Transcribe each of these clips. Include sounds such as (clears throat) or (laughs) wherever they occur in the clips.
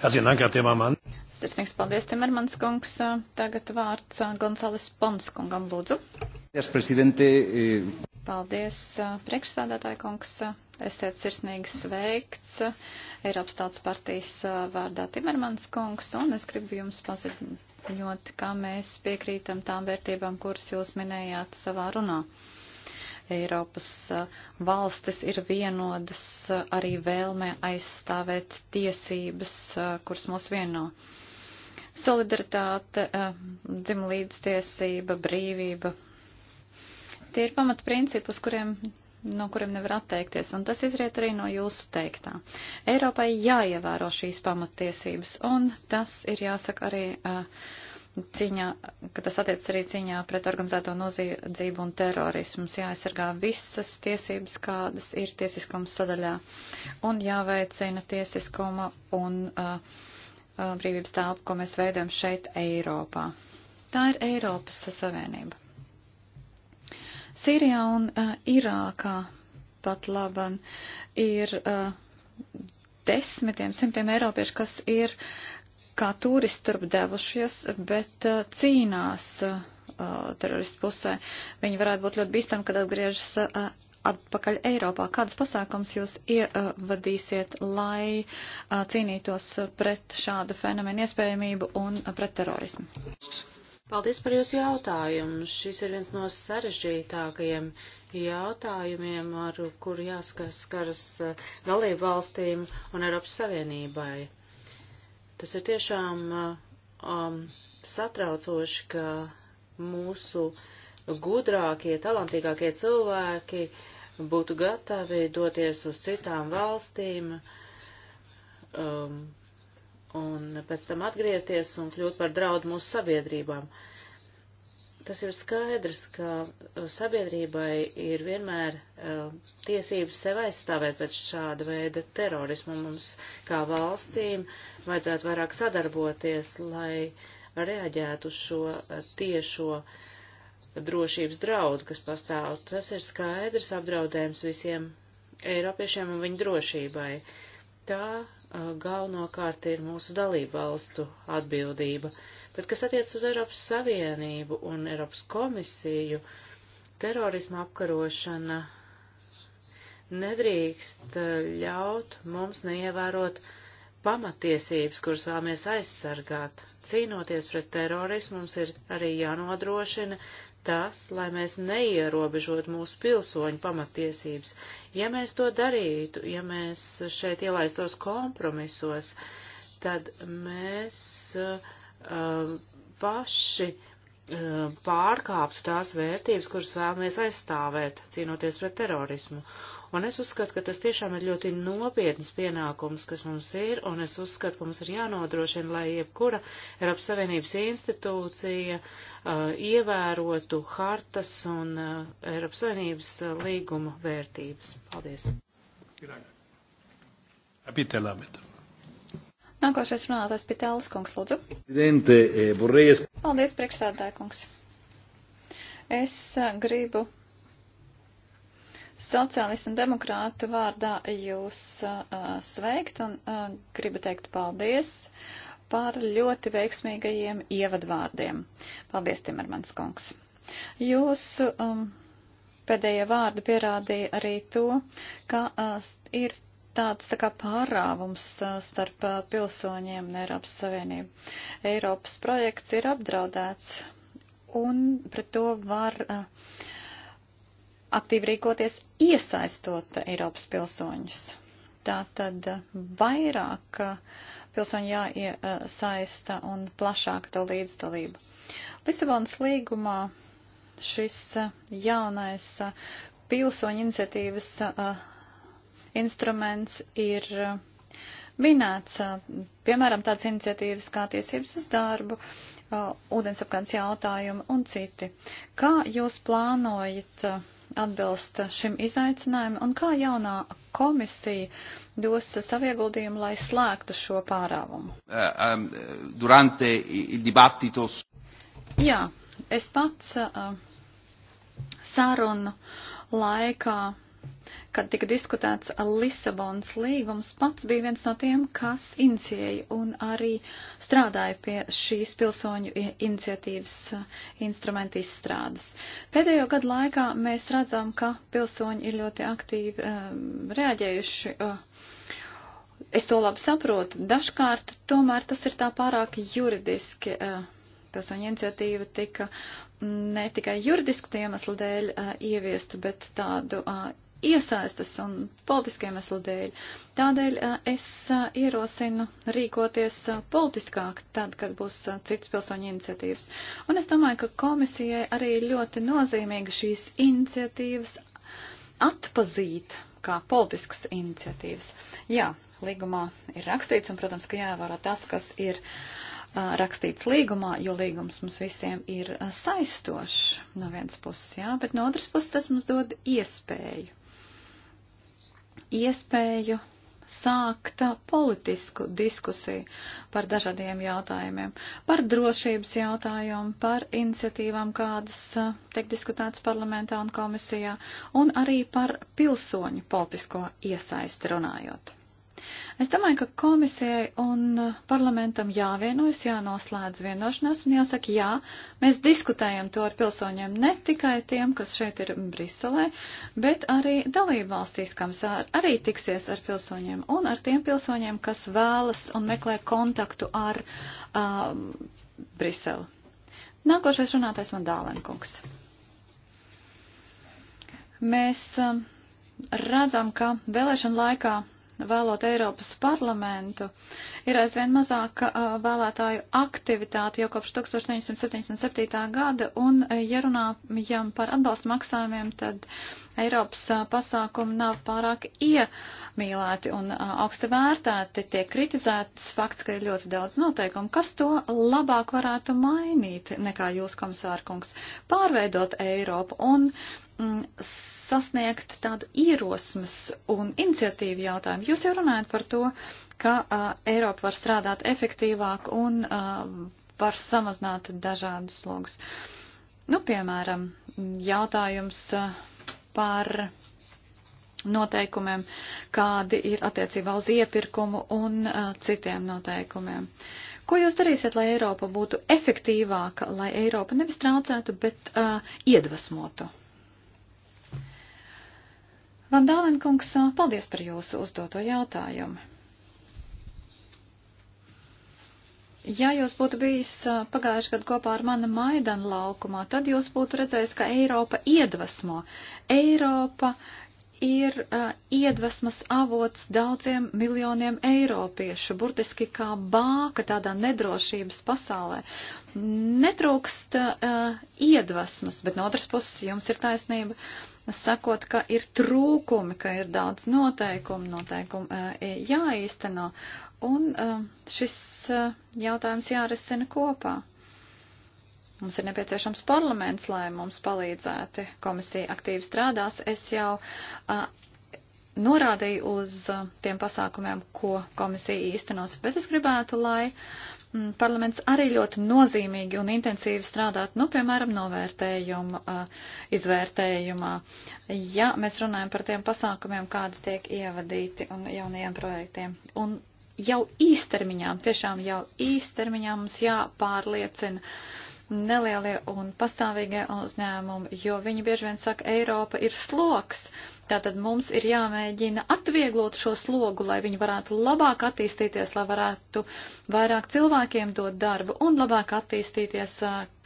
Sirsnīgs paldies, Timermans kungs. Tagad vārds uh, Gonzales Pons kungam lūdzu. Eh. Paldies, uh, priekšsādātāja kungs. Esiet sirsnīgi sveikts uh, Eiropas tautas partijas vārdā Timermans kungs, un es gribu jums paziņot, kā mēs piekrītam tām vērtībām, kuras jūs minējāt savā runā. Eiropas uh, valstis ir vienodas uh, arī vēlmē aizstāvēt tiesības, uh, kuras mūs vieno. Solidaritāte, dzimlīdztiesība, brīvība. Tie ir pamatprincipi, uz kuriem no kuriem nevar atteikties, un tas izriet arī no jūsu teiktā. Eiropai jāievēro šīs pamatiesības, un tas ir jāsaka arī uh, Ciņā, ka tas attiec arī cīņā pret organizēto noziedzību un terorismu. Jāaizsargā visas tiesības, kādas ir tiesiskums sadaļā, un jāveicina tiesiskuma un uh, uh, brīvības telpa, ko mēs veidojam šeit Eiropā. Tā ir Eiropas Savienība. Sīrijā un uh, Irākā pat laban ir uh, desmitiem, simtiem eiropiešu, kas ir uh, kā turisti turp devušies, bet uh, cīnās uh, teroristu pusē. Viņi varētu būt ļoti bīstami, kad atgriežas uh, atpakaļ Eiropā. Kādas pasākums jūs ievadīsiet, lai uh, cīnītos pret šādu fenomenu iespējamību un uh, pret terorismu? Paldies par jūsu jautājumu. Šis ir viens no sarežģītākajiem jautājumiem, ar kuru jāskaras uh, dalību valstīm un Eiropas Savienībai. Tas ir tiešām uh, um, satraucoši, ka mūsu gudrākie, talantīgākie cilvēki būtu gatavi doties uz citām valstīm um, un pēc tam atgriezties un kļūt par draudu mūsu sabiedrībām. Uh, Tas ir skaidrs, ka uh, sabiedrībai ir vienmēr uh, tiesības sev aizstāvēt pēc šāda veida terorismu. Mums kā valstīm vajadzētu vairāk sadarboties, lai reaģētu uz šo uh, tiešo drošības draudu, kas pastāv. Tas ir skaidrs apdraudējums visiem Eiropiešiem un viņu drošībai. Tā uh, galvenokārt ir mūsu dalību valstu atbildība. Uh, Bet kas attiec uz Eiropas Savienību un Eiropas komisiju, terorisma apkarošana nedrīkst eh, ļaut mums neievērot pamatiesības, kuras vēlamies aizsargāt. Cīnoties pret terorismu, mums ir arī jānodrošina tas, lai mēs neierobežot mūsu pilsoņu pamatiesības. Ja mēs to darītu, ja mēs šeit ielaistos kompromisos, tad mēs uh, Um, paši um, pārkāptu tās vērtības, kuras vēlamies aizstāvēt, cīnoties pret terorismu. Un es uzskatu, ka tas tiešām ir ļoti nopietnas pienākums, kas mums ir, un es uzskatu, ka mums ir jānodrošina, lai jebkura Eiropas Savienības institūcija uh, ievērotu hartas un uh, Eiropas Savienības uh, līguma vērtības. Paldies! Grazie. Nākošais runātājs Pitēlis kungs, lūdzu. Eh, paldies, priekšsēdētāja kungs. Es eh, gribu sociālistu un demokrātu vārdā jūs uh, sveikt un uh, gribu teikt paldies par ļoti veiksmīgajiem ievadvārdiem. Paldies, Timermans kungs. Jūsu um, pēdējie vārdi pierādīja arī to, ka uh, ir tāds tā kā pārāvums starp pilsoņiem un Eiropas Savienību. Eiropas projekts ir apdraudēts un pret to var aktīvi rīkoties iesaistot Eiropas pilsoņus. Tātad vairāk pilsoņu jāiesaista un plašāk to līdzdalību. Lisabonas līgumā šis jaunais pilsoņu iniciatīvas instruments ir eh, minēts, eh, piemēram, tāds iniciatīvas kā tiesības uz darbu, eh, ūdensapkāds jautājumi un citi. Kā jūs plānojat atbilst šim izaicinājumam un kā jaunā komisija dos savu ieguldījumu, lai slēgtu šo pārāvumu? Ehm, durante dibattitos. Jā, es pats sarunu laikā kad tika diskutēts Lisabonas līgums, pats bija viens no tiem, kas inicijēja un arī strādāja pie šīs pilsoņu iniciatīvas uh, instrumenta izstrādes. Pēdējo gadu laikā mēs redzam, ka pilsoņi ir ļoti aktīvi um, reaģējuši. Uh, es to labi saprotu. Dažkārt tomēr tas ir tā pārāk juridiski. Uh, pilsoņu iniciatīva tika mm, ne tikai juridisku iemeslu dēļ uh, ieviesta, bet tādu iesaistas un politiskiem eslu dēļ. Tādēļ es ierosinu rīkoties politiskāk tad, kad būs cits pilsoņu iniciatīvas. Un es domāju, ka komisijai arī ļoti nozīmīga šīs iniciatīvas atpazīt kā politiskas iniciatīvas. Jā, līgumā ir rakstīts, un, protams, ka jāievēro tas, kas ir uh, rakstīts līgumā, jo līgums mums visiem ir uh, saistošs no vienas puses, jā, bet no otras puses tas mums dod iespēju iespēju sākt politisku diskusiju par dažādiem jautājumiem, par drošības jautājumu, par iniciatīvām, kādas tiek diskutētas parlamentā un komisijā, un arī par pilsoņu politisko iesaisti runājot. Es domāju, ka komisijai un uh, parlamentam jāvienojas, jānoslēdz vienošanās un jāsaka, jā, mēs diskutējam to ar pilsoņiem ne tikai tiem, kas šeit ir Briselē, bet arī dalību valstīs, kam sār, arī tiksies ar pilsoņiem un ar tiem pilsoņiem, kas vēlas un meklē kontaktu ar um, Briselu. Nākošais runātais man Dālenkungs. Mēs um, redzam, ka vēlēšana laikā vēlot Eiropas parlamentu, ir aizvien mazāk vēlētāju aktivitāti jau kopš 1977. gada, un ja runājam par atbalstu maksājumiem, tad Eiropas pasākumi nav pārāk iemīlēti un augsti vērtēti, tiek kritizēts fakts, ka ir ļoti daudz noteikumu. Kas to labāk varētu mainīt nekā jūs, komisārkungs? Pārveidot Eiropu un Mm, sasniegt tādu ierosmes un iniciatīvu jautājumu. Jūs jau runājat par to, ka uh, Eiropa var strādāt efektīvāk un uh, var samazināt dažādas logus. Nu, piemēram, jautājums uh, par noteikumiem, kādi ir attiecībā uz iepirkumu un uh, citiem noteikumiem. Ko jūs darīsiet, lai Eiropa būtu efektīvāka, lai Eiropa nevis traucētu, bet uh, iedvesmotu? Vandālenkungs, paldies par jūsu uzdoto jautājumu. Ja jūs būtu bijis pagājuši gadu kopā ar mani Maidana laukumā, tad jūs būtu redzējis, ka Eiropa iedvesmo. Eiropa ir uh, iedvesmas avots daudziem miljoniem eiropiešu, burtiski kā bāka tādā nedrošības pasaulē. Netrūkst uh, iedvesmas, bet no otras puses jums ir taisnība, sakot, ka ir trūkumi, ka ir daudz noteikumu, noteikumu uh, jāīsteno, un uh, šis uh, jautājums jārisina kopā. Mums ir nepieciešams parlaments, lai mums palīdzētu. Komisija aktīvi strādās. Es jau a, norādīju uz a, tiem pasākumiem, ko komisija īstenos, bet es gribētu, lai m, parlaments arī ļoti nozīmīgi un intensīvi strādātu, nu, piemēram, novērtējuma, a, izvērtējumā. Ja mēs runājam par tiem pasākumiem, kādi tiek ievadīti un jaunajiem projektiem. Un jau īstermiņā, tiešām jau īstermiņā mums jāpārliecina nelielie un pastāvīgie uzņēmumi, jo viņi bieži vien saka, Eiropa ir sloks. Tātad mums ir jāmēģina atvieglot šo slogu, lai viņi varētu labāk attīstīties, lai varētu vairāk cilvēkiem dot darbu un labāk attīstīties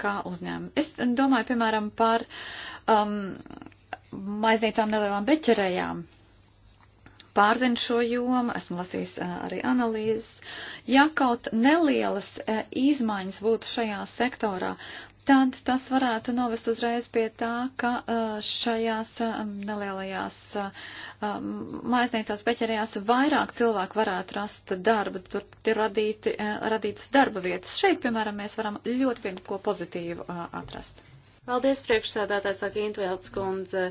kā uzņēmumi. Es domāju, piemēram, par um, maiznīcām nelielām beķerējām pārzinu šo jomu, esmu lasījis arī analīzes. Ja kaut nelielas izmaiņas būtu šajā sektorā, tad tas varētu novest uzreiz pie tā, ka šajās nelielajās maizniecās peķerijās vairāk cilvēku varētu rast darbu, tur ir radīti, radītas darba vietas. Šeit, piemēram, mēs varam ļoti vienu ko pozitīvu atrast. Paldies, priekšsēdētājs Akintvēlts kundze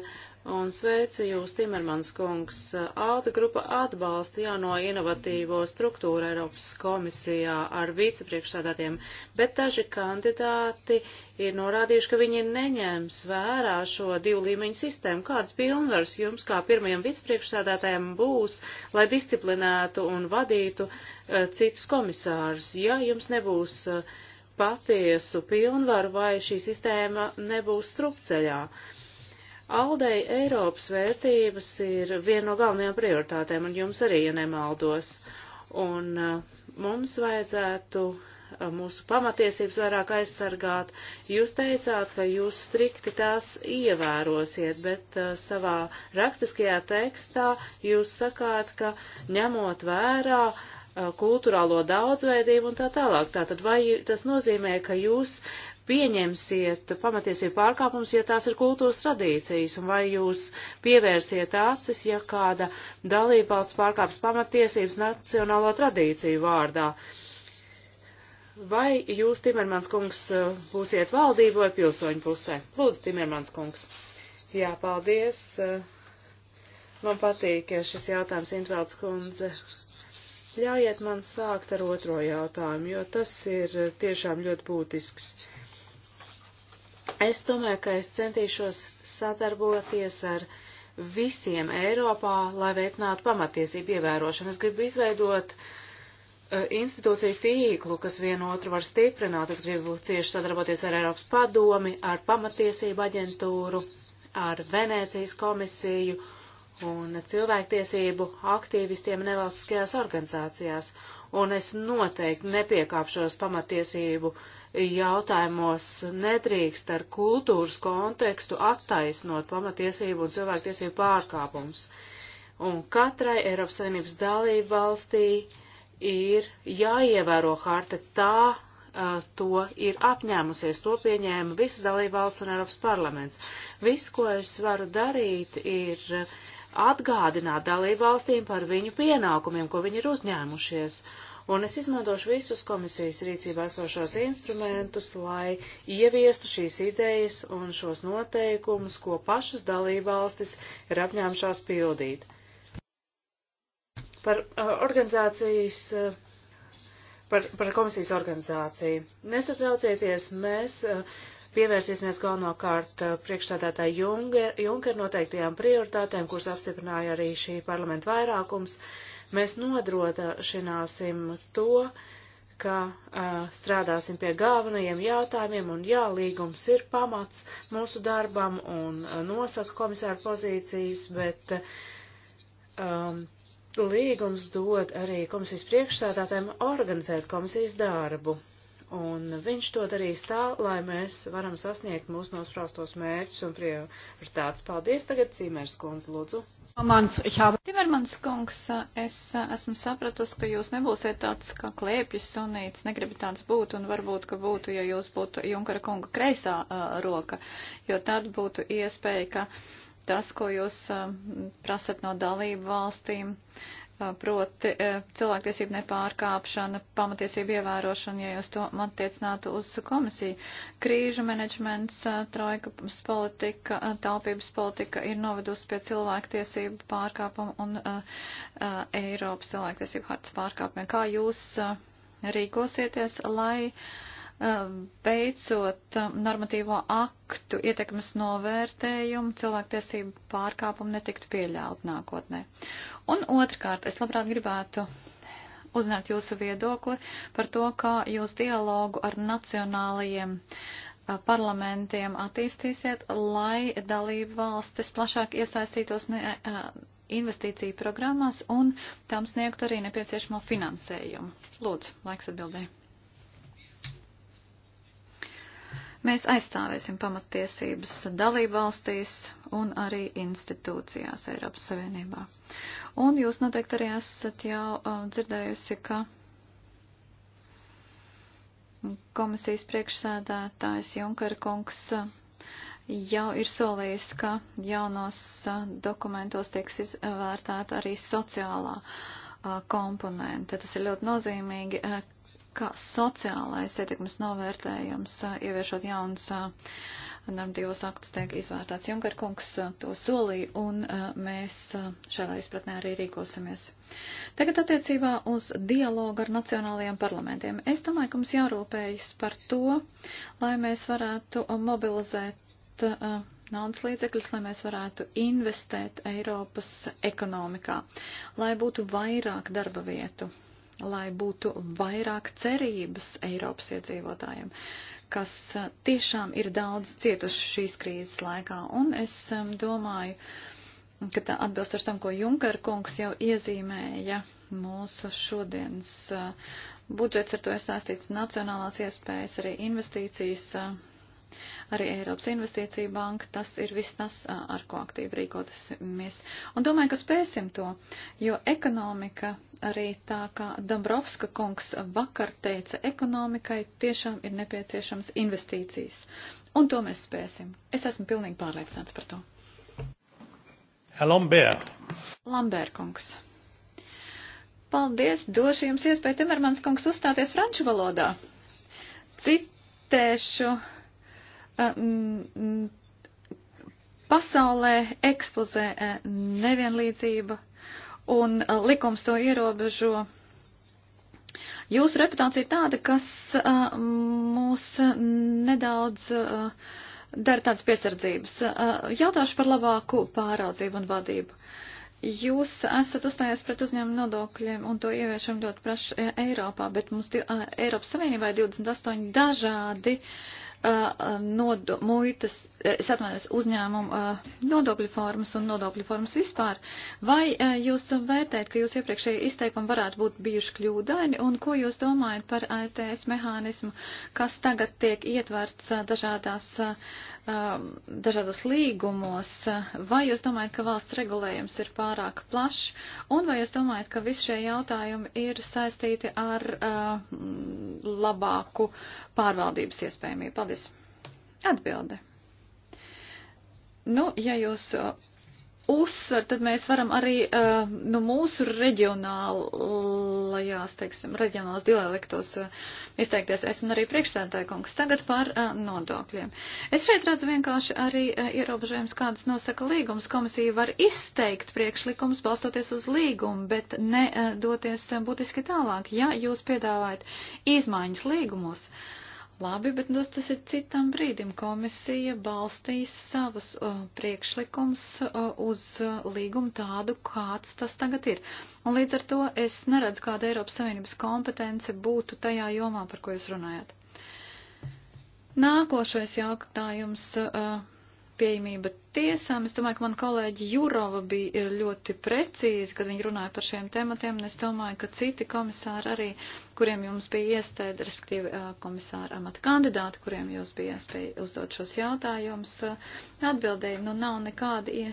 un sveicu jūs, Timermans kungs. Alta grupa atbalsta jauno inovatīvo struktūru Eiropas komisijā ar vicepriekšsādātiem, bet daži kandidāti ir norādījuši, ka viņi neņems vērā šo divu līmeņu sistēmu. Kāds pilnvars jums kā pirmajam vicepriekšsādātājiem būs, lai disciplinētu un vadītu uh, citus komisārus, ja jums nebūs uh, patiesu pilnvaru vai šī sistēma nebūs strupceļā? Uh, Aldei Eiropas vērtības ir viena no galvenajām prioritātēm, un jums arī, ja nemaldos. Un uh, mums vajadzētu uh, mūsu pamatiesības vairāk aizsargāt. Jūs teicāt, ka jūs strikti tās ievērosiet, bet uh, savā rakstiskajā tekstā jūs sakāt, ka ņemot vērā kultūrālo daudzveidību un tā tālāk. Tātad vai tas nozīmē, ka jūs uh, pieņemsiet pamatiesību pārkāpumus, ja tās ir kultūras tradīcijas, un vai jūs pievērsiet acis, ja kāda dalībvalsts pārkāps pamatiesības nacionālo tradīciju vārdā. Vai jūs, Timermans kungs, būsiet valdību vai pilsoņu pusē? Lūdzu, Timermans kungs. Jā, paldies. Man patīk šis jautājums, Intvēlts kundze. Ļaujiet man sākt ar otro jautājumu, jo tas ir tiešām ļoti būtisks. Uh, Es domāju, ka es centīšos sadarboties ar visiem Eiropā, lai veicinātu pamatiesību ievērošanu. Es gribu izveidot uh, institūciju tīklu, kas vienotru var stiprināt. Es gribu cieši sadarboties ar Eiropas padomi, ar pamatiesību aģentūru, ar Venēcijas komisiju un cilvēktiesību aktīvistiem nevalstiskajās organizācijās. Un es noteikti nepiekāpšos pamatiesību uh, jautājumos nedrīkst ar kultūras kontekstu attaisnot pamatiesību un cilvēktiesību pārkāpumus. Un katrai Eiropas Savienības dalību valstī ir jāievēro harta tā, to ir apņēmusies, to pieņēma visas dalībvalsts un Eiropas parlaments. Viss, ko es varu darīt, ir atgādināt dalībvalstīm par viņu pienākumiem, ko viņi ir uzņēmušies. Uh, un es izmantošu visus komisijas rīcībā esošos instrumentus, lai ieviestu šīs idejas un šos noteikumus, ko pašas dalībvalstis ir apņēmušās pildīt. Par uh, organizācijas, uh, par, par komisijas organizāciju. Nesatraucieties, mēs uh, pievērsīsimies galvenokārt priekšstādātāja Junker, Junker noteiktajām prioritātēm, kuras apstiprināja arī šī parlamenta vairākums. Uh, mēs nodrošināsim to, ka uh, strādāsim pie galvenajiem jautājumiem, un jā, līgums ir pamats mūsu darbam un uh, nosaka komisāru pozīcijas, bet um, līgums dod arī komisijas priekšstādātājiem organizēt komisijas darbu. Un viņš to darīs tā, lai mēs varam sasniegt mūsu nospraustos mērķus un prioritātes. Paldies tagad, Cīmērs kundze, lūdzu. Mans, jā, Timermans kungs, es esmu sapratusi, ka jūs nebūsiet tāds kā klēpjas sunīts, negribat tāds būt, un varbūt, ka būtu, ja jūs būtu Junkara kunga kreisā uh, roka, jo tad būtu iespēja, ka tas, ko jūs uh, prasat no dalību valstīm, uh, Uh, proti uh, cilvēktiesību nepārkāpšana, pamatiesību ievērošana, ja jūs to attiecinātu uz komisiju. Krīžu menedžments, uh, trojkas politika, taupības politika ir novedusi pie cilvēktiesību pārkāpuma un uh, uh, Eiropas cilvēktiesību hartas pārkāpumiem. Kā jūs uh, rīkosieties, lai uh, Eh, veicot eh, normatīvo aktu ietekmes novērtējumu, cilvēktiesību pārkāpumu netiktu pieļaut nākotnē. Un otrkārt, es labprāt gribētu uzzināt jūsu viedokli par to, kā jūs dialogu ar nacionālajiem eh, parlamentiem attīstīsiet, lai dalību valstis plašāk iesaistītos ne, investīciju programmās un tam sniegt arī nepieciešamo finansējumu. Lūdzu, laiks atbildēji. Mēs aizstāvēsim pamatiesības dalību valstīs un arī institūcijās Eiropas Savienībā. Un jūs noteikti arī esat jau uh, dzirdējusi, ka komisijas priekšsēdētājs Junkara kungs jau ir solījis, ka jaunos uh, dokumentos tieks izvērtēta arī sociālā uh, komponente. Tas ir ļoti nozīmīgi, uh, ka sociālais ietekmes novērtējums, ieviešot jaunas normatīvos aktus, tiek izvērtāts. Junker kungs to solīja, un mēs šādā izpratnē arī rīkosimies. Tagad attiecībā uz dialogu ar nacionālajiem parlamentiem. Es domāju, ka mums jārūpējas par to, lai mēs varētu mobilizēt naudas līdzekļus, lai mēs varētu investēt Eiropas ekonomikā, lai būtu vairāk darba vietu lai būtu vairāk cerības Eiropas iedzīvotājiem, kas eh, tiešām ir daudz cietuši šīs krīzes laikā. Un es eh, domāju, ka tā atbilst ar tam, ko Junker kungs jau iezīmēja mūsu šodienas eh, budžets, ar to ir sāstīts nacionālās iespējas, arī investīcijas arī Eiropas investīcija banka. Tas ir viss tas, ar ko aktīvi rīkoties. Un domāju, ka spēsim to, jo ekonomika arī tā kā Dombrovska kungs vakar teica, ekonomikai tiešām ir nepieciešams investīcijas. Un to mēs spēsim. Es esmu pilnīgi pārliecināts par to. Lambert. Lambert kungs. Paldies, došu jums iespēju, Timermans kungs, uzstāties franču valodā. Citēšu Uh, mm, mm, pasaulē eksplozē uh, nevienlīdzība un uh, likums to ierobežo. Jūsu reputācija ir tāda, kas mūs nedaudz dara tādas piesardzības. Jautāšu par labāku pāraudzību un vadību. Jūs esat uzstājies pret uzņēmumu nodokļiem un to ieviešam ļoti praši Eiropā, bet mums Eiropas Savienībā ir 28 dažādi uh, uh, uh muitas Eh, es atvainojos, uzņēmumu eh, nodokļu formas un nodokļu formas vispār. Vai eh, jūs vērtējat, ka jūs iepriekšēji izteikumi varētu būt bijuši kļūdaini, un ko jūs domājat par ASDS mehānismu, kas tagad tiek ietverts dažādās, um, dažādos līgumos? Vai jūs domājat, ka valsts regulējums ir pārāk plašs, un vai jūs domājat, ka visi šie jautājumi ir saistīti ar labāku pārvaldības iespējamību? Paldies! Atbilde. Nu, ja jūs uh, uzsver, tad mēs varam arī uh, nu, mūsu reģionālajās, teiksim, reģionālās dialektos uh, izteikties. Es un arī priekšstādāju kungs tagad par uh, nodokļiem. Es šeit redzu vienkārši arī uh, ierobežojums, kādas nosaka līgums. Komisija var izteikt priekšlikums balstoties uz līgumu, bet ne uh, doties uh, būtiski tālāk. Ja jūs piedāvājat izmaiņas līgumus, uh, Labi, bet nu, tas ir citam brīdim. Komisija balstīs savus uh, priekšlikums uh, uz uh, līgumu tādu, kāds tas tagad ir. Un līdz ar to es neredzu, kāda Eiropas Savienības kompetence būtu tajā jomā, par ko jūs runājat. Nākošais jautājums uh, pieejamība tiesām. Es domāju, ka man kolēģi Jurova bija ļoti precīzi, kad viņi runāja par šiem tematiem, un es domāju, ka citi komisāri arī, kuriem jums bija iestēda, respektīvi komisāra amata kandidāti, kuriem jūs bija iespēja uzdot šos jautājumus, atbildēja, nu nav nekādi,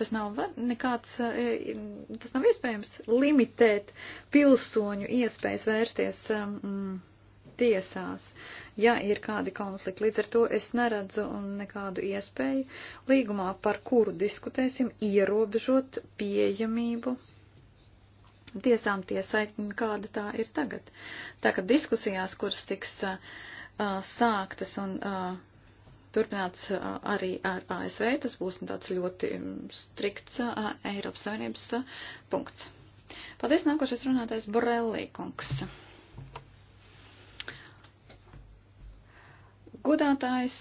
tas nav nekāds, tas nav iespējams limitēt pilsoņu iespējas vērsties. Mm, tiesās, ja ir kādi konflikti. Līdz ar to es neredzu nekādu iespēju līgumā, par kuru diskutēsim, ierobežot pieejamību tiesām tiesai, kāda tā ir tagad. Tā ka diskusijās, kuras tiks uh, sāktas un uh, turpināts uh, arī ar ASV, tas būs nu, tāds ļoti strikts uh, Eiropas Savienības uh, punkts. Paldies, nākošais runātais Borelī kungs. Godātājs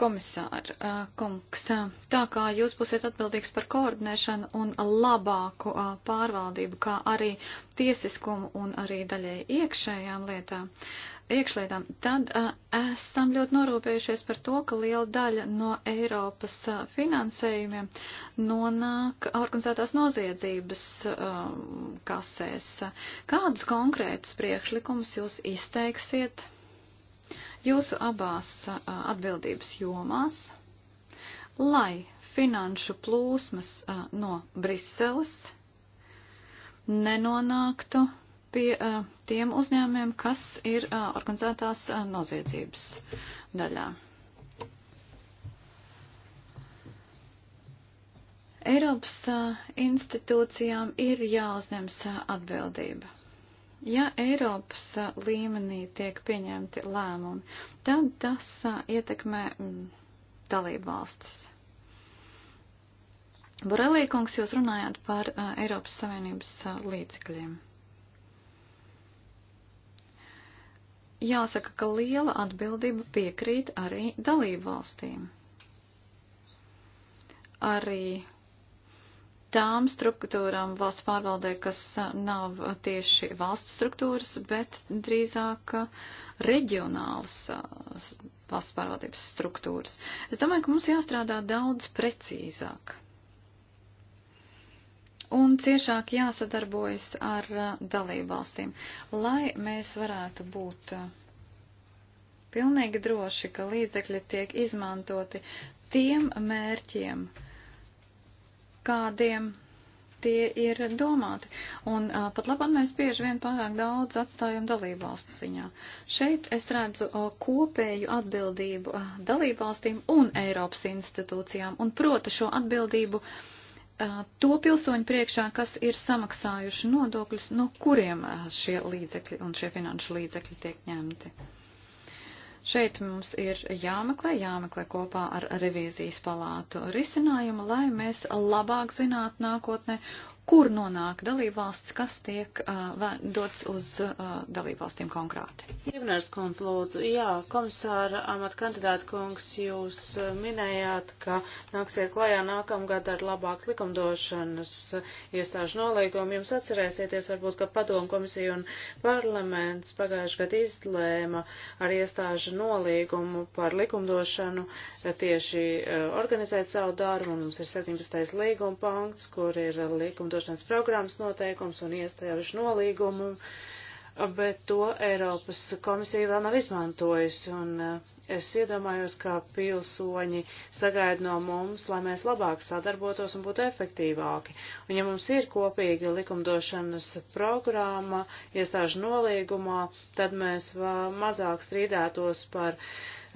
komisāra kungs, tā kā jūs būsiet atbildīgs par koordinēšanu un labāku pārvaldību, kā arī tiesiskumu un arī daļai iekšējām lietām, iekšlietām, tad esam ļoti norūpējušies par to, ka liela daļa no Eiropas finansējumiem nonāk organizētās noziedzības kasēs. Kādus konkrētus priekšlikumus jūs izteiksiet? jūsu abās atbildības jomās, lai finanšu plūsmas no Briseles nenonāktu pie tiem uzņēmiem, kas ir organizētās noziedzības daļā. Eiropas institūcijām ir jāuzņems atbildība. Ja Eiropas līmenī tiek pieņemti lēmumi, tad tas ietekmē dalību valstis. Borelī kungs, jūs runājāt par uh, Eiropas Savienības uh, līdzekļiem. Jāsaka, ka liela atbildība piekrīt arī dalību valstīm. Arī tām struktūrām valsts pārvaldē, kas nav tieši valsts struktūras, bet drīzāk reģionālas valsts pārvaldības struktūras. Es domāju, ka mums jāstrādā daudz precīzāk. Un ciešāk jāsadarbojas ar dalību valstīm, lai mēs varētu būt pilnīgi droši, ka līdzekļi tiek izmantoti tiem mērķiem, uh, kādiem tie ir domāti. Un uh, pat labāk mēs bieži vien pārāk daudz atstājam dalību valstu ziņā. Šeit es redzu uh, kopēju atbildību uh, dalību valstīm un Eiropas institūcijām, un proti šo atbildību uh, to pilsoņu priekšā, kas ir samaksājuši nodokļus, no kuriem uh, šie līdzekļi un šie finanšu līdzekļi tiek ņemti. Uh, Šeit mums ir jāmeklē, jāmeklē kopā ar revīzijas palātu risinājumu, lai mēs labāk zinātu nākotnē kur nonāk dalībvalsts, kas tiek uh, dots uz uh, dalībvalstīm konkrēti. Ievnars kundz, lūdzu, jā, komisāra amat kandidāta kungs, jūs minējāt, ka nāksiet klajā nākamgad ar labāks likumdošanas iestāžu nolīgumu. Jums atcerēsieties varbūt, ka padomu komisija un parlaments pagājuši gadu izlēma ar iestāžu nolīgumu par likumdošanu tieši organizēt savu darbu, un mums ir 17. līguma punkts, kur ir likumdošana likumdošanas programmas noteikums un iestāžu nolīgumu, bet to Eiropas komisija vēl nav izmantojusi. Un eh, es iedomājos, kā pilsoņi sagaida no mums, lai mēs labāk sadarbotos un būtu efektīvāki. Un ja mums ir kopīga likumdošanas programma, iestāžu nolīgumā, tad mēs mazāk strīdētos par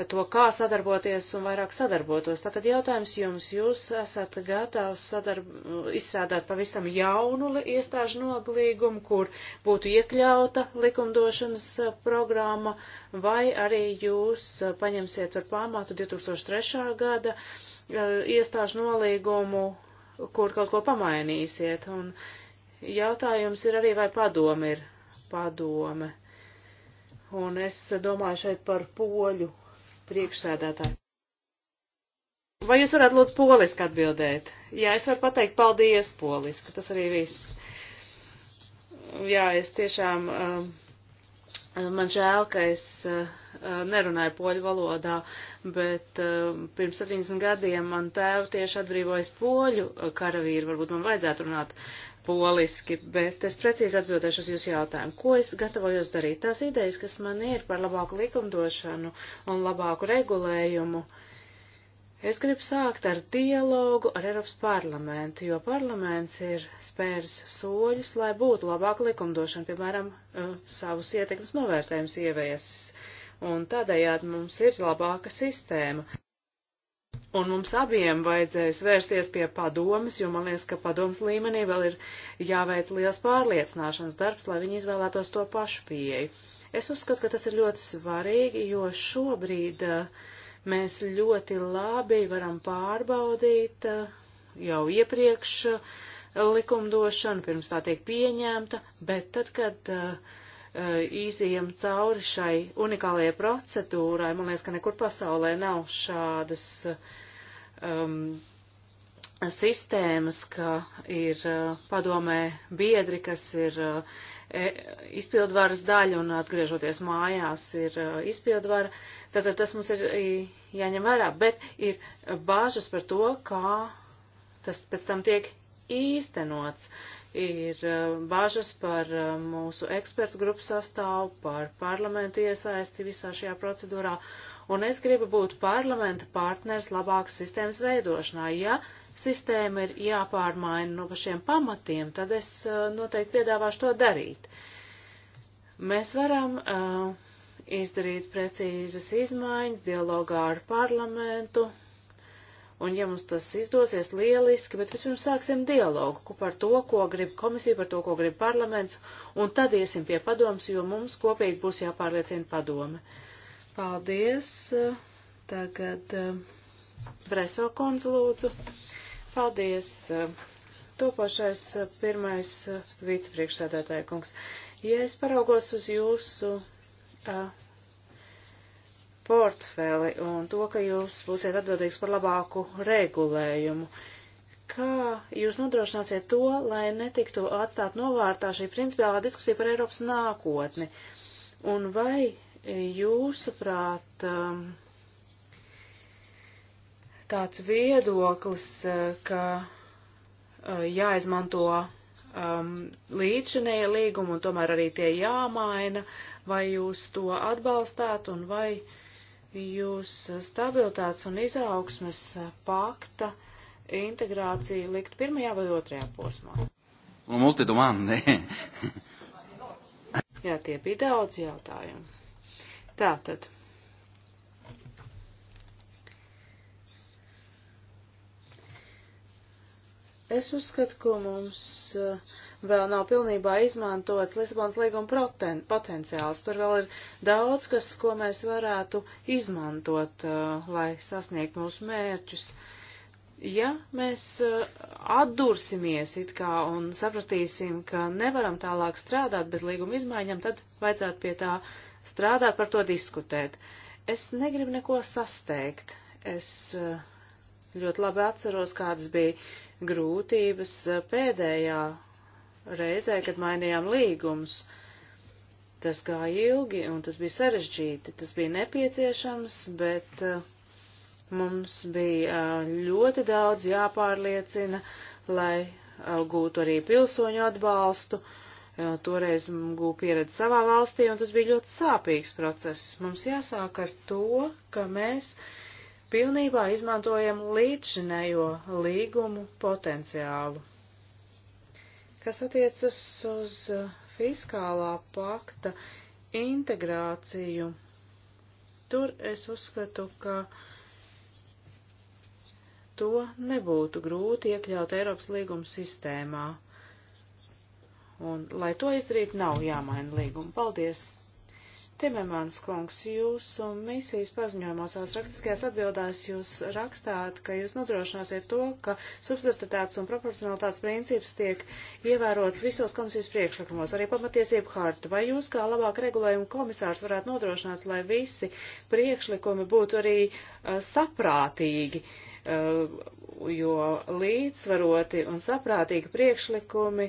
to, kā sadarboties un vairāk sadarbotos. Tātad jautājums jums, jūs esat gatavs sadarb... izstrādāt pavisam jaunu iestāžu noglīgumu, kur būtu iekļauta likumdošanas eh, programma, vai arī jūs eh, paņemsiet par pamatu 2003. gada eh, iestāžu nolīgumu, kur kaut ko pamainīsiet. Un jautājums ir arī, vai padome ir padome. Un es domāju šeit par poļu Priekšsēdētāji. Vai jūs varētu lūdzu poliski atbildēt? Jā, es varu pateikt paldies poliski, tas arī viss. Jā, es tiešām, eh, man žēl, ka es eh, nerunāju poļu valodā, bet eh, pirms 70 gadiem man tēvu tieši atbrīvojas poļu karavīri, varbūt man vajadzētu runāt poliski, bet es precīzi atbildēšu uz jūsu jautājumu. Ko es gatavojos darīt? Tās idejas, kas man ir par labāku likumdošanu un labāku regulējumu, es gribu sākt ar dialogu ar Eiropas parlamentu, jo parlaments ir spēris soļus, lai būtu labāka likumdošana, piemēram, uh, savus ietekmes novērtējumus ieviesis. Un tādējādi mums ir labāka sistēma un mums abiem vajadzēs vērsties pie padomas, jo man liekas, ka padomas līmenī vēl ir jāveic liels pārliecināšanas darbs, lai viņi izvēlētos to pašu pieeju. Es uzskatu, ka tas ir ļoti svarīgi, jo šobrīd eh, mēs ļoti labi varam pārbaudīt eh, jau iepriekš eh, likumdošanu, pirms tā tiek pieņemta, bet tad, kad īsījam cauri šai unikālajai procedūrai, man liekas, ka nekur pasaulē nav šādas uh, um, sistēmas, ka ir uh, padomē biedri, kas ir uh, e, izpildvaras daļa un atgriežoties mājās ir uh, izpildvara. Tātad tas mums ir jāņem vērā, bet ir bāžas par to, kā tas pēc tam tiek īstenots. Ir uh, bāžas par uh, mūsu ekspertu grupu sastāvu, par parlamentu iesaisti visā šajā procedūrā un es gribu būt parlamenta partners labākas sistēmas veidošanā. Ja sistēma ir jāpārmaina no pašiem pamatiem, tad es uh, noteikti piedāvāšu to darīt. Mēs varam uh, izdarīt precīzas izmaiņas dialogā ar parlamentu, un ja mums tas izdosies, lieliski, bet vispirms sāksim dialogu par to, ko grib komisija, par to, ko grib parlaments, un tad iesim pie padomas, jo mums kopīgi būs jāpārliecina padome. Uh, Paldies. Tagad eh, Breso kundze lūdzu. Paldies. Eh, Topošais eh, pirmais vicepriekšsēdētāja kungs. Ja es paraugos uz jūsu portfeli un to, ka jūs būsiet atbildīgs par labāku regulējumu, kā jūs nodrošināsiet to, lai netiktu atstāt novārtā šī principiālā diskusija par Eiropas nākotni? Un vai jūsuprāt, um, tāds viedoklis, uh, ka uh, jāizmanto um, līdšanēja līguma un tomēr arī tie jāmaina, vai jūs to atbalstāt un vai jūs stabilitātes un izaugsmes pakta integrāciju likt pirmajā vai otrajā posmā? Un multi domande. Jā, tie bija daudz jautājumu. Tātad. Es uzskatu, ka mums uh, vēl nav pilnībā izmantots Lisabonas līguma potenciāls. Tur vēl ir daudz, kas, ko mēs varētu izmantot, uh, lai sasniegtu mūsu mērķus. Ja mēs uh, atdursimies it kā un sapratīsim, ka nevaram tālāk strādāt bez līguma izmaiņām, tad vajadzētu pie tā strādāt, par to diskutēt. Es negribu neko sasteigt. Es eh, ļoti labi atceros, kādas bija grūtības eh, pēdējā reizē, kad mainījām līgumus. Tas gāja ilgi un tas bija sarežģīti. Tas bija nepieciešams, bet eh, mums bija ļoti daudz jāpārliecina, lai gūtu arī pilsoņu atbalstu. Uh, toreiz gūju pieredzi savā valstī, un tas bija ļoti sāpīgs process. Mums jāsāk ar to, ka mēs pilnībā izmantojam līdzšinējo līgumu potenciālu. Kas attiecas uz uh, fiskālā pakta integrāciju, tur es uzskatu, ka to nebūtu grūti iekļaut Eiropas līguma sistēmā Un, lai to izdarītu, nav jāmaina līguma. Paldies! Timermans kungs, jūsu misijas paziņojumā savās rakstiskajās atbildēs jūs rakstāt, ka jūs nodrošināsiet to, ka subsidiaritātes un proporcionalitātes princips tiek ievērots visos komisijas priekšlikumos, arī pamatiesību harta. Vai jūs kā labāk regulējuma komisārs varētu nodrošināt, lai visi priekšlikumi būtu arī uh, saprātīgi? Uh, Uh, jo līdzsvaroti un saprātīgi priekšlikumi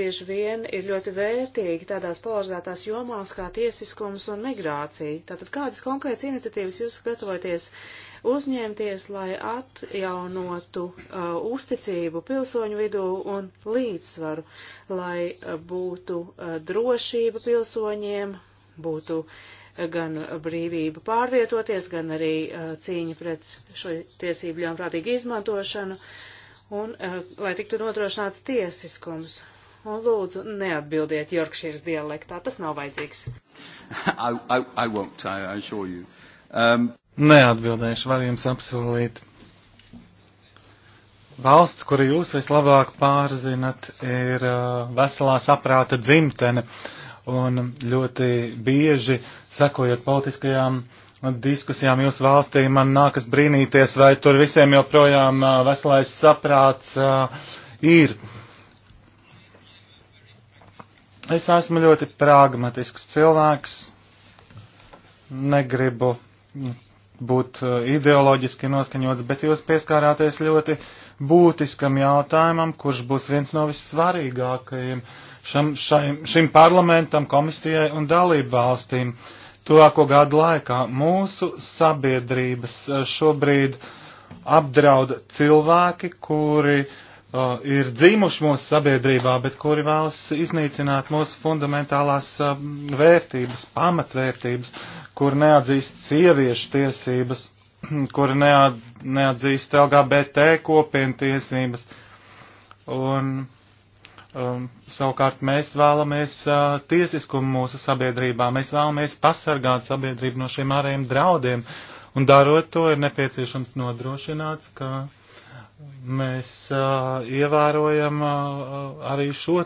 bieži vien ir ļoti vērtīgi tādās polarizētās jomās kā tiesiskums un migrācija. Tātad kādas konkrētas iniciatīvas jūs gatavoties uzņemties, lai atjaunotu uh, uzticību pilsoņu vidū un līdzsvaru, lai uh, būtu uh, drošība pilsoņiem, būtu uh, gan brīvība pārvietoties, gan arī cīņa pret šo tiesību ļaunprātīgu izmantošanu, un lai tiktu nodrošināts tiesiskums. Un lūdzu, neatbildiet Jorkšīras dialektā, tas nav vajadzīgs. (laughs) I, I, I won't, I assure you. Um... Neatbildēšu, var jums apsolīt. Valsts, kuru jūs vislabāk pārzinat, ir veselā saprāta dzimtene. Uh, un ļoti bieži sekojot politiskajām diskusijām jūsu valstī, man nākas brīnīties, vai tur visiem joprojām veselais saprāts ir. Es esmu ļoti pragmatisks cilvēks, negribu būt ideoloģiski noskaņots, bet jūs pieskārāties ļoti būtiskam jautājumam, kurš būs viens no vissvarīgākajiem. Uh, šam, šaim, šim parlamentam, komisijai un dalību valstīm tuvāko gadu laikā. Mūsu sabiedrības e, šobrīd apdraud cilvēki, kuri uh, ir dzīvuši mūsu sabiedrībā, bet kuri vēlas iznīcināt mūsu fundamentālās uh, vērtības, pamatvērtības, kur neatzīst sieviešu tiesības, (clears throat) kur neat, neatzīst LGBT kopienu tiesības. Un, uh, Um, savukārt mēs vēlamies uh, tiesiskumu mūsu sabiedrībā, mēs vēlamies pasargāt sabiedrību no šiem ārējiem draudiem, un darot to ir nepieciešams nodrošināts, ka mēs uh, ievērojam uh, arī šo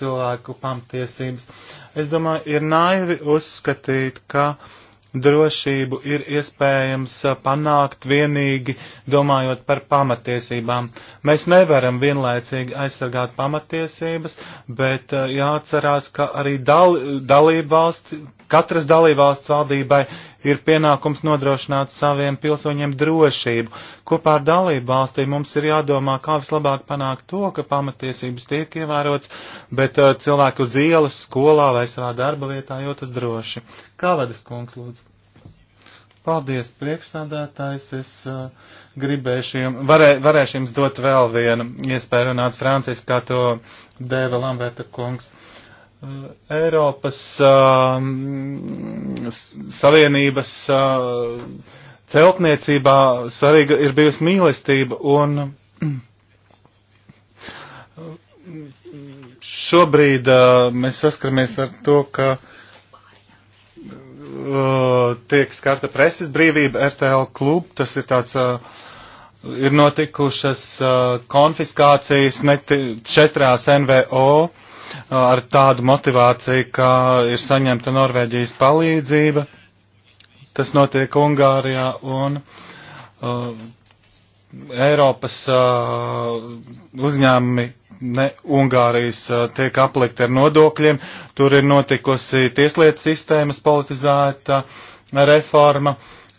cilvēku pamtiesības. Es domāju, ir naivi uzskatīt, ka uh, drošību ir iespējams eh, panākt vienīgi domājot par pamatiesībām. Mēs nevaram vienlaicīgi aizsargāt pamatiesības, bet eh, jāatcerās, ka arī dal, dalību valsts, katras dalību valsts valdībai ir pienākums nodrošināt saviem pilsoņiem drošību. Kopā ar dalību valstī mums ir jādomā, kā vislabāk panākt to, ka pamatiesības tiek ievērots, bet uh, cilvēku uz ielas, skolā vai savā darba vietā jūtas droši. Kāvadas kungs lūdzu. Paldies, priekšsādātājs. Es uh, gribēšu jums, varē, varēšu jums dot vēl vienu iespēju runāt franciski, kā to dēva Lamberta kungs. Uh, Eiropas uh, Savienības uh, celtniecībā svarīga ir bijusi mīlestība un šobrīd uh, mēs saskaramies ar to, ka uh, tiek skarta preses brīvība RTL klub, tas ir tāds uh, ir notikušas uh, konfiskācijas četrās NVO ar tādu motivāciju, ka ir saņemta Norvēģijas palīdzība. Tas notiek Ungārijā un uh, Eiropas uh, uzņēmumi ne Ungārijas uh, tiek aplikti ar nodokļiem, tur ir notikusi tieslietu sistēmas politizēta reforma,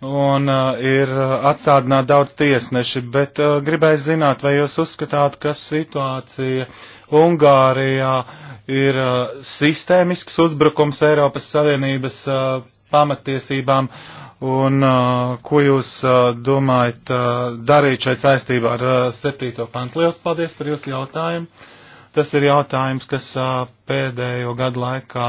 un uh, ir uh, atstādināt daudz tiesneši, bet uh, gribēju zināt, vai jūs uzskatāt, ka situācija Ungārijā ir uh, sistēmisks uzbrukums Eiropas Savienības uh, pamatiesībām, un uh, ko jūs uh, domājat uh, darīt šeit saistībā ar uh, 7. pantu. Liels paldies par jūsu jautājumu! Tas ir jautājums, kas pēdējo gadu laikā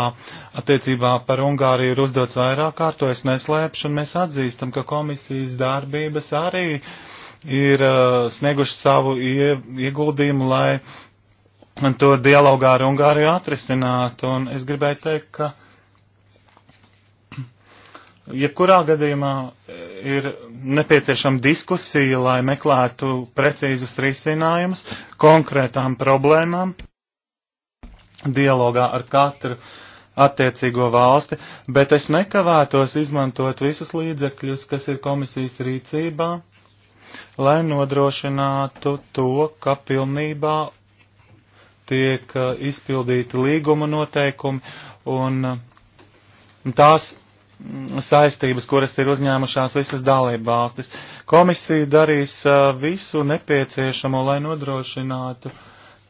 attiecībā par Ungāriju ir uzdots vairāk kārto. Es neslēpšu un mēs atzīstam, ka komisijas darbības arī ir snieguši savu ieguldījumu, lai to dialogā ar Ungāriju atrisinātu. Un es gribēju teikt, ka jebkurā gadījumā ir nepieciešama diskusija, lai meklētu precīzus risinājumus konkrētām problēmām dialogā ar katru attiecīgo valsti, bet es nekavētos izmantot visus līdzekļus, kas ir komisijas rīcībā, lai nodrošinātu to, ka pilnībā tiek uh, izpildīti līguma noteikumi un uh, tās saistības, kuras ir uzņēmušās visas dalība valstis. Komisija darīs visu nepieciešamo, lai nodrošinātu,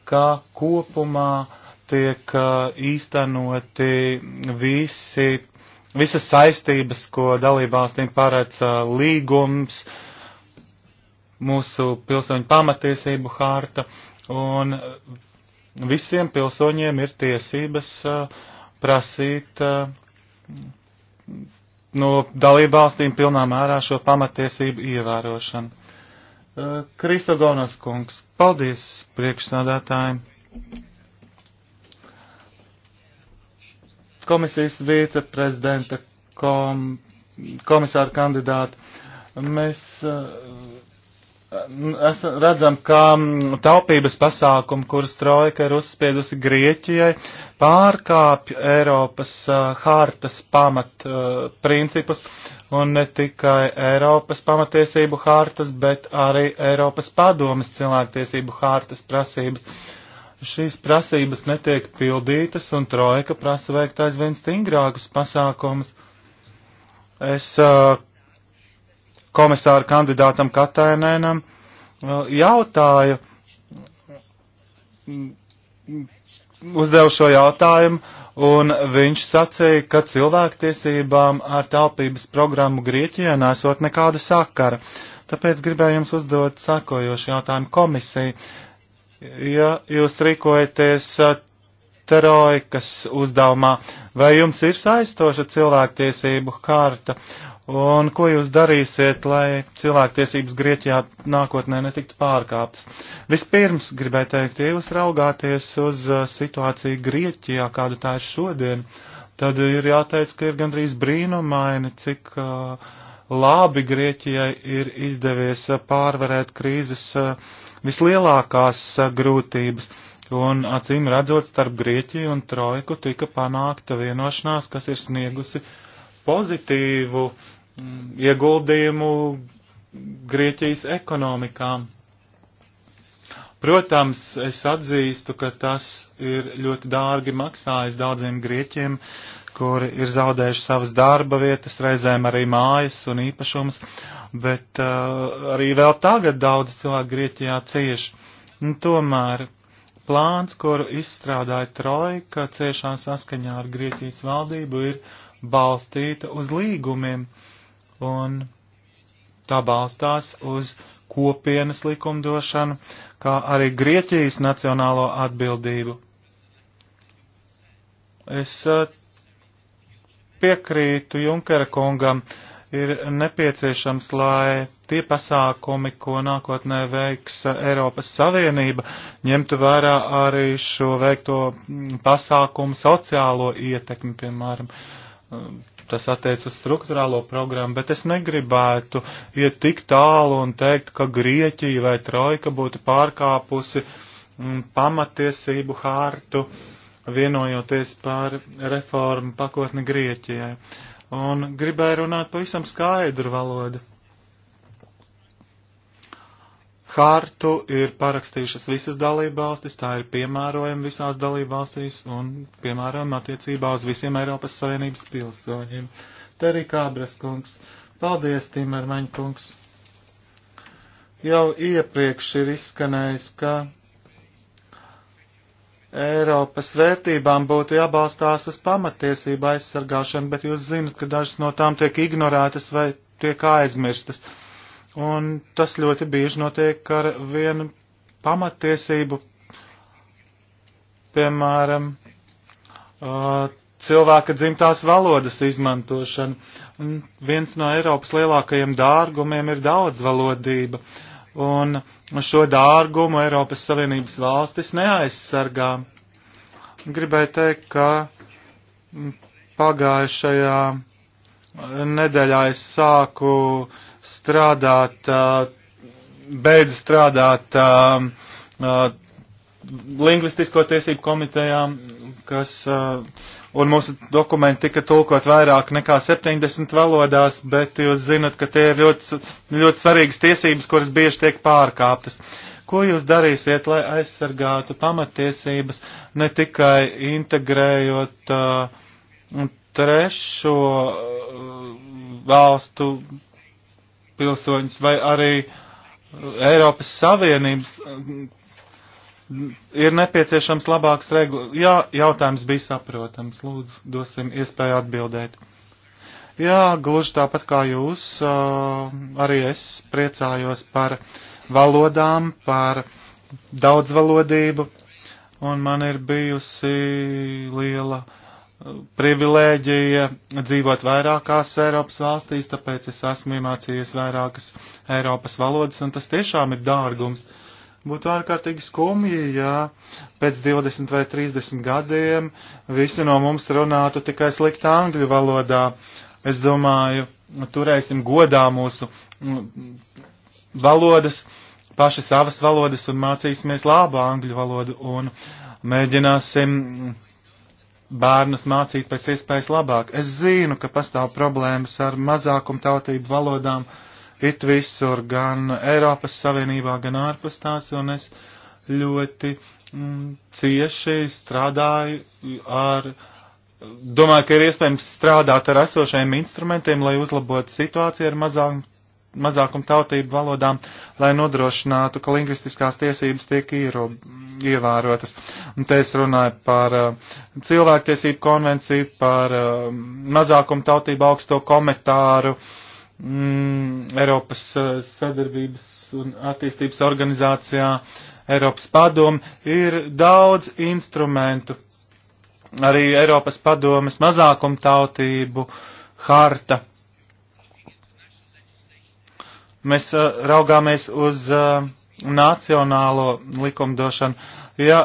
ka kopumā tiek īstenoti visi, visas saistības, ko dalība valstīm paredz līgums, mūsu pilsoņu pamatiesību harta, un visiem pilsoņiem ir tiesības prasīt no dalībvalstīm pilnā mērā šo pamatiesību ievērošanu. Uh, Krisogonas kungs, paldies priekšsādātājiem. Komisijas viceprezidenta kom, komisāra kandidāti. Mēs uh, Es redzam, ka taupības pasākumi, kurus Trojka ir uzspiedusi Grieķijai, pārkāpj Eiropas uh, hartas pamat uh, principus, un ne tikai Eiropas pamatiesību hartas, bet arī Eiropas padomas cilvēktiesību hartas prasības. Šīs prasības netiek pildītas, un Trojka prasa veikt aizvien stingrākus pasākumus. Es uh, komisāru kandidātam Katainēnam eh, jautāju, uzdevu šo jautājumu, un viņš sacīja, ka cilvēktiesībām ar taupības programmu Grieķijā nesot nekāda sakara. Tāpēc gribēju jums uzdot sakojošu jautājumu komisiju. Ja jūs rīkojaties eh, trojkas uzdevumā, vai jums ir saistoša cilvēktiesību harta, Un ko jūs darīsiet, lai cilvēktiesības Grieķijā nākotnē netiktu pārkāptas? Vispirms gribēju teikt, ja jūs raugāties uz uh, situāciju Grieķijā, kāda tā ir šodien, tad ir jāteic, ka ir gandrīz brīnumaini, cik uh, labi Grieķijai ir izdevies uh, pārvarēt krīzes uh, vislielākās uh, grūtības. Un acīm redzot, starp Grieķiju un Trojku tika panākta vienošanās, kas ir sniegusi pozitīvu uh, ieguldījumu Grieķijas ekonomikā. Protams, es atzīstu, ka tas ir ļoti dārgi maksājis daudziem grieķiem, kuri ir zaudējuši savas darba vietas, reizēm arī mājas un īpašumus, bet uh, arī vēl tagad daudz cilvēku Grieķijā cieši. Un tomēr plāns, kuru izstrādāja Trojka ciešā saskaņā ar Grieķijas valdību, ir balstīta uz līgumiem. Uh, un tā balstās uz kopienas likumdošanu, kā arī Grieķijas nacionālo atbildību. Es eh, piekrītu Junkera kungam, ir nepieciešams, lai tie pasākumi, ko nākotnē veiks eh, Eiropas Savienība, ņemtu vērā arī šo veikto mm, pasākumu sociālo ietekmi, piemēram, eh, tas attiec uz struktūrālo programmu, bet es negribētu iet tik tālu un teikt, ka Grieķija vai Trojka būtu pārkāpusi mm, pamatiesību hārtu, vienojoties par reformu pakotni Grieķijai. Un gribēju runāt pavisam skaidru valodu. Hārtu ir parakstījušas visas dalībvalstis, tā ir piemērojama visās dalībvalstīs un piemērojama attiecībā uz visiem Eiropas Savienības pilsoņiem. Te arī Kābras kungs. Paldies, Timermaņa kungs. Jau iepriekš ir izskanējis, ka Eiropas vērtībām būtu jābalstās uz pamatiesību aizsargāšanu, bet jūs zinat, ka dažas no tām tiek ignorētas vai tiek aizmirstas. Uh, un tas ļoti bieži notiek ar vienu pamatiesību, piemēram, uh, cilvēka dzimtās valodas izmantošanu. Un viens no Eiropas lielākajiem dārgumiem ir daudzvalodība, un šo dārgumu Eiropas Savienības valstis neaizsargā. Gribēju teikt, ka pagājušajā uh, nedēļā es sāku uh, strādāt, beidz strādāt lingvistisko tiesību komitejām, kas, un mūsu dokumenti tika tulkot vairāk nekā 70 valodās, bet jūs zinat, ka tie ir ļoti, ļoti svarīgas tiesības, kuras bieži tiek pārkāptas. Ko jūs darīsiet, lai aizsargātu pamatiesības, ne tikai integrējot uh, trešo uh, valstu pilsoņus, vai arī Eiropas Savienības ir nepieciešams labāks regula. Jā, jautājums bija saprotams. Lūdzu, dosim iespēju atbildēt. Jā, gluži tāpat kā jūs, arī es priecājos par valodām, par daudzvalodību, un man ir bijusi liela privilēģija dzīvot vairākās Eiropas valstīs, tāpēc es esmu iemācījies vairākas Eiropas valodas, un tas tiešām ir dārgums. Būtu ārkārtīgi skumji, ja pēc 20 vai 30 gadiem visi no mums runātu tikai slikti angļu valodā. Es domāju, turēsim godā mūsu mm, valodas, paši savas valodas un mācīsimies labu angļu valodu un mēģināsim mm, bērnus mācīt pēc iespējas labāk. Es zinu, ka pastāv problēmas ar mazākumtautību valodām it visur, gan Eiropas Savienībā, gan ārpus tās, un es ļoti mm, cieši strādāju ar, domāju, ka ir iespējams strādāt ar esošajiem instrumentiem, lai uzlabotu situāciju ar mazākumtautību mazākumu tautību valodām, lai nodrošinātu, ka lingvistiskās tiesības tiek īro, ievērotas. Un te es runāju par uh, cilvēktiesību konvenciju, par uh, mazākumu tautību augsto komentāru, mm, Eiropas uh, sadarbības un attīstības organizācijā, Eiropas padomu, ir daudz instrumentu. Arī Eiropas padomas mazākumtautību harta mēs uh, raugāmies uz uh, nacionālo likumdošanu. Ja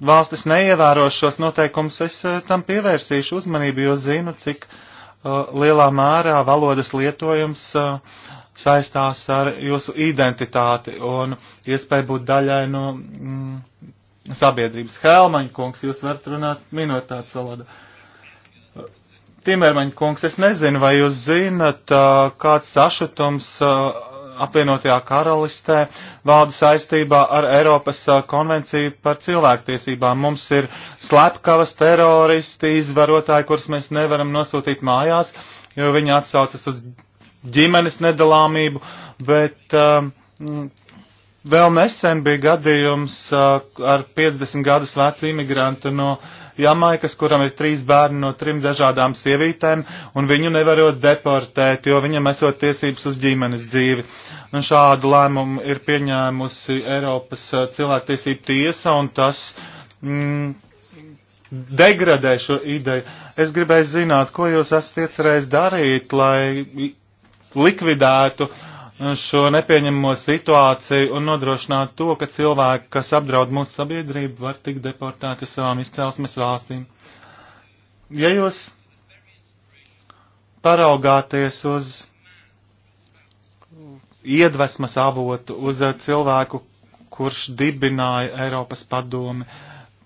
valstis neievēro šos noteikumus, es uh, tam pievērsīšu uzmanību, jo zinu, cik uh, lielā mērā valodas lietojums uh, saistās ar jūsu identitāti un iespēju būt daļai no mm, sabiedrības. Helmaņkungs, jūs varat runāt minoritātes valodā. Timermaņa kungs, es nezinu, vai jūs zinat, kāds sašutums apvienotajā karalistē valda saistībā ar Eiropas konvenciju par cilvēktiesībām. Mums ir slepkavas teroristi, izvarotāji, kurus mēs nevaram nosūtīt mājās, jo viņi atsaucas uz ģimenes nedalāmību, bet um, vēl nesen bija gadījums uh, ar 50 gadus vecu imigrantu no uh, Jamaikas, kuram ir trīs bērni no trim dažādām sievietēm, un viņu nevarot deportēt, jo viņam esot tiesības uz ģimenes dzīvi. Un nu, šādu lēmumu ir pieņēmusi Eiropas eh, cilvēktiesība tiesa, un tas. Mm, degradē šo ideju. Es gribēju zināt, ko jūs esat iecerējis darīt, lai likvidētu uh, šo nepieņemamo situāciju un nodrošināt to, ka cilvēki, kas apdraud mūsu sabiedrību, var tikt deportēti uz savām izcelsmes valstīm. Ja jūs paraugāties uz iedvesmas avotu, uz cilvēku, kurš dibināja Eiropas padomi,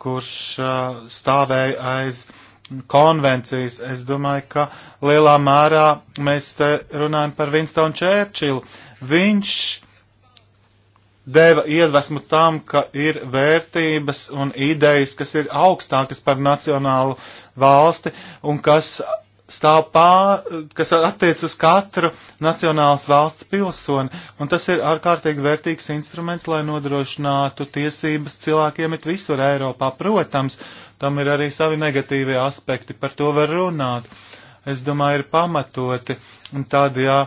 kurš uh, stāvēja aiz uh, konvencijas. Es domāju, ka lielā mērā mēs te runājam par Winstonu Čērčilu. Viņš deva iedvesmu tam, ka ir vērtības un idejas, kas ir augstākas par nacionālu valsti un kas stāv pā, kas attiec uz katru nacionālas valsts pilsoni, un tas ir ārkārtīgi vērtīgs instruments, lai nodrošinātu tiesības cilvēkiem it visur Eiropā. Protams, tam ir arī savi negatīvie aspekti, par to var runāt. Es domāju, ir pamatoti, un tādā, jā,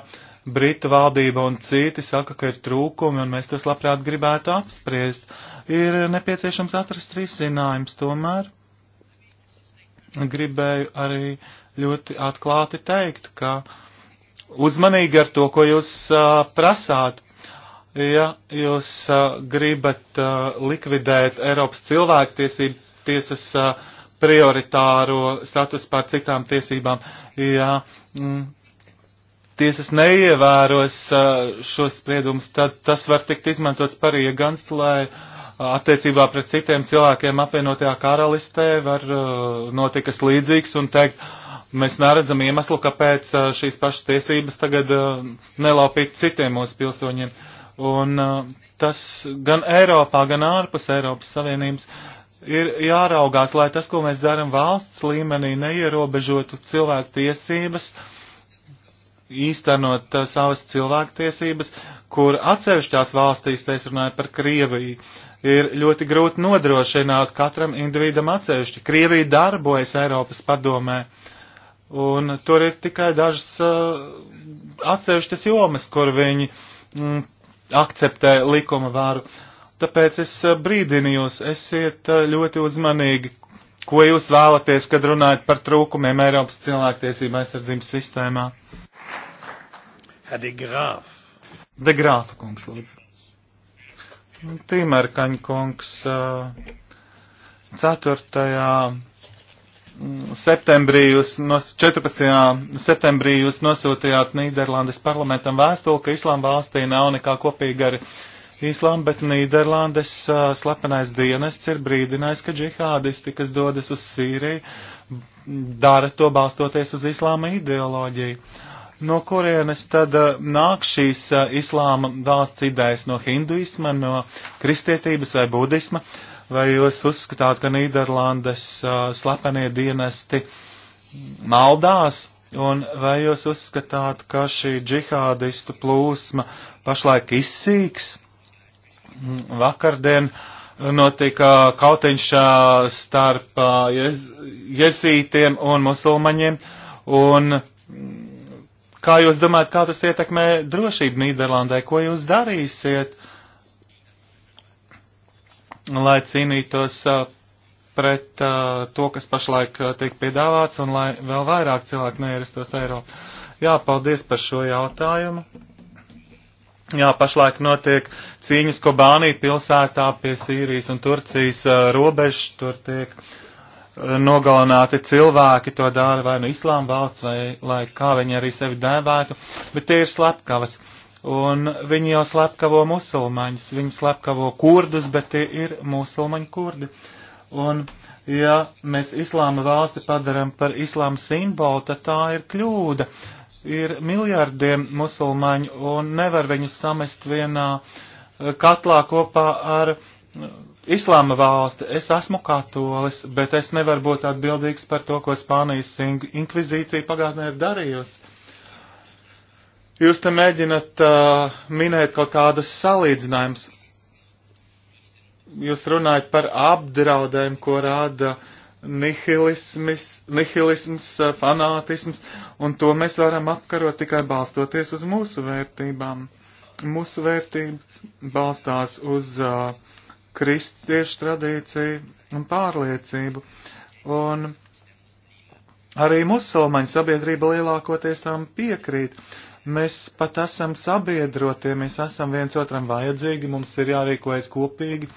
Britu valdība un citi saka, ka ir trūkumi, un mēs tos labprāt gribētu apspriest. Ir nepieciešams atrast risinājums tomēr gribēju arī ļoti atklāti teikt, ka uzmanīgi ar to, ko jūs uh, prasāt. Ja jūs uh, gribat uh, likvidēt Eiropas cilvēktiesību tiesas uh, prioritāro status pār citām tiesībām, ja mm, tiesas neievēros uh, šos spriedumus, tad tas var tikt izmantots par ieganstu, lai uh, attiecībā pret citiem cilvēkiem apvienotajā karalistē var uh, notikas līdzīgs un teikt, uh, mēs neredzam iemeslu, kāpēc uh, šīs pašas tiesības tagad uh, nelaupīt citiem mūsu pilsoņiem. Un uh, tas gan Eiropā, gan ārpus Eiropas Savienības ir jāraugās, lai tas, ko mēs darām valsts līmenī, neierobežotu cilvēku tiesības, īstenot savas cilvēktiesības, kur atsevišķās valstīs, te es runāju par Krieviju, ir ļoti grūti nodrošināt katram individam atsevišķi. Krievija darbojas Eiropas padomē. Uh, Un tur ir tikai dažas uh, atsevišķas jomas, kur viņi mm, akceptē likuma vāru. Tāpēc es brīdinu jūs, esiet ļoti uzmanīgi, ko jūs vēlaties, kad runājat par trūkumiem Eiropas cilvēktiesība aizsardzības sistēmā. De Grāf. De Grāfa kungs, lūdzu. Tīmerkaņa kungs, ceturtajā septembrī jūs, nos, 14. septembrī jūs nosūtījāt Nīderlandes parlamentam vēstuli, ka Islāma valstī nav nekā kopīga ar Islāmu, bet Nīderlandes uh, slepenais dienests ir brīdinājis, ka džihādisti, kas dodas uz Sīriju, dara to balstoties uz Islāma ideoloģiju. No kurienes tad uh, nāk šīs uh, Islāma valsts idejas no hinduisma, no kristietības vai budisma? Uh, vai jūs uzskatāt, ka Nīderlandes uh, slepenie dienesti maldās, un vai jūs uzskatāt, ka šī džihādistu plūsma pašlaik izsīks? Vakardien notika kautiņš starp jez, jezītiem un musulmaņiem, un kā jūs domājat, kā tas ietekmē drošību Nīderlandē? Ko jūs darīsiet? lai cīnītos pret to, kas pašlaik tiek piedāvāts, un lai vēl vairāk cilvēku neierastos Eiropā. Jā, paldies par šo jautājumu. Jā, pašlaik notiek cīņas Kobānī pilsētā pie Sīrijas un Turcijas robežas. Tur tiek nogalināti cilvēki, to dara vai nu no Islāma valsts, vai lai kā viņi arī sevi dēvētu, bet tie ir slepkavas. Uh, Un viņi jau slepkavo musulmaņus, viņi slepkavo kurdus, bet tie ir musulmaņu kurdi. Un ja mēs islāma valsti padaram par islāma simbolu, tad tā ir kļūda. Ir miljārdiem musulmaņu un nevar viņus samest vienā eh, katlā kopā ar eh, Islāma valsti, es esmu katolis, bet es nevaru būt atbildīgs par to, ko Spānijas inkvizīcija pagātnē ir darījusi. Jūs te mēģinat uh, minēt kaut kādas salīdzinājumus. Jūs runājat par apdraudēm, ko rāda nihilisms, nihilisms, uh, fanātisms, un to mēs varam apkarot tikai balstoties uz mūsu vērtībām. Mūsu vērtības balstās uz uh, kristiešu tradīciju un pārliecību. Un arī musulmaņu sabiedrība lielākoties tam piekrīt. Uh, Mēs pat esam sabiedrotie, mēs esam viens otram vajadzīgi, mums ir jārīkojas kopīgi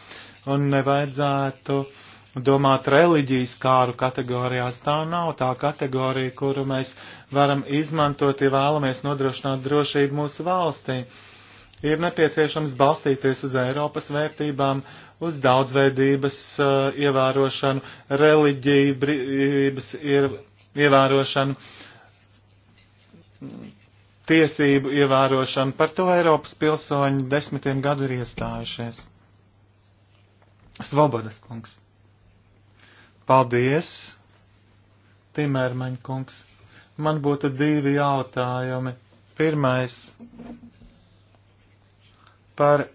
un nevajadzētu domāt reliģijas kāru kategorijās. Tā nav tā kategorija, kuru mēs varam izmantot, ja vēlamies nodrošināt drošību mūsu valstī. Ir nepieciešams balstīties uz Eiropas vērtībām, uz daudzveidības uh, ievērošanu, reliģijas ievērošanu, tiesību ievērošanu. Par to Eiropas pilsoņi desmitiem gadu ir iestājušies. Svobodas kungs. Paldies, Timermaņa kungs. Man būtu divi jautājumi. Pirmais par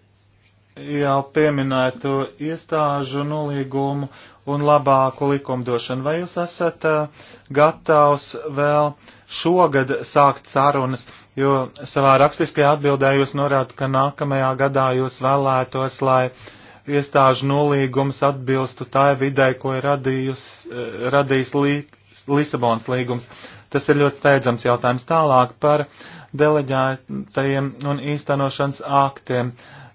jau pieminēto iestāžu nolīgumu un labāku likumdošanu. Vai jūs esat uh, gatavs vēl šogad sākt sarunas jo savā rakstiskajā atbildē jūs norādat, ka nākamajā gadā jūs vēlētos, lai iestāžu nolīgums atbilstu tai vidē, ko ir radījus, eh, radījis lī, Lisabonas līgums. Tas ir ļoti steidzams jautājums tālāk par deleģētajiem un īstenošanas aktiem.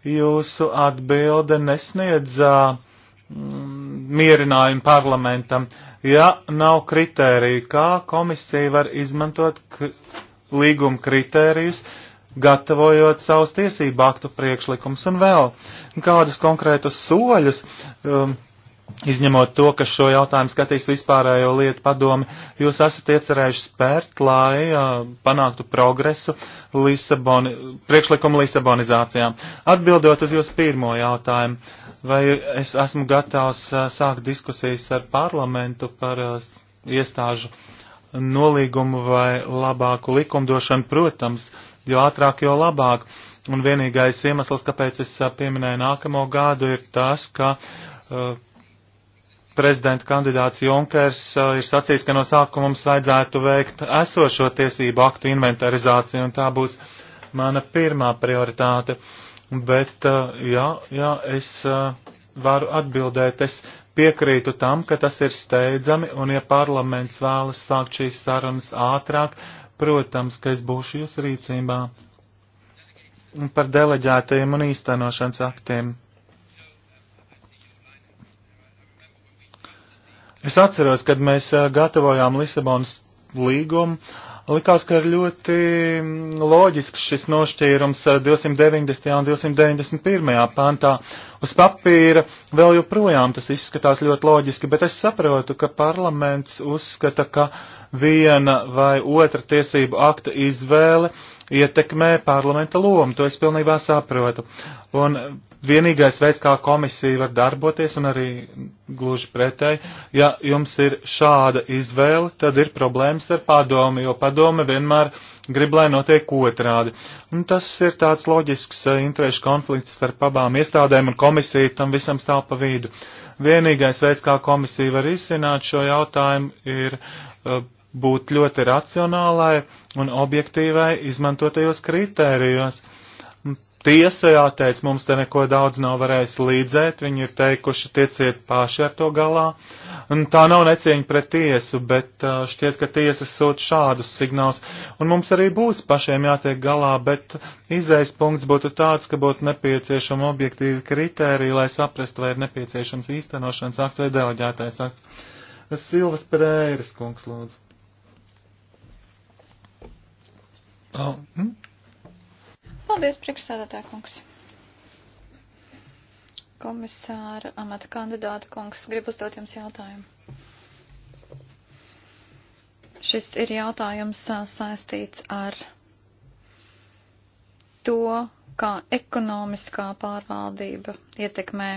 Jūsu atbilde nesniedz mm, mierinājumu parlamentam. Ja nav kritērija, kā komisija var izmantot līguma kritērijus, gatavojot savus tiesību aktu priekšlikums un vēl kādus konkrētus soļus, um, izņemot to, ka šo jautājumu skatīs vispārējo lietu padomi, jūs esat iecerējuši spērt, lai uh, panāktu progresu Lisaboni, priekšlikumu Lisabonizācijām. Atbildot uz jūsu pirmo jautājumu, vai es esmu gatavs uh, sākt diskusijas ar parlamentu par uh, iestāžu uh, nolīgumu vai labāku likumdošanu, protams, jo ātrāk, jo labāk. Un vienīgais iemesls, kāpēc es pieminēju nākamo gadu, ir tas, ka uh, prezidenta kandidāts Junkers uh, ir sacījis, ka no sākuma mums vajadzētu veikt esošo tiesību aktu inventarizāciju, un tā būs mana pirmā prioritāte. Bet, uh, jā, jā, es varu atbildēt, es piekrītu tam, ka tas ir steidzami, un ja parlaments vēlas sākt šīs sarunas ātrāk, protams, ka es būšu jūs rīcībā par deleģētajiem un īstenošanas aktiem. Es atceros, kad mēs eh, gatavojām Lisabonas līgumu, Likās, ka ir ļoti mm, loģisks šis nošķīrums 290. Eh, un 291. pantā. Uz papīra vēl joprojām tas izskatās ļoti loģiski, bet es saprotu, ka parlaments uzskata, ka viena vai otra tiesību akta izvēle ietekmē parlamenta lomu. To es pilnībā saprotu. Un vienīgais veids, kā komisija var darboties, un arī gluži pretēji, ja jums ir šāda izvēle, tad ir problēmas ar padomi, jo padome vienmēr grib, lai notiek otrādi. Un tas ir tāds loģisks eh, interešu konflikts starp abām iestādēm, un komisija tam visam stāv pa vidu. Vienīgais veids, kā komisija var izsināt šo jautājumu, ir uh, būt ļoti racionālai un objektīvai izmantotajos kritērijos. Uh, Tiesa jāteic, mums te neko daudz nav varējis līdzēt, viņi ir teikuši, tieciet paši ar to galā. Un tā nav necieņa pret tiesu, bet šķiet, ka tiesa sūta šādus signālus, un mums arī būs pašiem jātiek galā, bet izējas punkts būtu tāds, ka būtu nepieciešama objektīva kritērija, lai saprastu, vai ir nepieciešams īstenošanas akts vai deleģētais akts. Silvas Pereiras kungs lūdzu. Oh. Mm? Paldies, priekšsēdētāj kungs. Komisāra amata kandidāta kungs, gribu uzdot jums jautājumu. Šis ir jautājums saistīts ar to, kā ekonomiskā pārvaldība ietekmē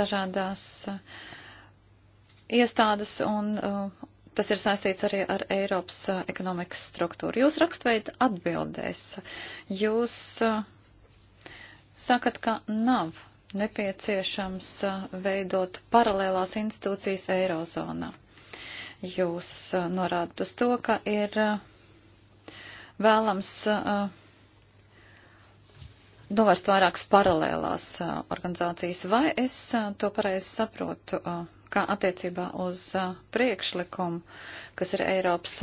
dažādās iestādes un uh, Tas ir saistīts arī ar Eiropas ekonomikas struktūru. Jūs rakstveida atbildēs. Jūs sakat, ka nav nepieciešams veidot paralēlās institūcijas Eirozonā. Jūs norādat uz to, ka ir vēlams novērst vairākas paralēlās organizācijas. Vai es to pareizi saprotu? ka attiecībā uz priekšlikumu, kas ir Eiropas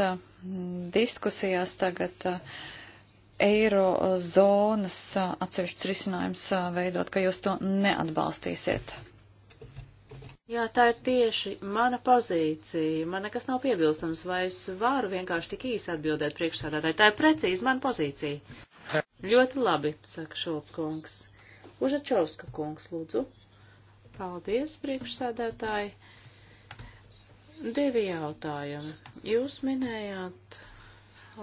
diskusijās tagad, eiro zonas atsevišķs risinājums veidot, ka jūs to neatbalstīsiet. Jā, tā ir tieši mana pozīcija. Man nekas nav piebilstams, vai es varu vienkārši tik īsi atbildēt priekšsādātāji. Tā ir precīzi mana pozīcija. Ļoti labi, saka Šolts kungs. Užačovska kungs, lūdzu. Paldies, priekšsēdētāji. Divi jautājumi. Jūs minējāt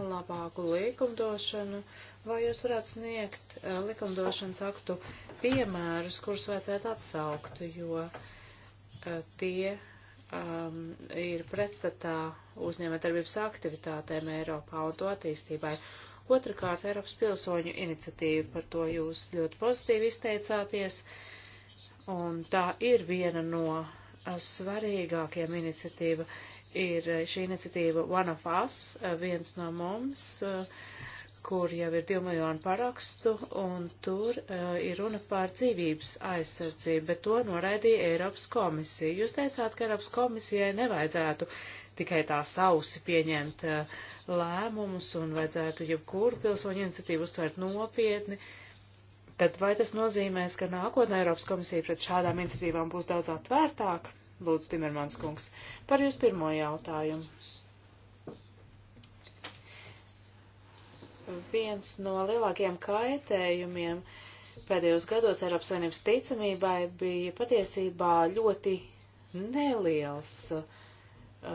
labāku likumdošanu, vai jūs varētu sniegt eh, likumdošanas aktu piemērus, kurus vajadzētu atsaukt, jo eh, tie um, ir pretstatā uzņēmētarbības aktivitātēm Eiropā un to attīstībai. Otrakārt, Eiropas pilsoņu iniciatīva, par to jūs ļoti pozitīvi izteicāties. Uh, un tā ir viena no uh, svarīgākajām iniciatīva. Ir uh, šī iniciatīva One of Us, uh, viens no mums, kur jau ir 2 miljonu parakstu, un tur uh, ir runa par dzīvības aizsardzību, bet to noraidīja Eiropas komisija. Jūs teicāt, ka Eiropas komisijai nevajadzētu tikai tā sausi pieņemt uh, lēmumus un vajadzētu jebkuru pilsoņu iniciatīvu uztvert nopietni. Uh, Tad vai tas nozīmēs, ka nākotnē Eiropas komisija pret šādām iniciatīvām būs daudz atvērtāk? Lūdzu, Timermans kungs, par jūs pirmo jautājumu. Viens no lielākajiem kaitējumiem pēdējos gados Eiropas Savienības ticamībai bija patiesībā ļoti neliels uh,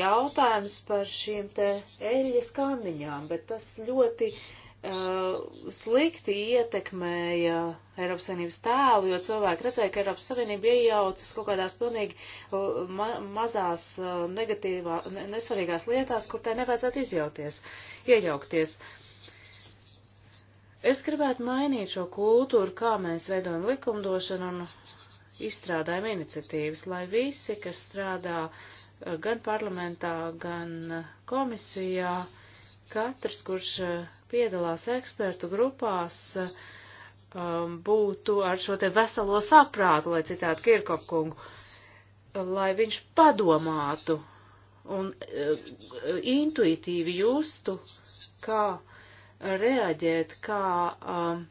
jautājums par šīm te eļļas kandiņām, bet tas ļoti uh, Uh, slikti ietekmēja Eiropas Savienības tēlu, jo cilvēki redzēja, ka Eiropas Savienība iejaucas kaut kādās pilnīgi uh, ma mazās uh, negatīvā, nesvarīgās lietās, kur tai nevajadzētu izjauties, iejaukties. Es gribētu mainīt šo kultūru, kā mēs veidojam likumdošanu un izstrādājam iniciatīvas, lai visi, kas strādā gan parlamentā, gan komisijā, uh, katrs, kurš eh, piedalās ekspertu grupās, eh, um, būtu ar šo te veselo saprātu, lai citātu Kirkopkungu, lai viņš padomātu un eh, intuitīvi justu, kā reaģēt, kā um,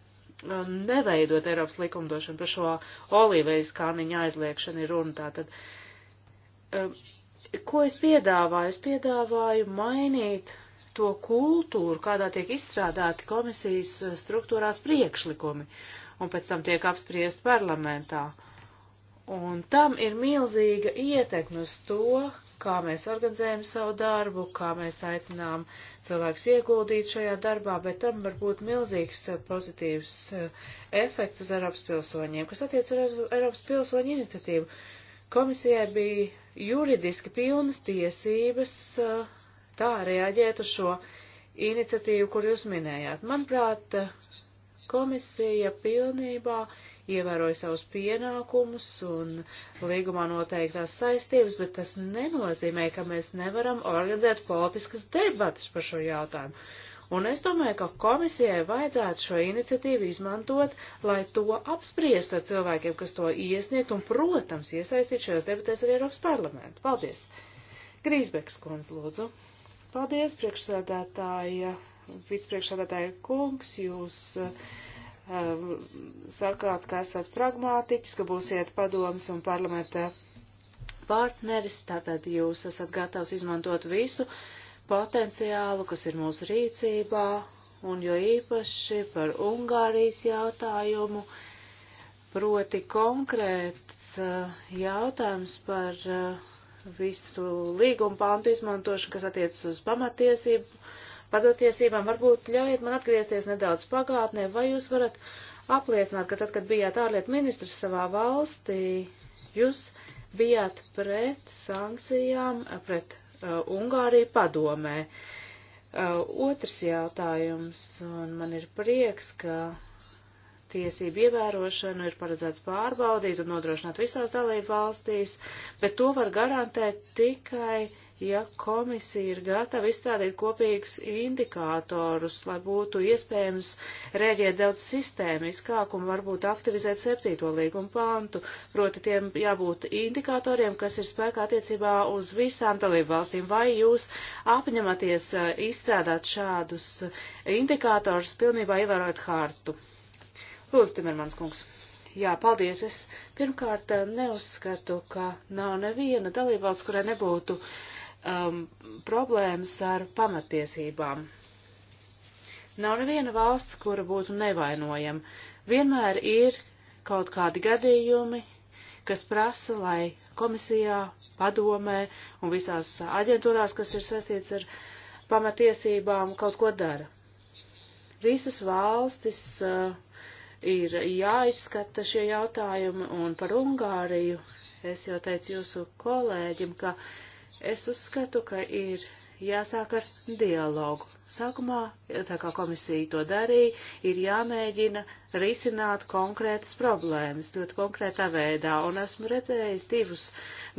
um, neveidot Eiropas likumdošanu par šo olīvejas kāniņu aizliekšanu ir runa tātad. Ko es piedāvāju? Es piedāvāju mainīt to kultūru, kādā tiek izstrādāti komisijas eh, struktūrās priekšlikumi, un pēc tam tiek apspriest parlamentā. Un tam ir milzīga ietekme uz to, kā mēs organizējam savu darbu, kā mēs aicinām cilvēkus ieguldīt šajā darbā, bet tam var būt milzīgs eh, pozitīvs eh, efekts uz Eiropas pilsoņiem, kas attiec uz Eiropas pilsoņu iniciatīvu. Komisijai bija juridiski pilnas tiesības uh, tā reaģēt uz šo iniciatīvu, kur jūs minējāt. Manuprāt, komisija pilnībā ievēroja savus pienākumus un līgumā noteiktās saistības, bet tas nenozīmē, ka mēs nevaram organizēt politiskas debatas par šo jautājumu. Un es domāju, ka komisijai vajadzētu šo iniciatīvu izmantot, lai to apspriestu ar cilvēkiem, kas to iesniegt, un, protams, iesaistīt šajos debatēs arī Eiropas parlamentu. Paldies! Grīsbeks kundze, lūdzu. Paldies, priekšsēdētāja, vicepriekšsēdētāja kungs, jūs uh, sakāt, ka esat pragmātiķis, ka būsiet padomas un parlamenta partneris, tātad jūs esat gatavs izmantot visu potenciālu, kas ir mūsu rīcībā, un jo īpaši par Ungārijas jautājumu, proti konkrēts uh, jautājums par uh, visu līgumu pāntu izmantošanu, kas attiecas uz pamatiesību, padotiesībām. Varbūt ļaujiet man atgriezties nedaudz pagātnē, vai jūs varat apliecināt, ka tad, kad bijāt ārlietu ministrs savā valstī, jūs bijāt pret sankcijām, pret uh, Ungāriju padomē. Uh, otrs jautājums, un man ir prieks, ka tiesību ievērošanu ir paredzēts pārbaudīt un nodrošināt visās dalību valstīs, bet to var garantēt tikai, ja komisija ir gatava izstrādīt kopīgus indikātorus, lai būtu iespējams rēģēt daudz sistēmiskāk un varbūt aktivizēt septīto līgumu pantu, proti tiem jābūt indikatoriem, kas ir spēkā attiecībā uz visām dalību valstīm. Vai jūs apņematies eh, izstrādāt šādus indikātorus pilnībā ievērot hartu? Lūdzu, Timermans kungs. Jā, paldies. Es pirmkārt eh, neuzskatu, ka nav neviena dalībvalsts, kurai nebūtu um, problēmas ar pamatiesībām. Nav neviena valsts, kura būtu nevainojama. Vienmēr ir kaut kādi gadījumi, kas prasa, lai komisijā, padomē un visās aģentūrās, kas ir saistīts ar pamatiesībām, kaut ko dara. Visas valstis uh, ir jāizskata šie jautājumi, un par Ungāriju es jau teicu jūsu kolēģim, ka es uzskatu, ka ir jāsāk ar dialogu. Sākumā, tā kā komisija to darīja, ir jāmēģina risināt konkrētas problēmas ļoti konkrētā veidā, un esmu redzējis divus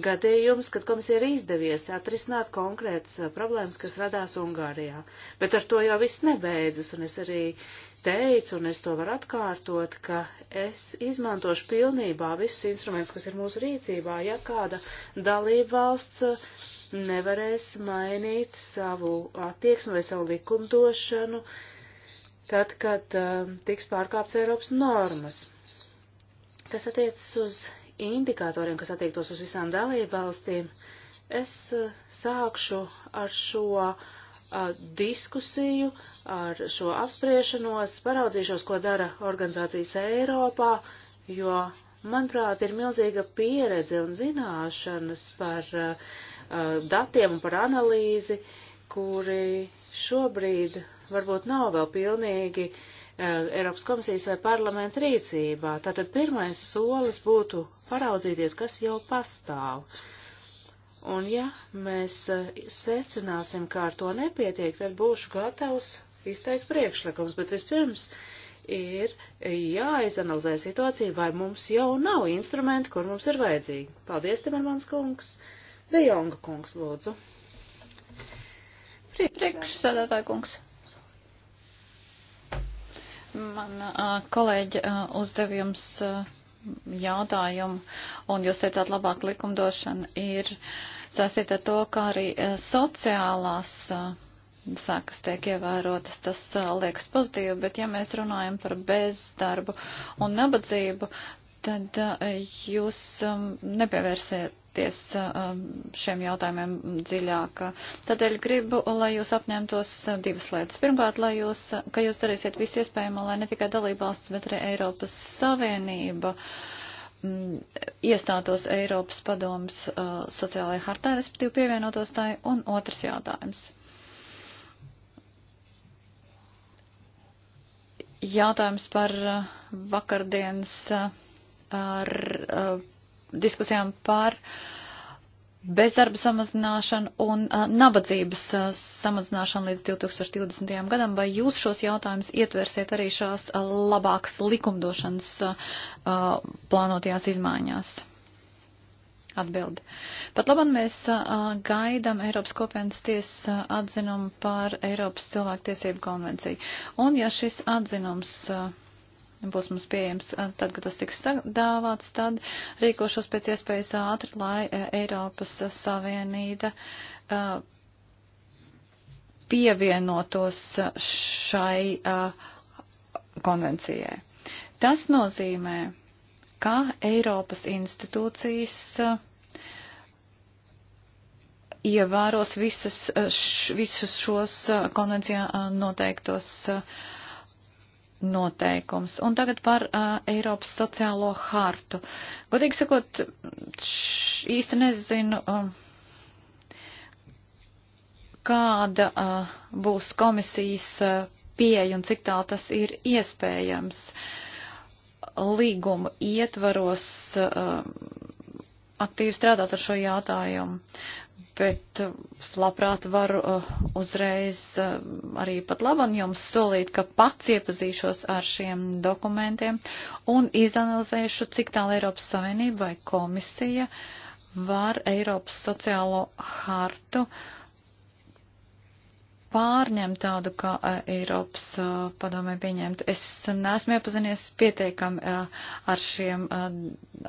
gadījumus, kad komisija ir izdevies atrisināt konkrētas problēmas, kas radās Ungārijā. Bet ar to jau viss nebeidzas, un es arī uh, teicu, un es to varu atkārtot, ka es izmantošu pilnībā visus instrumentus, kas ir mūsu rīcībā, ja kāda dalība valsts uh, nevarēs mainīt savu attieksmi vai savu likumdošanu, tad, kad uh, tiks pārkāpts Eiropas normas. Kas attiecas uz indikatoriem, kas attiektos uz visām dalību valstīm, es uh, sākšu ar šo uh, diskusiju, ar šo apspriešanos, paraudzīšos, ko dara organizācijas Eiropā, jo, manuprāt, ir milzīga pieredze un zināšanas par uh, datiem un par analīzi, kuri šobrīd varbūt nav vēl pilnīgi uh, Eiropas komisijas vai parlamenta rīcībā. Tātad pirmais solis būtu paraudzīties, kas jau pastāv. Uh, Un ja mēs eh, secināsim, kā ar to nepietiek, tad būšu gatavs izteikt priekšlikums, bet vispirms ir jāizanalizē situācija, vai mums jau nav instrumenti, kur mums ir vajadzīgi. Paldies, Timermans kungs. De Jonga kungs, lūdzu. Priekšsēdētāja kungs. Man eh, kolēģi eh, uzdev jums. Uh, jautājumu, un jūs teicāt, labāk likumdošana ir saistīta ar to, kā arī e, sociālās e, sākas tiek ievērotas, tas e, liekas pozitīvi, bet ja mēs runājam par bezdarbu un nabadzību, tad jūs nepievērsiet pievērsties šiem jautājumiem dziļāk. Tādēļ gribu, lai jūs apņemtos divas lietas. Pirmkārt, lai jūs, ka jūs darīsiet visu iespējamo, lai ne tikai dalībvalsts, bet arī Eiropas Savienība iestātos Eiropas padomas sociālajai hartai, respektīvi pievienotos tai, un otrs jautājums. Jautājums par vakardienas ar, ar diskusijām par bezdarba samazināšanu un uh, nabadzības uh, samazināšanu līdz 2020. gadam, vai jūs šos jautājumus ietversiet arī šās uh, labākas likumdošanas uh, plānotajās izmaiņās? Atbildi. Pat labam mēs uh, gaidam Eiropas kopienas tiesas uh, atzinumu par Eiropas cilvēktiesību konvenciju. Un ja šis atzinums uh, būs mums pieejams tad, kad tas tiks sadāvāts, tad rīkošos pēc iespējas ātri, lai Eiropas Savienība pievienotos šai konvencijai. Tas nozīmē, ka Eiropas institūcijas ievēros visas, visus šos konvencijā noteiktos uh, noteikums. Un tagad par uh, Eiropas sociālo hartu. Godīgi sakot, š, īsti nezinu, uh, kāda uh, būs komisijas uh, pieeja un cik tālu tas ir iespējams. Līguma ietvaros uh, aktīvi strādāt ar šo jautājumu bet uh, labprāt varu uh, uzreiz uh, arī pat labam jums solīt, ka pats iepazīšos ar šiem dokumentiem un izanalizēšu, cik tālu Eiropas Savienība vai komisija var Eiropas sociālo hartu pārņemt tādu, kā Eiropas padomē pieņemtu. Es neesmu iepazinies pietiekami ar, šiem,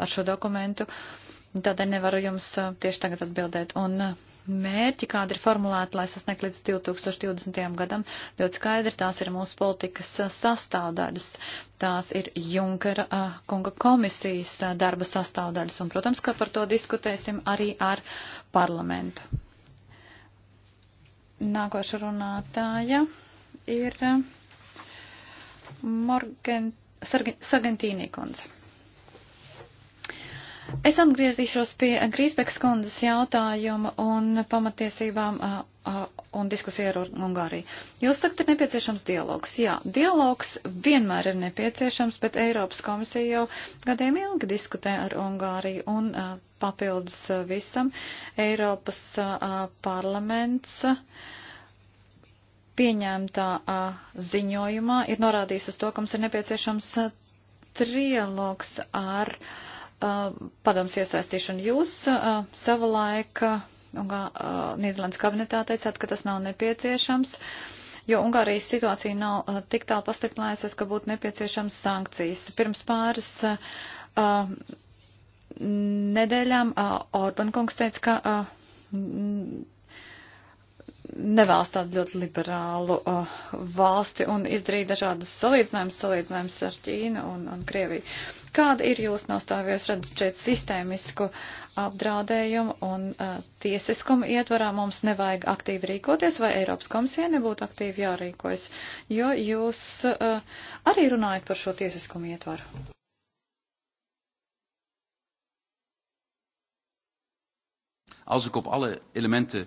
ar šo dokumentu. Uh, Tādēļ nevaru jums tieši tagad atbildēt. Un mērķi, kādi ir formulēti, lai sasniegtu līdz 2020. gadam, ļoti skaidri tās ir mūsu politikas sastāvdaļas. Tās ir Junkera kunga komisijas darba sastāvdaļas. Un, protams, ka par to diskutēsim arī ar parlamentu. Nākoša runātāja ir Morgan Sargentīnī kundze. Es atgriezīšos pie Grīsbekas kundzes jautājuma un pamatiesībām a, a, un diskusiju ar Ungāriju. Jūs sakat, ir nepieciešams dialogs. Jā, dialogs vienmēr ir nepieciešams, bet Eiropas komisija jau gadiem ilgi diskutē ar Ungāriju un a, papildus visam Eiropas parlaments pieņemtā ziņojumā ir norādījis uz to, ka mums ir nepieciešams trialogs ar Ungāriju Uh, padoms iesaistīšanu. Jūs uh, sava laika uh, Nīderlandes kabinetā teicāt, ka tas nav nepieciešams, jo Ungārijas situācija nav tik tālu pastiprinājusies, ka būtu nepieciešams sankcijas. Pirms pāris nedēļām Orban kungs teica, ka nevēlas tādu ļoti liberālu uh, valsti un izdarīja dažādus salīdzinājumus, salīdzinājumus ar Ķīnu un, un Krieviju. Kāda ir jūs nostāvies redzat šeit sistēmisku apdraudējumu un uh, tiesiskumu ietvarā mums nevajag aktīvi rīkoties vai Eiropas komisija nebūtu aktīvi jārīkojas, jo jūs uh, arī runājat par šo tiesiskumu ietvaru? Als ik op alle elementen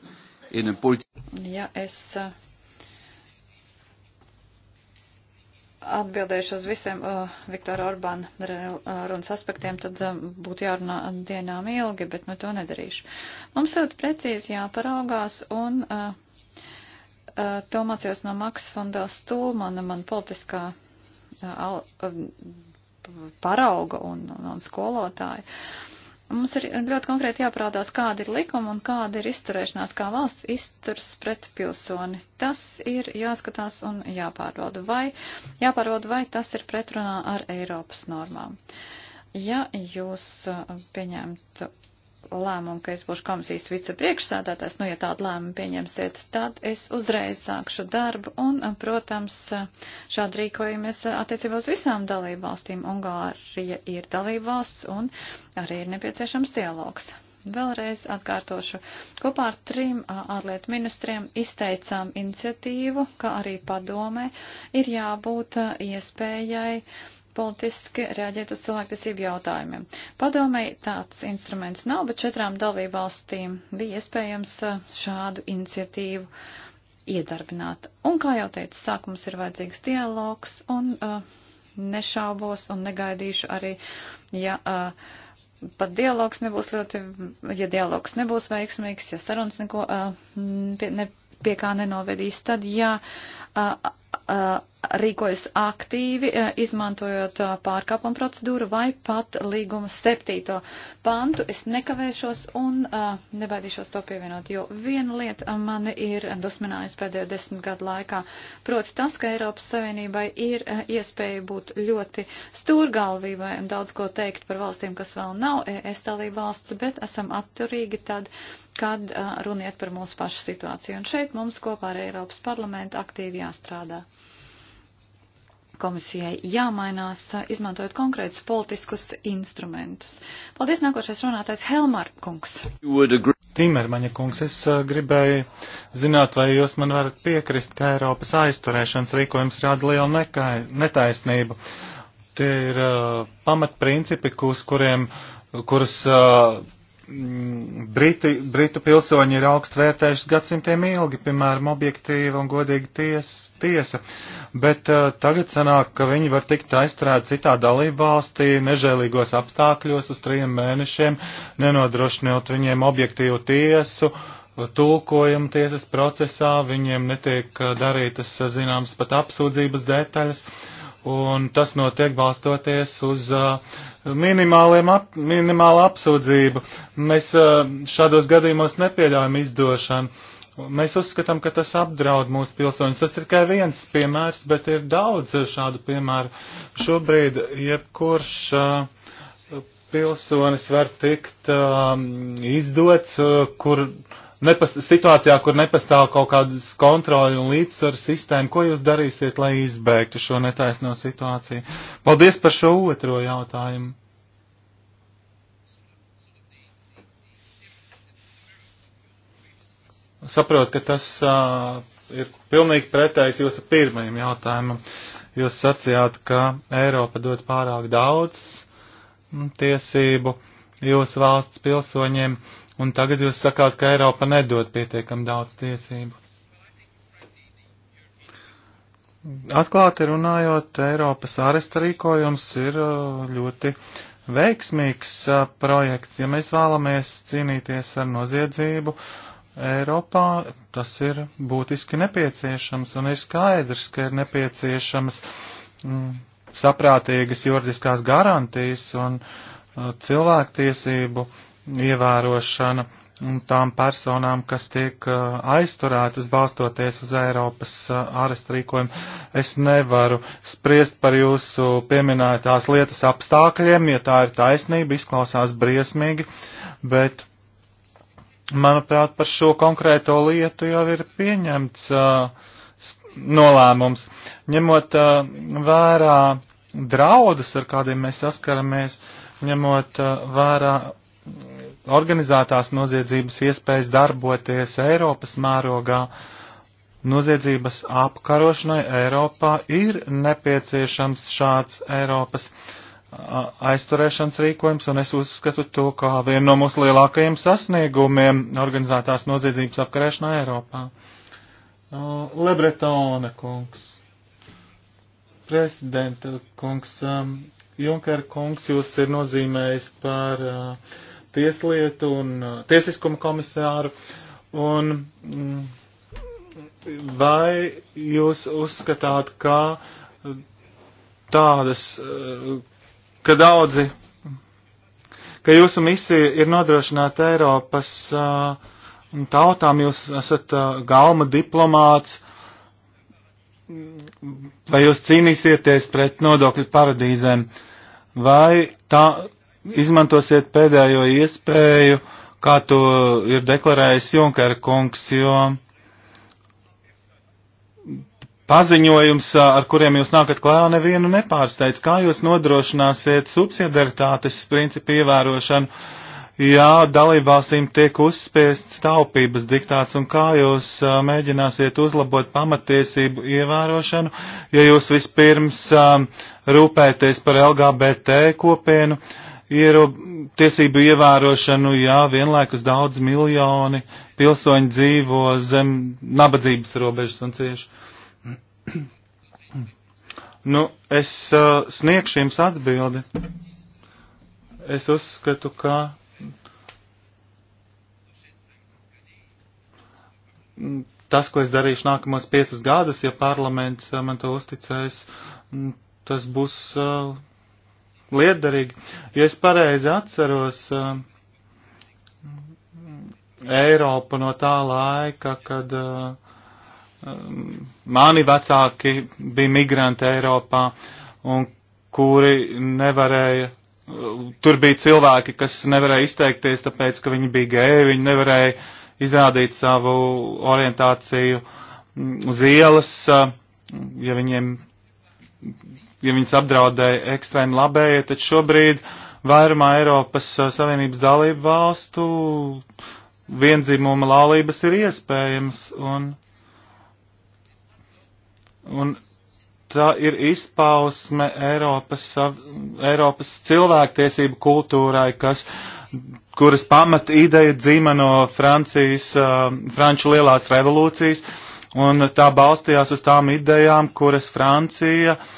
in een politiek. Ja, es eh, atbildēšu uz visiem uh, Viktora Orbāna eh, runas aspektiem, tad uh, būtu jārunā dienām ilgi, bet nu to nedarīšu. Mums ļoti precīzi jāparaugās un uh, uh, to mācījos no Maks fondā Stūmana, man politiskā uh, uh, parauga un, un, un skolotāja. Uh, Mums ir ļoti konkrēti jāprādās, kāda ir likuma un kāda ir izturēšanās, kā valsts izturs pret pilsoni. Tas ir jāskatās un jāpārbauda, vai, jāpārbauda, vai tas ir pretrunā ar Eiropas normām. Ja jūs uh, pieņemtu lēmumu, ka es būšu komisijas vicepriekšsādātājs, nu, ja tādu lēmumu pieņemsiet, tad es uzreiz sākšu darbu un, protams, šādi rīkojamies attiecībā uz visām dalību valstīm. Ungārija ir dalību valsts un arī ir nepieciešams dialogs. Vēlreiz atkārtošu, kopā ar trim ārlietu ministriem izteicām iniciatīvu, ka arī padomē ir jābūt iespējai politiski reaģēt uz cilvēktiesību jautājumiem. Padomēji tāds instruments nav, bet četrām dalībvalstīm bija iespējams uh, šādu iniciatīvu iedarbināt. Un, kā jau teicu, sākums ir vajadzīgs dialogs un uh, nešaubos un negaidīšu arī, ja uh, pat dialogs nebūs ļoti, ja dialogs nebūs veiksmīgs, ja sarunas neko uh, pie, ne, pie kā nenovedīs, tad jā. Uh, uh, rīkojas aktīvi, eh, izmantojot eh, pārkāpuma procedūru vai pat līguma septīto pantu. Es nekavēšos un uh, nebaidīšos to pievienot, jo viena lieta mani ir dusminājusi pēdējo desmit gadu laikā, proti tas, ka Eiropas Savienībai ir uh, iespēja būt ļoti stūrgalvībai un daudz ko teikt par valstīm, kas vēl nav ES dalība valsts, bet esam atturīgi tad, kad uh, runiet par mūsu pašu situāciju. Un šeit mums kopā ar Eiropas parlamentu aktīvi jāstrādā komisijai jāmainās, izmantojot konkrētus politiskus instrumentus. Paldies, nākošais runātais Helmar Kungs. Timermaņa kungs, es uh, gribēju zināt, vai jūs man varat piekrist, ka Eiropas aizturēšanas rīkojums rada lielu nekai, netaisnību. Tie ir uh, pamatprincipi, kurus, kuriem, kurus uh, Mm, Briti, Britu pilsoņi ir augst vērtējuši gadsimtiem ilgi, piemēram, objektīva un godīga ties, tiesa, bet uh, tagad sanāk, ka viņi var tikt aizturēti citā dalībvalstī nežēlīgos apstākļos uz trim mēnešiem, nenodrošinot viņiem objektīvu tiesu, tulkojumu tiesas procesā, viņiem netiek uh, darītas uh, zināmas pat apsūdzības detaļas. Uh, un tas notiek balstoties uz uh, ap, minimālu apsūdzību. Mēs uh, šādos gadījumos nepieļaujam izdošanu. Mēs uzskatām, ka tas apdraud mūsu pilsoņus. Tas ir tikai viens piemērs, bet ir daudz šādu piemēru. Šobrīd jebkurš uh, pilsonis var tikt izdots, kur nepas, situācijā, kur nepastāv kaut kādas kontroli un līdzsvaru sistēma, ko jūs darīsiet, lai izbēgtu šo netaisno situāciju? Paldies par šo otro jautājumu. Saprotu, ka tas uh, ir pilnīgi pretējs jūsu pirmajam jautājumam. Jūs sacījāt, ka Eiropa dod pārāk daudz tiesību jūsu valsts pilsoņiem. Uh, un tagad jūs sakāt, ka Eiropa nedod pietiekam daudz tiesību. Atklāti runājot, Eiropas āresta rīkojums ir uh, ļoti veiksmīgs uh, projekts. Ja mēs vēlamies cīnīties ar noziedzību Eiropā, tas ir būtiski nepieciešams un ir skaidrs, ka ir nepieciešams mm, saprātīgas juridiskās garantijas un uh, cilvēktiesību ievērošana un tām personām, kas tiek uh, aizturētas balstoties uz Eiropas uh, arestu rīkojumu. Es nevaru spriest par jūsu pieminētās lietas apstākļiem, ja tā ir taisnība, izklausās briesmīgi, bet, manuprāt, par šo konkrēto lietu jau ir pieņemts uh, nolēmums. Ņemot vērā draudus, ar kādiem mēs saskaramies, ņemot vērā organizētās noziedzības iespējas darboties Eiropas mērogā. Noziedzības apkarošanai Eiropā ir nepieciešams šāds Eiropas aizturēšanas rīkojums, un es uzskatu to kā vienu no mūsu lielākajiem sasniegumiem organizētās noziedzības apkarēšanā Eiropā. Lebretone kungs, prezidenta kungs, Junker kungs jūs ir nozīmējis par uh, tieslietu un uh, tiesiskumu komisāru. Un mm, vai jūs uzskatāt, ka tādas, uh, ka daudzi, ka jūsu misija ir nodrošināt Eiropas uh, tautām, jūs esat galma diplomāts, vai jūs cīnīsieties pret nodokļu paradīzēm, vai tā, izmantosiet pēdējo iespēju, kā to ir deklarējis Junkera kungs, jo paziņojums, ar kuriem jūs nākat klājā, nevienu nepārsteidz. Kā jūs nodrošināsiet subsidiaritātes principu ievērošanu, ja dalībvalstīm tiek uzspiests taupības diktāts, un kā jūs mēģināsiet uzlabot pamatiesību ievērošanu, ja jūs vispirms rūpēties par LGBT kopienu? iero, tiesību ievērošanu, jā, vienlaikus daudz miljoni pilsoņi dzīvo zem nabadzības robežas un cieši. (clears throat) Nu, es uh, sniegšu jums atbildi. Es uzskatu, ka tas, ko es darīšu nākamos piecus gadus, ja parlaments uh, man to uzticēs, mm, tas būs. Uh, liederīgi. Ja es pareizi atceros, eh, Eiropa no tā laika, kad eh, mani vecāki bija migranti Eiropā un kuri nevarēja tur bija cilvēki, kas nevarēja izteikties, tāpēc, ka viņi bija gēji, viņi nevarēja izrādīt savu orientāciju mm, uz ielas, eh, ja viņiem ja viņas apdraudēja ekstrēmi labējie, tad šobrīd vairumā Eiropas eh, Savienības dalību valstu viendzimuma laulības ir iespējams. Un, un tā ir izpausme Eiropas, Eiropas cilvēktiesību kultūrai, kas, kuras pamata ideja dzīva no Francijas, eh, Franču lielās revolūcijas, un tā balstījās uz tām idejām, kuras Francija uh,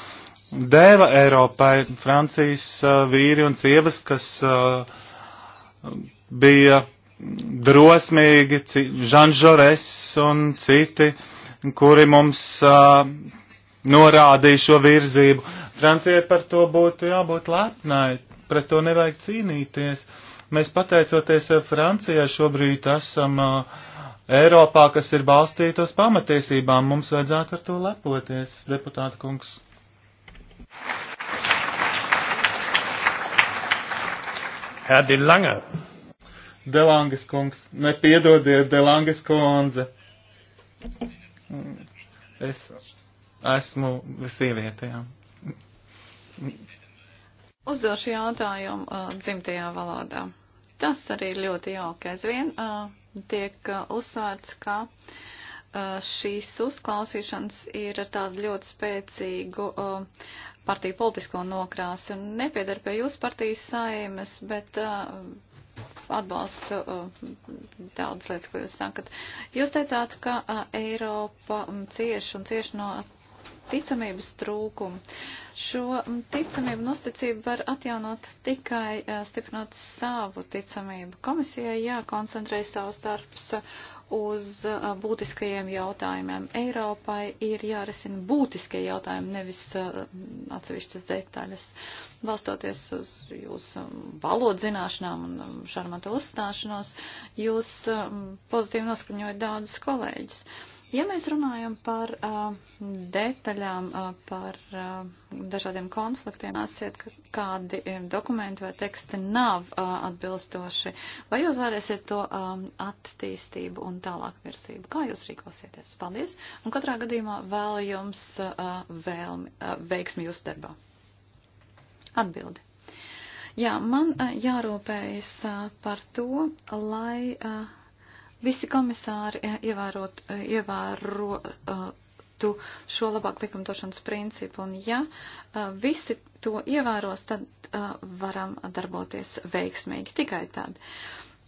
dēva Eiropai Francijas uh, vīri un sievas, kas uh, bija drosmīgi, Žan Žores un citi, kuri mums uh, norādīja šo virzību. Francijai par to būtu jābūt lepnai, pret to nevajag cīnīties. Mēs pateicoties Francijai šobrīd esam Eiropā, kas ir balstīta uz pamatiesībām. Mums vajadzētu ar to lepoties, deputāta kungs. Herr De Lange. Delangas kungs, nepiedodiet, Delangas konze. Es esmu sieviete, jā. Uzdošu jautājumu uh, dzimtajā valodā. Tas arī ļoti jauki aizvien uh, tiek uh, uzsvērts, ka uh, šīs uzklausīšanas ir ar tādu ļoti spēcīgu uh, partiju politisko nokrāsi un nepiedara pie jūsu partijas saimes, bet uh, atbalstu uh, daudz lietas, ko jūs sakat. Jūs teicāt, ka Eiropa cieši un cieši no ticamības trūkumu. Šo ticamību un uzticību var atjaunot tikai stiprinot savu ticamību. Komisijai jākoncentrē savus darbs uz būtiskajiem jautājumiem. Eiropai ir jārisina būtiskie jautājumi, nevis atsevišķas detaļas. Balstoties uz jūsu valodas zināšanām un šarmantu uzstāšanos, jūs pozitīvi noskaņojat daudzus kolēģus. Uh, Ja mēs runājam par uh, detaļām, uh, par uh, dažādiem konfliktiem, nāsiet, ka kādi uh, dokumenti vai teksti nav uh, atbilstoši, vai jūs varēsiet to um, attīstību un tālāk virsību? Kā jūs rīkosieties? Paldies! Un katrā gadījumā vēl jums uh, vēlmi, uh, veiksmi jūsu darbā. Atbildi. Jā, man uh, jārūpējas uh, par to, lai Visi komisāri ievērot, eh, ievērotu eh, šo labāk likumdošanas principu, un ja eh, visi to ievēros, tad varam darboties veiksmīgi tikai tad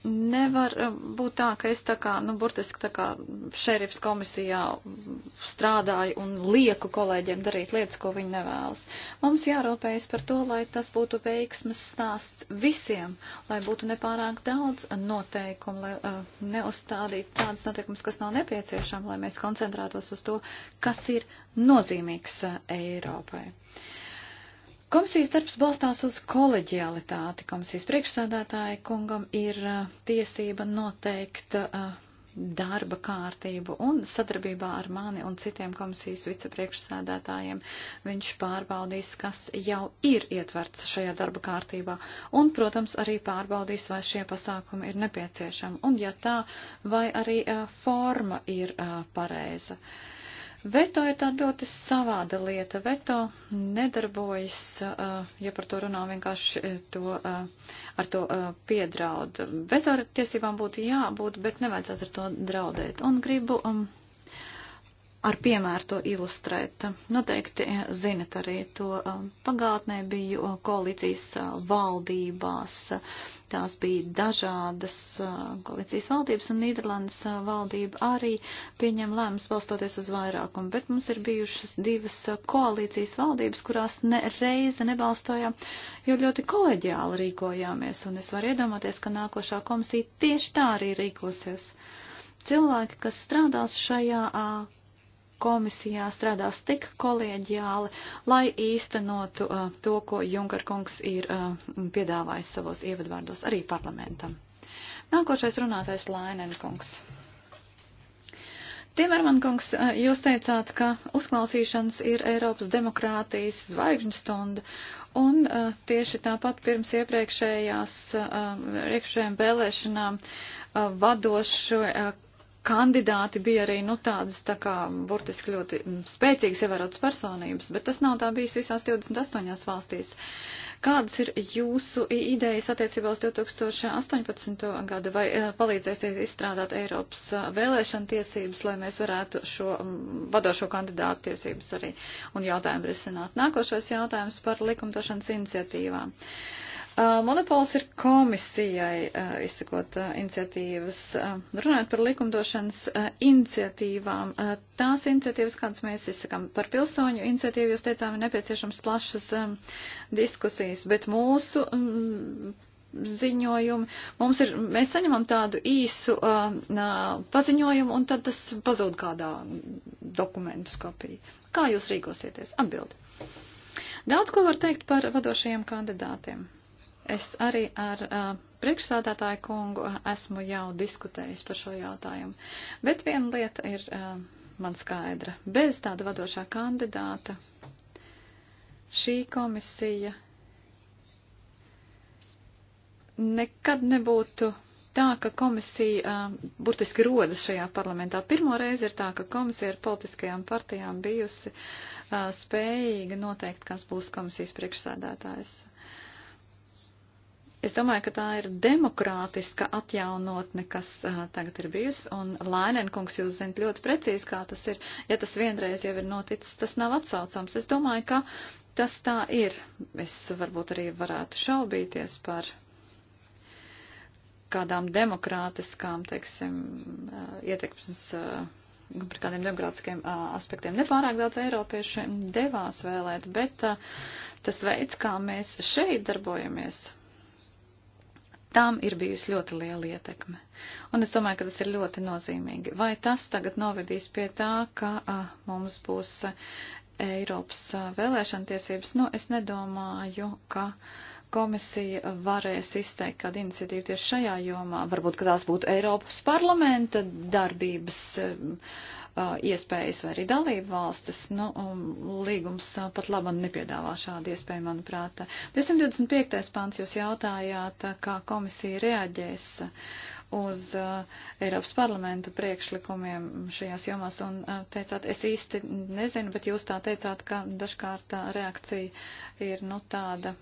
nevar eh, būt tā, ka es tā kā, nu, burtiski tā kā šerifs komisijā strādāju un lieku kolēģiem darīt lietas, ko viņi nevēlas. Mums jārūpējas par to, lai tas būtu veiksmes stāsts visiem, lai būtu nepārāk daudz noteikumu, lai uh, neuzstādītu tādus noteikumus, kas nav nepieciešami, lai mēs koncentrētos uz to, kas ir nozīmīgs uh, Eiropai. Komisijas darbs balstās uz koleģialitāti. Komisijas priekšsādātāja kungam ir tiesība noteikt darba kārtību un sadarbībā ar mani un citiem komisijas vicepriekšsēdētājiem viņš pārbaudīs, kas jau ir ietverts šajā darba kārtībā un, protams, arī pārbaudīs, vai šie pasākumi ir nepieciešami un, ja tā, vai arī forma ir pareiza. Uh, Veto ir tā ļoti savāda lieta. Veto nedarbojas, uh, ja par to runā vienkārši uh, to, uh, ar to piedraud. Veto tiesībām būtu jābūt, bet nevajadzētu ar to draudēt. Un gribu. Um, ar piemēru to ilustrēt. Noteikti zinat arī to pagātnē biju koalīcijas valdībās. Tās bija dažādas koalīcijas valdības un Nīderlandes valdība arī pieņem lēmums balstoties uz vairākumu, bet mums ir bijušas divas koalīcijas valdības, kurās ne reize nebalstojām, jo ļoti koleģiāli rīkojāmies un es varu iedomāties, ka nākošā komisija tieši tā arī rīkosies cilvēki, kas strādās šajā komisijā strādās tik kolēģiāli, lai īstenotu uh, to, ko Junker kungs ir uh, piedāvājis savos ievadvārdos arī parlamentam. Nākošais runātais Lainen kungs. Timerman kungs, uh, jūs teicāt, ka uzklausīšanas ir Eiropas demokrātijas zvaigžņu stunda, un uh, tieši tāpat pirms iepriekšējās, uh, iepriekšējām vēlēšanām uh, vadošu uh, kandidāti bija arī, nu, tādas tā kā burtiski ļoti mm, spēcīgas ievērotas personības, bet tas nav tā bijis visās 28 valstīs. Kādas ir jūsu idejas attiecībā uz 2018. gada vai eh, palīdzēsiet izstrādāt Eiropas eh, vēlēšana tiesības, lai mēs varētu šo mm, vadošo kandidātu tiesības arī un jautājumu risināt? Nākošais jautājums par likumdošanas iniciatīvām. Uh, Uh, monopols ir komisijai, uh, izsakot uh, iniciatīvas, runājot par likumdošanas iniciatīvām. Tās iniciatīvas, kādas mēs izsakām par pilsoņu iniciatīvu, jūs teicām, ir nepieciešams plašas um, diskusijas, bet mūsu um, ziņojumi. Mums ir, mēs saņemam tādu īsu uh, paziņojumu, un tad tas pazūd kādā dokumentu kopijā. Kā jūs rīkosieties? Atbildi. Daudz ko var teikt par vadošajiem kandidātiem. Es arī ar uh, priekšsādātāju kungu esmu jau diskutējis par šo jautājumu. Bet viena lieta ir uh, man skaidra. Bez tāda vadošā kandidāta šī komisija nekad nebūtu tā, ka komisija uh, burtiski rodas šajā parlamentā. Pirmo reizi ir tā, ka komisija ar politiskajām partijām bijusi uh, spējīga noteikt, kas būs komisijas priekšsādātājs. Uh, Es domāju, ka tā ir demokrātiska atjaunotne, kas uh, tagad ir bijusi, un Lainenkungs jūs zinat ļoti precīzi, kā tas ir. Ja tas vienreiz jau ir noticis, tas nav atsaucams. Es domāju, ka tas tā ir. Es varbūt arī varētu šaubīties par kādām demokrātiskām, teiksim, uh, ietekmes. Uh, par kādiem demokrātiskiem aspektiem. Nepārāk daudz eiropieši devās vēlēt, bet tas veids, kā mēs šeit darbojamies, tām ir bijusi ļoti liela ietekme. Un es domāju, ka tas ir ļoti nozīmīgi. Vai tas tagad novedīs pie tā, ka a, mums būs a, Eiropas a, vēlēšana tiesības? Nu, es nedomāju, ka komisija varēs izteikt kādu iniciatīvu tieši šajā jomā. Varbūt, ka tās būtu Eiropas parlamenta darbības. A, iespējas vai arī dalību valstis, nu, um, līgums uh, pat labam nepiedāvā šādu iespēju, manuprāt. 225. pāns jūs jautājāt, uh, kā komisija reaģēs uh, uz Eiropas parlamenta priekšlikumiem šajās jomās un teicāt, es īsti nezinu, bet jūs tā teicāt, ka dažkārt reakcija ir, nu, tāda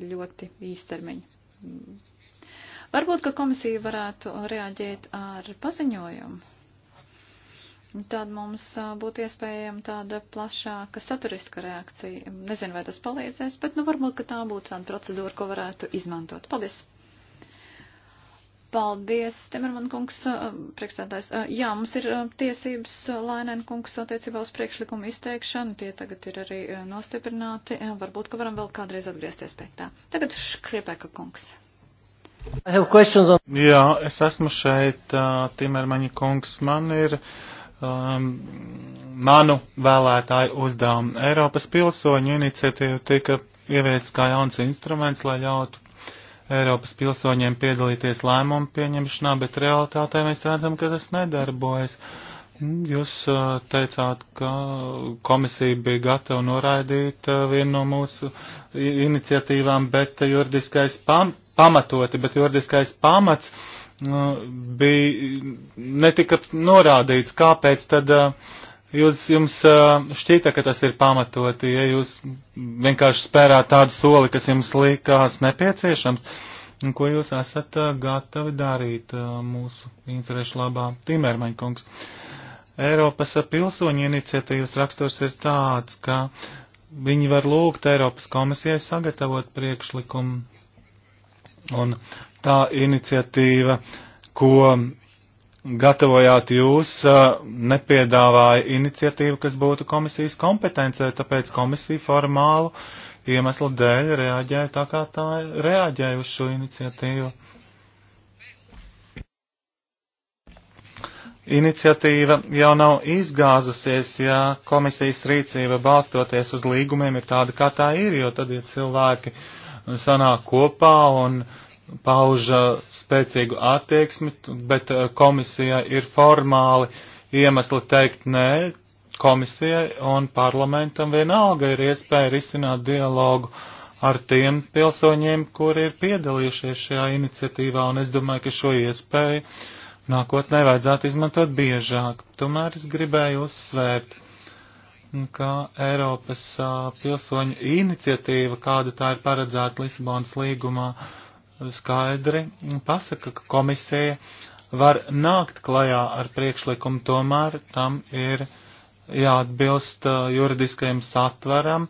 ļoti īstermiņa. Varbūt, ka komisija varētu reaģēt ar paziņojumu tad mums būtu iespējama tāda plašāka saturiska reakcija. Nezinu, vai tas palīdzēs, bet nu varbūt, ka tā būtu tāda procedūra, ko varētu izmantot. Paldies! Paldies, Timerman kungs, priekšstādājs. Jā, mums ir tiesības Lainēn kungs attiecībā uz priekšlikumu izteikšanu. Tie tagad ir arī nostiprināti. Varbūt, ka varam vēl kādreiz atgriezties pie tā. Tagad Škripeka kungs. On... Jā, es esmu šeit, Timermaņa kungs. Man ir uh, um, manu vēlētāju uzdevumu. Eiropas pilsoņu iniciatīva tika ieviests kā jauns instruments, lai ļautu Eiropas pilsoņiem piedalīties lēmumu pieņemšanā, bet realitātē mēs redzam, ka tas nedarbojas. Jūs uh, teicāt, ka komisija bija gatava noraidīt uh, vienu no mūsu iniciatīvām, bet juridiskais pam pamatoti, bet juridiskais pamats Nu, bija, netika norādīts, kāpēc tad jūs, jums šķita, ka tas ir pamatoti, ja jūs vienkārši spērāt tādu soli, kas jums likās nepieciešams, un ko jūs esat gatavi darīt mūsu interešu labā, Timermaņkungs. Eiropas pilsoņu iniciatīvas raksturs ir tāds, ka viņi var lūgt Eiropas komisijai sagatavot priekšlikumu. Un tā iniciatīva, ko gatavojāt jūs, nepiedāvāja iniciatīvu, kas būtu komisijas kompetencē, tāpēc komisija formālu iemeslu dēļ reaģēja tā, kā tā reaģēja uz šo iniciatīvu. Iniciatīva jau nav izgāzusies, ja komisijas rīcība balstoties uz līgumiem ir tāda, kā tā ir, jo tad ir cilvēki sanāk kopā un pauž uh, spēcīgu attieksmi, bet uh, komisijai ir formāli iemesli teikt nē, komisijai un parlamentam vienalga ir iespēja risināt dialogu ar tiem pilsoņiem, kuri ir piedalījušies šajā iniciatīvā, un es domāju, ka šo iespēju nākotnē vajadzētu izmantot biežāk. Tomēr es gribēju uzsvērt, ka Eiropas uh, pilsoņu iniciatīva, kāda tā ir paredzēta Lisabonas līgumā, uh, skaidri pasaka, ka komisija var nākt klajā ar priekšlikumu, tomēr tam ir jāatbilst uh, juridiskajam satveram,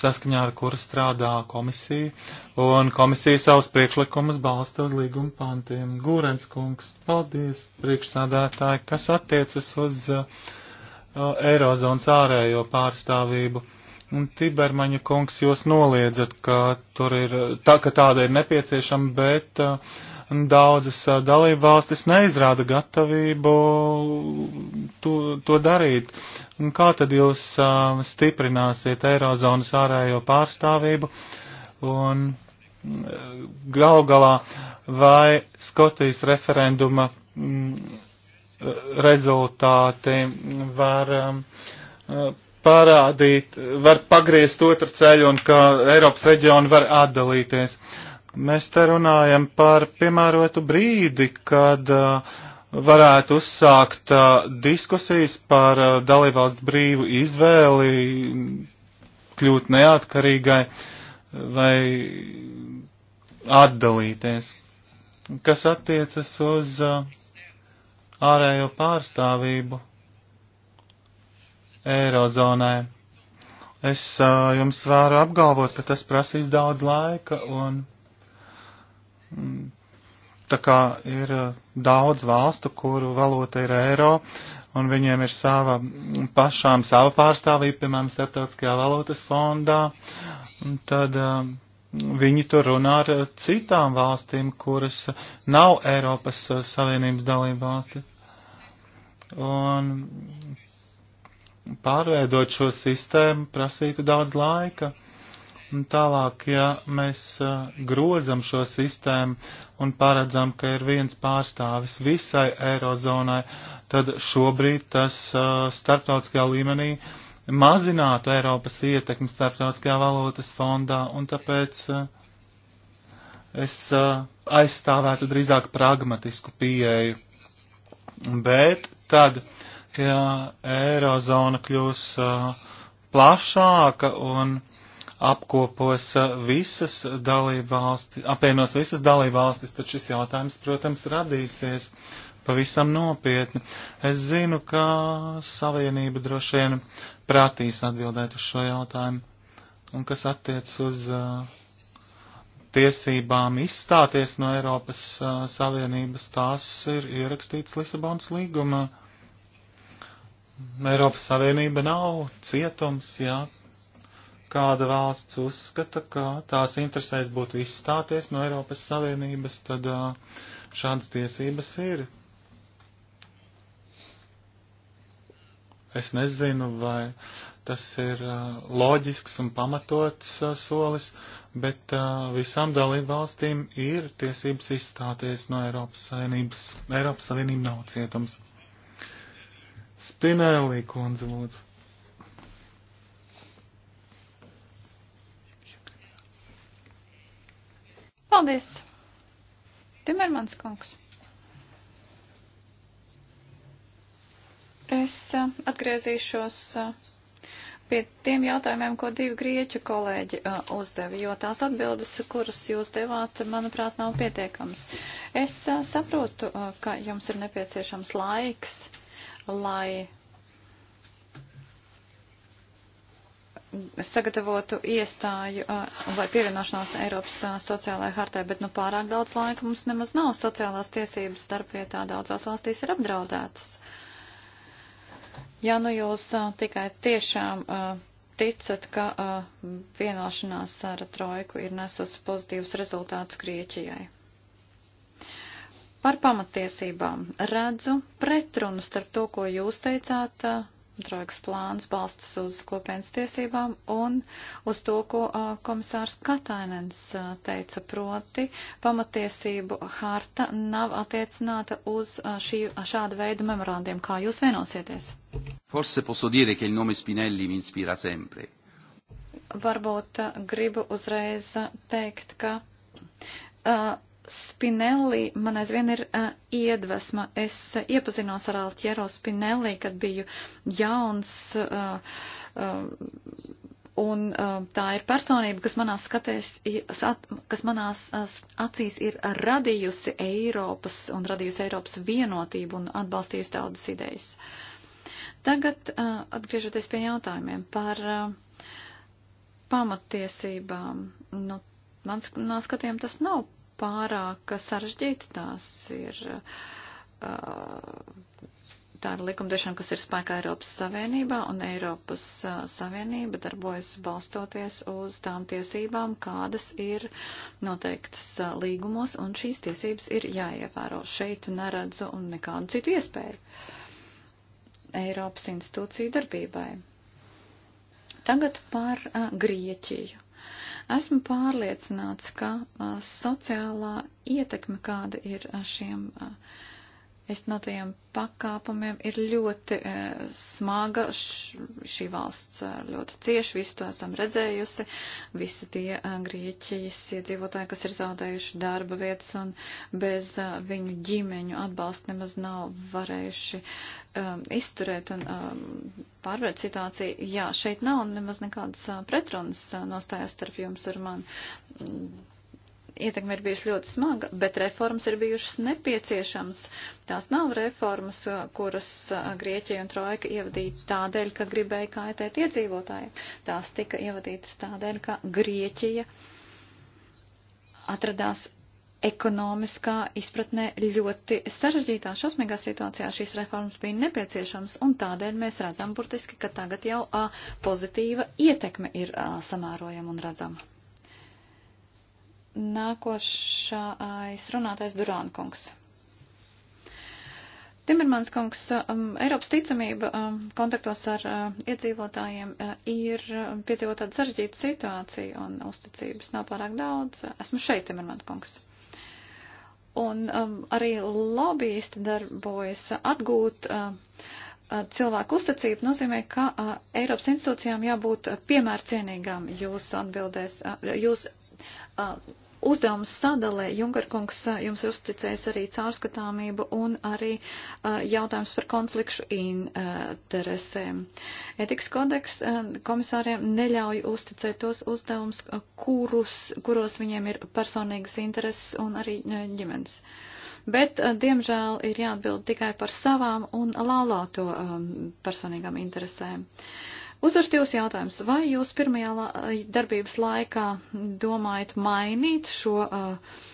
saskaņā ar kuru strādā komisija, un komisija savus priekšlikumus balsta uz līguma pantiem. Gūrens kungs, paldies priekšsādātāji, kas attiecas uz uh, Eirozonas ārējo pārstāvību. Uh, Un Tibermaņa kungs, jūs noliedzat, ka, tur ir, tā, ka tāda ir nepieciešama, bet uh, daudzas uh, dalībvalstis neizrāda gatavību uh, to, to darīt. Un kā tad jūs uh, stiprināsiet Eirozonas ārējo pārstāvību? Un uh, galu galā vai Skotijas referenduma mm, rezultāti var. Um, uh, parādīt, var pagriezt otru ceļu un ka Eiropas reģioni var atdalīties. Mēs te runājam par piemērotu brīdi, kad uh, varētu uzsākt uh, diskusijas par uh, dalībvalsts brīvu izvēli, kļūt neatkarīgai vai atdalīties. Kas attiecas uz uh, ārējo pārstāvību Eirozonē. Es uh, jums varu apgalvot, ka tas prasīs daudz laika un mm, tā kā ir daudz valstu, kuru valota ir eiro, un viņiem ir sava mm, pašām sava pārstāvība, piemēram, starptautiskajā valotas fondā, tad uh, viņi tur runā ar citām valstīm, kuras nav Eiropas Savienības dalība valsti. Un pārveidot šo sistēmu prasītu daudz laika. Un tālāk, ja mēs grozam šo sistēmu un paredzam, ka ir viens pārstāvis visai Eirozonai, tad šobrīd tas starptautiskajā līmenī mazinātu Eiropas ietekmi starptautiskajā valotas fondā, un tāpēc es aizstāvētu drīzāk pragmatisku pieeju. Bet tad ja Eirozona kļūs uh, plašāka un apkopos uh, visas dalībvalstis, apvienos visas dalībvalstis, tad šis jautājums, protams, radīsies pavisam nopietni. Es zinu, ka Savienība droši vien prātīs atbildēt uz šo jautājumu. Un kas attiec uz uh, tiesībām izstāties no Eiropas uh, Savienības, tās ir ierakstīts Lisabonas līgumā. Uh, Eiropas Savienība nav cietums, jā. Kāda valsts uzskata, ka tās interesēs būtu izstāties no Eiropas Savienības, tad šādas tiesības ir. Es nezinu, vai tas ir loģisks un pamatots solis, bet visām dalību valstīm ir tiesības izstāties no Eiropas Savienības. Eiropas Savienība nav cietums. Spinēlī kundze, lūdzu. Paldies! Timermans kungs. Es atgriezīšos pie tiem jautājumiem, ko divi grieķu kolēģi uzdeva, jo tās atbildes, kuras jūs devāt, manuprāt, nav pietiekams. Es saprotu, ka jums ir nepieciešams laiks lai sagatavotu iestāju uh, vai pievienošanos Eiropas uh, sociālajai hartai, bet nu pārāk daudz laika mums nemaz nav. Sociālās tiesības starpvietā daudzās valstīs ir apdraudētas. Ja nu jūs uh, tikai tiešām ticat, ka vienošanās ar Trojku ir nesusi pozitīvs rezultāts Grieķijai. Par pamatiesībām redzu pretrunu starp to, ko jūs teicāt, eh, drogs plāns balstas uz kopienas tiesībām un uz to, ko eh, komisārs Katainens eh, teica, proti pamatiesību harta nav attiecināta uz šī, šāda veida memorandiem. Kā jūs vienosieties? Forse posso dire che il nome Spinelli mi inspira sempre. Varbūt gribu uzreiz teikt, ka. Uh, Spinelli man aizvien ir uh, iedvesma. Es uh, iepazinos ar Altiero Spinelli, kad biju jauns. Uh, uh, Un uh, tā ir personība, kas manās, skatēs, kas manās acīs ir radījusi Eiropas un radījusi Eiropas vienotību un atbalstījusi tādas idejas. Tagad uh, atgriežoties pie jautājumiem par uh, pamatiesībām. Nu, man skatījumam tas nav pārāk sarežģīti, tās ir. Uh, tā ir likumdošana, kas ir spēkā Eiropas Savienībā, un Eiropas Savienība darbojas balstoties uz tām tiesībām, kādas ir noteiktas līgumos, un šīs tiesības ir jāievēro. Šeit neredzu un nekādu citu iespēju Eiropas institūciju darbībai. Tagad par Grieķiju. Esmu pārliecināts, ka sociālā ietekme, kāda ir šiem uh, iznotajiem pakāpumiem ir ļoti e, smaga, š, šī valsts e, ļoti cieši, visu to esam redzējusi, visi tie e, Grieķijas iedzīvotāji, kas ir zaudējuši darba vietas un bez a, e, viņu ģimeņu atbalsta nemaz nav varējuši a, izturēt un a, pārvērt situāciju. Jā, šeit nav nemaz nekādas pretrunas nostājās starp jums ar mani ietekme ir bijusi ļoti smaga, bet reformas ir bijušas nepieciešams. Tās nav reformas, kuras Grieķija un Trojka ievadīja tādēļ, ka gribēja kaitēt iedzīvotāji. Tās tika ievadītas tādēļ, ka Grieķija atradās ekonomiskā izpratnē ļoti sarežģītā, šausmīgā situācijā šīs reformas bija nepieciešams, un tādēļ mēs redzam burtiski, ka tagad jau a, pozitīva ietekme ir a, samērojama un redzama. Nākošais runātais Durāna kungs. Timermans kungs, um, Eiropas ticamība um, kontaktos ar uh, iedzīvotājiem uh, ir piedzīvot tādu sarežģītu situāciju un uzticības nav pārāk daudz. Esmu šeit, Timermans kungs. Un um, arī lobbyisti darbojas atgūt uh, cilvēku uzticību nozīmē, ka uh, Eiropas institūcijām jābūt piemērcienīgām jūsu atbildēs, uh, jūsu uh, uzdevums sadalē. Junkarkungs jums ir uzticējis arī caurskatāmību un arī uh, jautājums par konflikšu interesēm. Etikas kodeks uh, komisāriem neļauj uzticēt tos uzdevums, kurus, kuros viņiem ir personīgas intereses un arī uh, ģimenes. Bet, diemžēl, ir jāatbild tikai par savām un laulāto um, personīgām interesēm. Uh, Uzdošu divus jautājumus. Vai jūs pirmajā la darbības laikā domājat mainīt šo uh,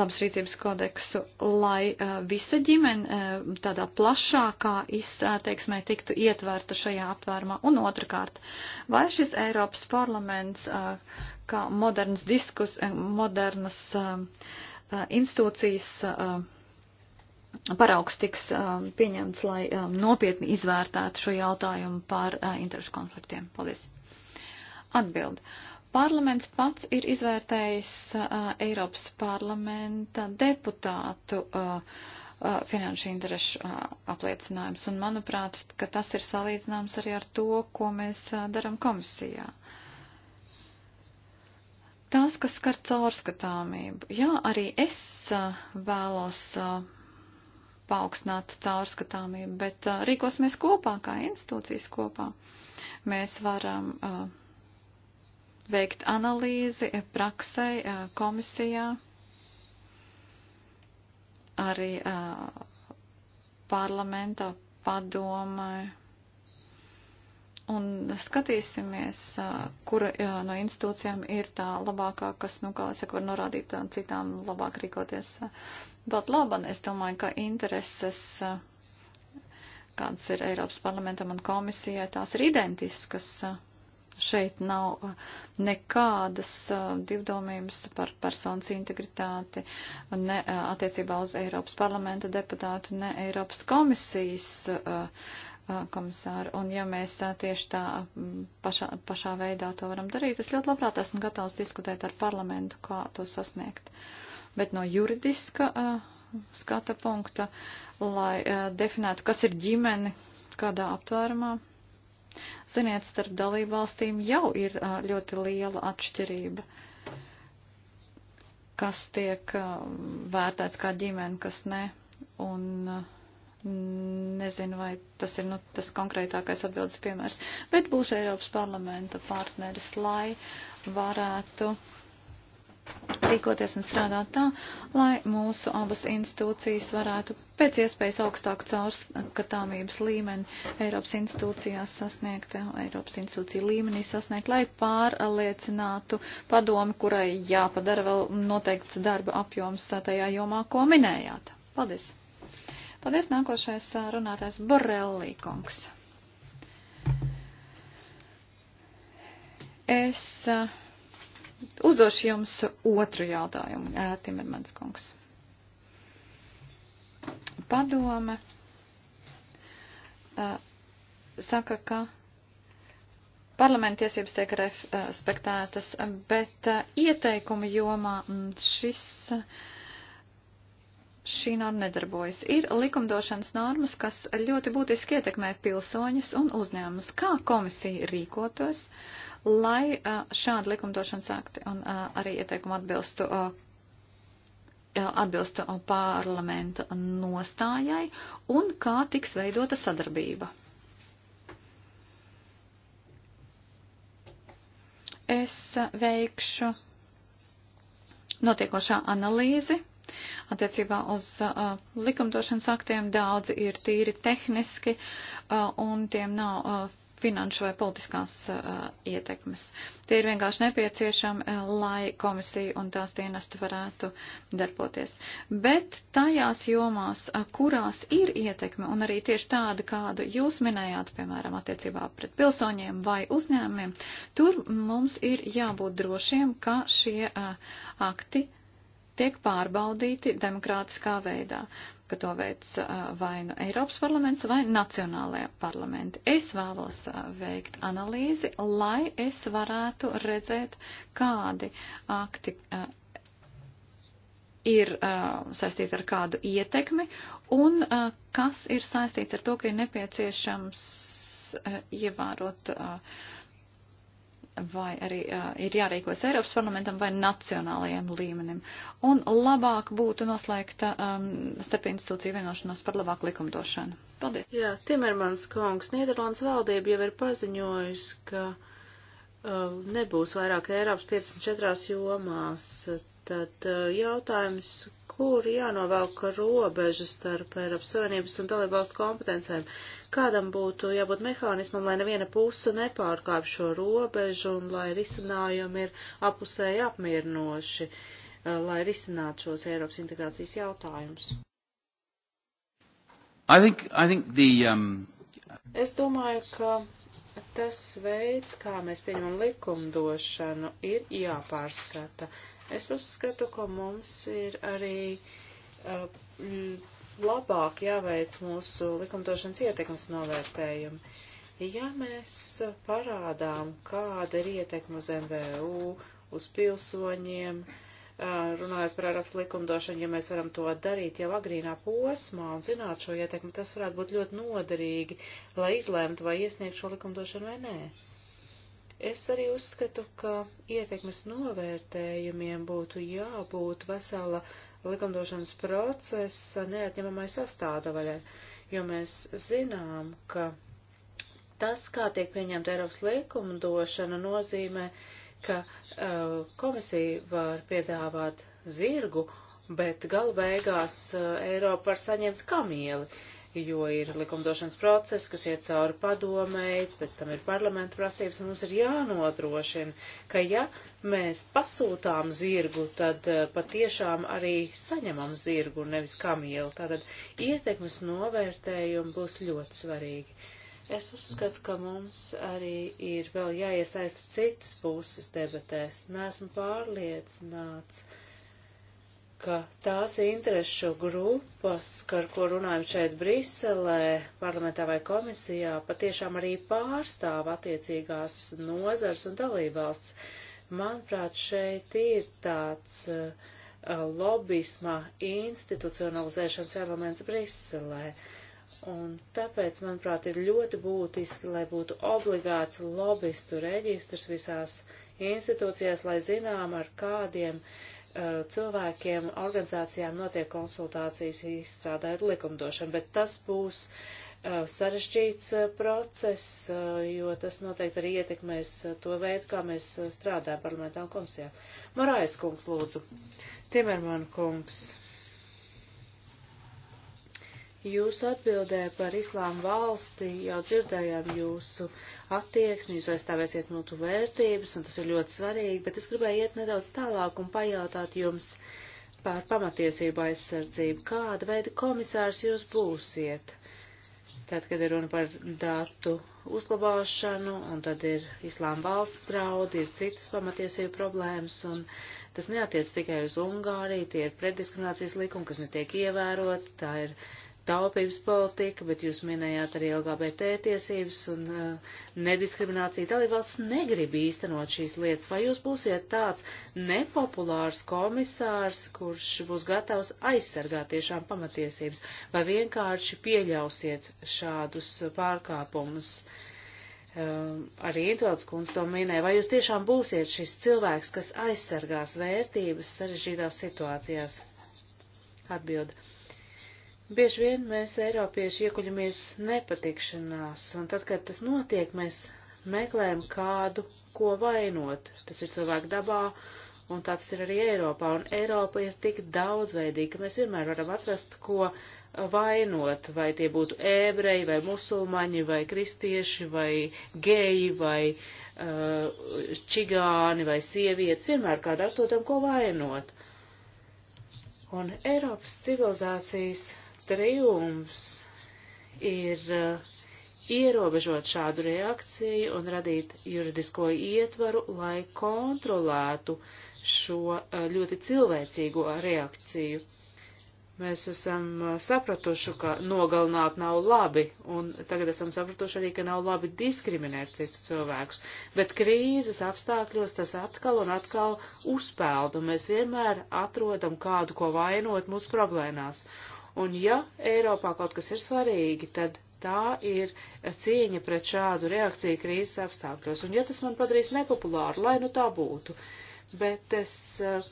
labas rīcības kodeksu, lai uh, visa ģimene uh, tādā plašākā izteiksmē uh, tiktu ietverta šajā aptvērumā? Un otrkārt, vai šis Eiropas parlaments uh, kā moderns diskus, uh, modernas uh, uh, institūcijas. Uh, paraugs tiks um, pieņemts, lai um, nopietni izvērtētu šo jautājumu par uh, interešu konfliktiem. Paldies. Atbild. Parlaments pats ir izvērtējis uh, Eiropas parlamenta deputātu uh, finanšu interešu apliecinājums, un manuprāt, ka tas ir salīdzināms arī ar to, ko mēs daram komisijā. Tās, kas skar caurskatāmību. Jā, arī es vēlos paaugstināt caurskatāmību, bet uh, rīkosimies kopā, kā institūcijas kopā. Mēs varam uh, veikt analīzi eh, praksē, uh, eh, komisijā, arī uh, parlamentā, padomē Un skatīsimies, kura no institūcijām ir tā labākā, kas, nu, kā es saku, var norādīt citām labāk rīkoties. Bet laban, es domāju, ka intereses, kādas ir Eiropas parlamentam un komisijai, tās ir identiskas. Šeit nav nekādas divdomības par personas integritāti, ne attiecībā uz Eiropas parlamenta deputātu, ne Eiropas komisijas. Uh, komisāru. Un ja mēs tieši tā pašā, pašā veidā to varam darīt, es ļoti labprāt esmu gatavs diskutēt ar parlamentu, kā to sasniegt. Bet no juridiska uh, skata punkta, lai uh, definētu, kas ir ģimene, kādā aptvērumā. Ziniet, starp dalību valstīm jau ir uh, ļoti liela atšķirība, kas tiek vērtēts kā ģimene, kas ne. Un, uh, Nezinu, vai tas ir nu, tas konkrētākais atbildes piemērs, bet būs Eiropas parlamenta partneris, lai varētu rīkoties un strādāt tā, lai mūsu abas institūcijas varētu pēc iespējas augstāku caurskatāmības līmeni Eiropas institūcijās sasniegt, Eiropas institūciju līmenī sasniegt, lai pārliecinātu padomi, kurai jāpadara vēl noteikts darba apjoms tajā jomā, ko minējāt. Paldies! Paldies, nākošais runātājs Borelli kungs. Es uzdošu jums otru jautājumu, Timermans kungs. Padome saka, ka parlamenta tiesības tiek respektētas, bet ieteikuma jomā mm, šis. Uh, šī norma nedarbojas. Ir likumdošanas normas, kas ļoti būtiski ietekmē pilsoņus un uzņēmumus. Kā komisija rīkotos, lai šādi likumdošanas akti un arī ieteikumi atbilstu atbilstu parlamenta nostājai un kā tiks veidota sadarbība. Es veikšu notiekošā analīzi Attiecībā uz uh, likumdošanas aktiem daudzi ir tīri tehniski uh, un tiem nav. Uh, finanšu vai politiskās uh, ietekmes. Tie ir vienkārši nepieciešami, uh, lai komisija un tās dienesti varētu darboties. Bet tajās jomās, uh, kurās ir ietekme, un arī tieši tāda, kādu jūs minējāt, piemēram, attiecībā pret pilsoņiem vai uzņēmumiem, tur mums ir jābūt drošiem, ka šie uh, akti tiek pārbaudīti demokrātiskā veidā, ka to veic vai nu no Eiropas parlaments vai nacionālajā parlamenti. Es vēlos veikt analīzi, lai es varētu redzēt, kādi akti ir uh, saistīta ar kādu ietekmi un uh, kas ir saistīts ar to, ka ir nepieciešams uh, ievērot uh, vai arī uh, ir jārīkojas Eiropas parlamentam vai nacionālajiem līmenim. Un labāk būtu noslēgta um, starp institūciju vienošanos par labāku likumdošanu. Paldies. Jā, Timermans kungs, Nīderlandes valdība jau ir paziņojusi, ka uh, nebūs vairāk Eiropas 54 jomās. Tātad eh, jautājums, kur jānovelk robežas starp Eiropas Savienības un dalībvalstu kompetencēm? Kādam būtu jābūt mehānismam, lai neviena puse nepārkāp šo robežu un lai risinājumi ir apusēji apmierinoši, eh, lai risinātu šos Eiropas integrācijas jautājumus? I think, I think the, um... Es domāju, ka tas veids, kā mēs pieņemam likumdošanu, ir jāpārskata. Es uzskatu, ka mums ir arī uh, labāk jāveic mūsu likumdošanas ietekmes novērtējumi. Ja mēs parādām, kāda ir ietekme uz MVU, uz pilsoņiem, uh, runājot par Eiropas likumdošanu, ja mēs varam to darīt jau agrīnā posmā un zināt šo ietekmi, tas varētu būt ļoti noderīgi, lai izlēmtu, vai iesniegt šo likumdošanu vai nē. Es arī uzskatu, ka ietekmes novērtējumiem būtu jābūt vesela likumdošanas procesa neatņemamai sastāvdaļai, jo mēs zinām, ka tas, kā tiek pieņemta Eiropas likumdošana, nozīmē, ka uh, komisija var piedāvāt zirgu, bet galu beigās uh, Eiropa var saņemt kamieli. Uh, jo ir likumdošanas process, kas iet cauri padomēji, pēc tam ir parlamenta prasības, un mums ir jānodrošina, ka ja mēs pasūtām zirgu, tad eh, patiešām arī saņemam zirgu, nevis kamielu. Tātad ietekmes novērtējumi būs ļoti svarīgi. Es uzskatu, ka mums arī ir vēl jāiesaista citas puses debatēs. Nesmu pārliecināts. Uh, ka tās interešu grupas, ar ko runājam šeit Briselē, parlamentā vai komisijā, patiešām arī pārstāv attiecīgās nozars un dalībvalsts. Manuprāt, šeit ir tāds uh, lobisma institucionalizēšanas elements Briselē. Un tāpēc, manuprāt, ir ļoti būtiski, lai būtu obligāts lobistu reģistrs visās institūcijās, lai zinām, ar kādiem uh, Eh, cilvēkiem, organizācijām notiek konsultācijas, izstrādājot likumdošanu, bet tas būs eh, sarežģīts eh, process, jo tas noteikti arī ietekmēs to veidu, kā mēs strādājam parlamentā un komisijā. Marājas kungs, lūdzu. Timerman kungs. Jūsu atbildē par islāmu valsti jau dzirdējām jūsu uh, attieksmi, jūs aizstāvēsiet mūsu vērtības, un tas ir ļoti svarīgi, bet es gribēju iet nedaudz tālāk un pajautāt jums par pamatiesību aizsardzību. Kāda veida komisārs jūs būsiet? Tad, kad ir runa par datu uzglabāšanu, un tad ir islāma valsts draudi, ir citas pamatiesību problēmas, un tas neatiec tikai uz Ungāriju, tie ir preddiskriminācijas likumi, kas netiek ievērot, tā ir uh, taupības politika, bet jūs minējāt arī LGBT tiesības un uh, nediskrimināciju. Dalībvalsts negrib īstenot šīs lietas. Vai jūs būsiet tāds nepopulārs komisārs, kurš būs gatavs aizsargāt tiešām pamatiesības, vai vienkārši pieļausiet šādus pārkāpumus? Uh, arī Intvalds kundze to minēja, vai jūs tiešām būsiet šis cilvēks, kas aizsargās vērtības sarežģītās situācijās? Atbildi. Bieži vien mēs Eiropieši iekuļamies nepatikšanās, un tad, kad tas notiek, mēs meklējam kādu, ko vainot. Tas ir cilvēku dabā, un tā tas ir arī Eiropā. Un Eiropa ir tik daudzveidīga, ka mēs vienmēr varam atrast, ko vainot, vai tie būtu ebreji, vai musulmaņi, vai kristieši, vai geji, vai uh, čigāni, vai sievietes. Vienmēr kādā atrodam, ko vainot. Un Eiropas civilizācijas triumfs ir eh, ierobežot šādu reakciju un radīt juridisko ietvaru, lai kontrolētu šo eh, ļoti cilvēcīgo reakciju. Mēs esam eh, sapratuši, ka nogalināt nav labi, un tagad esam sapratuši arī, ka nav labi diskriminēt citus cilvēkus, bet krīzes apstākļos tas atkal un atkal uzpeld, un mēs vienmēr atrodam kādu, ko vainot mūsu problēmās. Un ja Eiropā kaut kas ir svarīgi, tad tā ir cieņa pret šādu reakciju krīzes apstākļos. Un ja tas man padarīs nepopulāru, lai nu tā būtu, bet es, eh,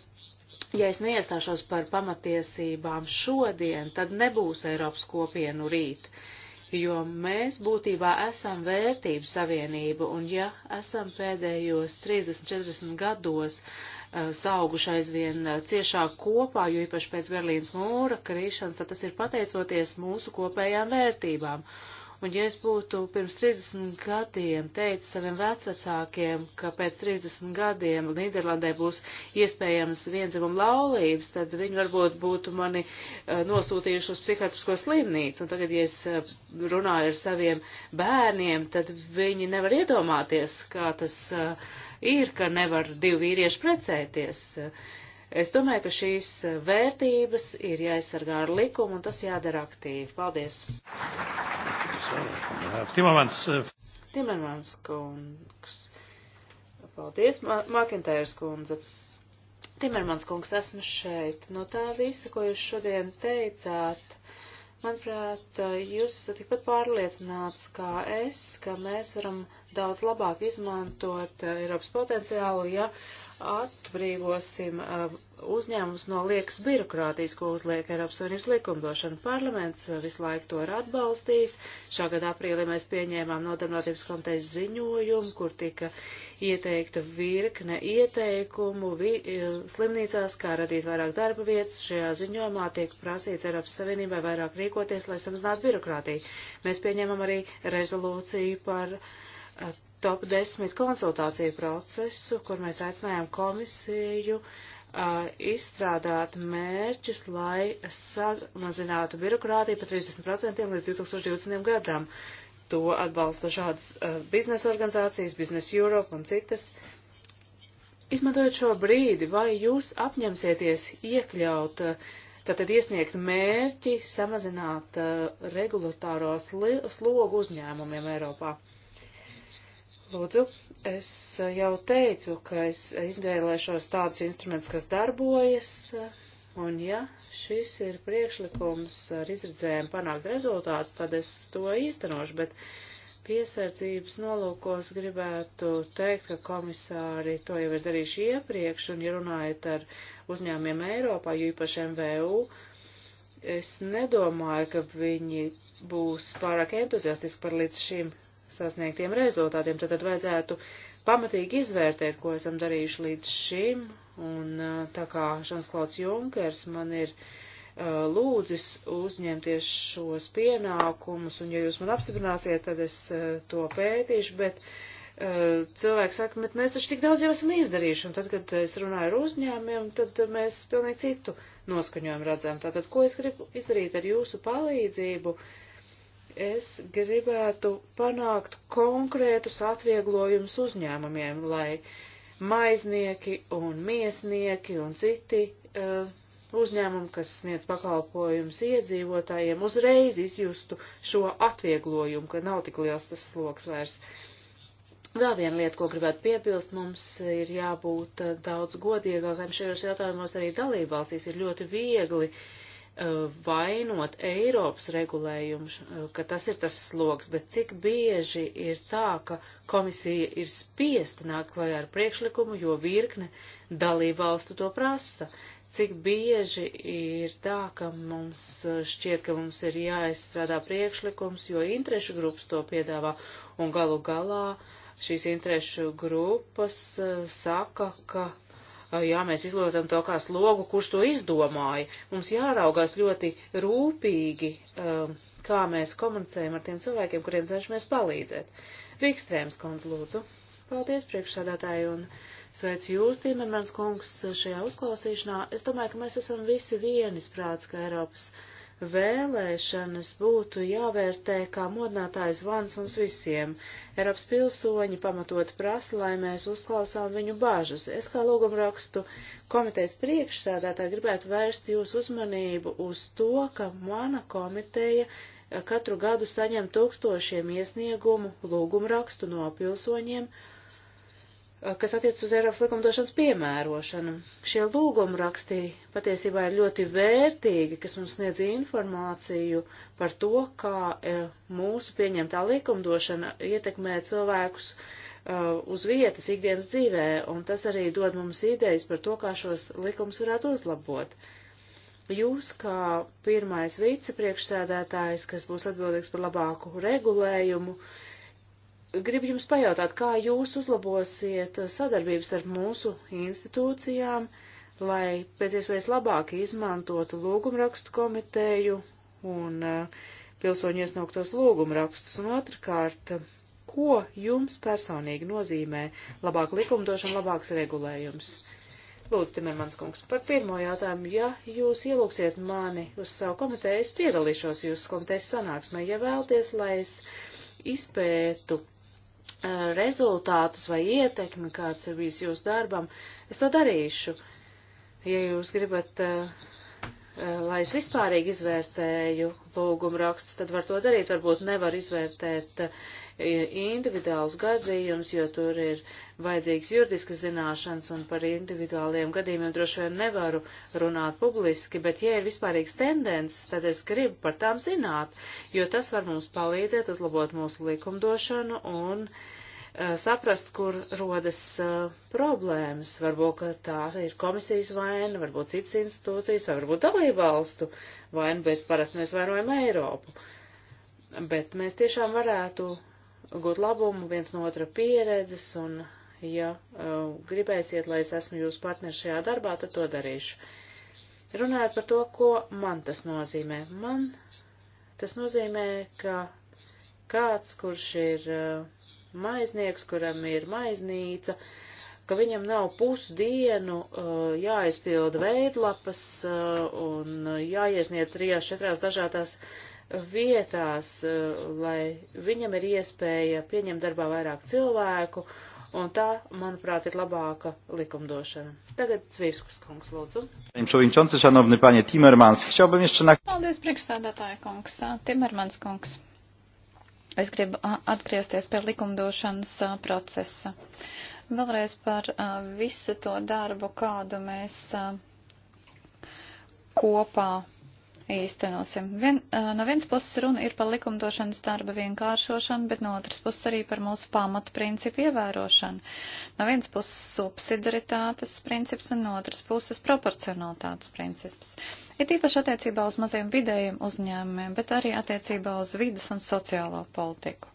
ja es neiestāšos par pamatiesībām šodien, tad nebūs Eiropas kopienu rīt jo mēs būtībā esam vērtību savienība, un ja esam pēdējos 30-40 gados uh, Eh, sauguši aizvien eh, ciešāk kopā, jo īpaši pēc Berlīnas mūra krīšanas, tad tas ir pateicoties mūsu kopējām vērtībām. Un ja es būtu pirms 30 gadiem teicis saviem vecvecākiem, ka pēc 30 gadiem Nīderlandē būs iespējams vienzimuma laulības, tad viņi varbūt būtu mani uh, nosūtījuši uz psihiatrisko slimnīcu. Un tagad, ja es uh, runāju ar saviem bērniem, tad viņi nevar iedomāties, kā tas uh, ir, ka nevar divi vīrieši precēties. Es domāju, ka šīs vērtības ir jāaizsargā ar likumu, un tas jādara aktīvi. Paldies! Timermans. Eh, Timermans kungs. Paldies, Makintērs kundze. Timermans kungs, esmu šeit. No tā visa, ko jūs šodien teicāt, Manuprāt, jūs esat tikpat pārliecināts kā es, ka mēs varam daudz labāk izmantot Eiropas potenciālu, ja uh, atbrīvosim uh, uzņēmumus no liekas birokrātijas, ko uzliek Eiropas Savienības likumdošana. Parlaments uh, visu laiku to ir atbalstījis. Šā gada aprīlī mēs pieņēmām nodarbinātības komitejas ziņojumu, kur tika ieteikta virkne ieteikumu vi uh, slimnīcās, kā radīt vairāk darba vietas. Šajā ziņojumā tiek prasīts Eiropas Savienībai vairāk rīkoties, lai samazinātu birokrātiju. Mēs pieņēmām arī rezolūciju par top 10 konsultāciju procesu, kur mēs aicinājām komisiju uh, izstrādāt mērķus, lai samazinātu birokrātiju par 30% līdz 2020. gadam. To atbalsta šādas uh, biznesa organizācijas, Business Europe un citas. Izmantojot šo brīdi, vai jūs apņemsieties iekļaut uh, tātad iesniegt mērķi samazināt uh, regulatāro slogu uzņēmumiem Eiropā. Lūdzu, es jau teicu, ka es izvēlēšos tādus instrumentus, kas darbojas, un ja šis ir priekšlikums ar izredzējumu panākt rezultātus, tad es to īstenošu, bet piesardzības nolūkos gribētu teikt, ka komisāri to jau ir darījuši iepriekš, un ja runājat ar uzņēmiem Eiropā, jo īpaši MVU, es nedomāju, ka viņi būs pārāk entuziastiski par līdz šim sasniegtiem rezultātiem. Tad, tad vajadzētu pamatīgi izvērtēt, ko esam darījuši līdz šim. Un tā kā Žanslauds Junkers man ir uh, lūdzis uzņemties šos pienākumus, un ja jūs man apstiprināsiet, tad es uh, to pētīšu, bet uh, cilvēki saka, bet mēs taču tik daudz jau esam izdarījuši, un tad, kad es runāju ar uzņēmumiem, tad mēs pilnīgi citu noskaņojumu redzam. Tātad, ko es gribu izdarīt ar jūsu palīdzību? Uh, es gribētu panākt konkrētus atvieglojumus uzņēmumiem, lai maiznieki un miesnieki un citi uh, uzņēmumi, kas sniedz pakalpojumus iedzīvotājiem, uzreiz izjustu šo atvieglojumu, ka nav tik liels tas sloks vairs. Vēl viena lieta, ko gribētu piebilst, mums ir jābūt eh, daudz godīgākiem šajos jautājumos arī dalībvalstīs. Ir ļoti viegli uh, Uh, vainot Eiropas regulējumu, uh, ka tas ir tas sloks, bet cik bieži ir tā, ka komisija ir spiesta nākt klajā ar priekšlikumu, jo virkne dalībvalstu to prasa. Cik bieži ir tā, ka mums uh, šķiet, ka mums ir jāizstrādā priekšlikums, jo interešu grupas to piedāvā, un galu galā šīs interešu grupas saka, ka jā, mēs izlotam to kā slogu, kurš to izdomāja. Mums jāraugās ļoti rūpīgi, kā mēs komunicējam ar tiem cilvēkiem, kuriem cenšamies palīdzēt. Vikstrēms kundz, lūdzu. Paldies, priekšsādātāji, un sveicu jūs, Timermans kungs, šajā uzklausīšanā. Es domāju, ka mēs esam visi vienisprāts, ka Eiropas vēlēšanas būtu jāvērtē kā modinātājs vans mums visiem. Eiropas pilsoņi pamatot prasa, lai mēs uzklausām viņu bāžas. Es kā lūgumrakstu komitejas priekšsēdētāji gribētu vērst jūsu uzmanību uz to, ka mana komiteja eh, katru gadu saņem tūkstošiem iesniegumu lūgumrakstu no pilsoņiem, kas attiec uz Eiropas likumdošanas piemērošanu. Šie lūguma rakstī patiesībā ir ļoti vērtīgi, kas mums sniedz informāciju par to, kā e, mūsu pieņemtā likumdošana ietekmē cilvēkus e, uz vietas ikdienas dzīvē, un tas arī dod mums idejas par to, kā šos likumus varētu uzlabot. Jūs, kā pirmais vicepriekšsēdētājs, kas būs atbildīgs par labāku regulējumu, uh, gribu jums pajautāt, kā jūs uzlabosiet sadarbības ar mūsu institūcijām, lai pēc iespējas labāk izmantotu lūgumrakstu komiteju un eh, pilsoņu iesnaugtos lūgumrakstus. Un otrkārt, ko jums personīgi nozīmē labāk likumdošana, labāks regulējums? Lūdzu, Timermans kungs, par pirmo jautājumu, ja jūs ielūksiet mani uz savu komiteju, es piedalīšos jūsu komitejas sanāksmē, ja vēlties, lai es izpētu rezultātus vai ietekmi, kāds ir bijis jūsu darbam, es to darīšu. Ja jūs gribat, lai es vispārīgi izvērtēju lūgumu rakstus, tad var to darīt. Varbūt nevar izvērtēt individuālus gadījumus, jo tur ir vajadzīgs juridiskas zināšanas un par individuāliem gadījumiem droši vien nevaru runāt publiski, bet ja ir vispārīgs tendences, tad es gribu par tām zināt, jo tas var mums palīdzēt uzlabot mūsu likumdošanu un uh, saprast, kur rodas uh, problēmas. Varbūt, ka tā ir komisijas vaina, varbūt citas institūcijas, vai varbūt dalībvalstu vaina, bet parasti mēs vainojam Eiropu. Bet mēs tiešām varētu gūt labumu viens no otra pieredzes, un, ja uh, gribēsiet, lai es esmu jūsu partneri šajā darbā, tad to darīšu. Runājot par to, ko man tas nozīmē. Man tas nozīmē, ka kāds, kurš ir uh, maiznieks, kuram ir maiznīca, ka viņam nav pusdienu uh, jāaizpilda veidlapas uh, un uh, jāiesniedz trijās, četrās dažādās uh, vietās, eh, lai viņam ir iespēja pieņemt darbā vairāk cilvēku, un tā, manuprāt, ir labāka likumdošana. Tagad Cvīrskas kungs, lūdzu. Paldies, priekšsādātāja kungs, Timermans kungs. Es gribu atgriezties pie likumdošanas procesa. Vēlreiz par visu to darbu, kādu mēs kopā īstenosim. Vien, no vienas puses runa ir par likumdošanas darba vienkāršošanu, bet no otras puses arī par mūsu pamatu principu ievērošanu. No vienas puses subsidaritātes princips un no otras puses proporcionalitātes princips. Ir tīpaši attiecībā uz maziem vidējiem uzņēmumiem, bet arī attiecībā uz vidas un sociālo politiku.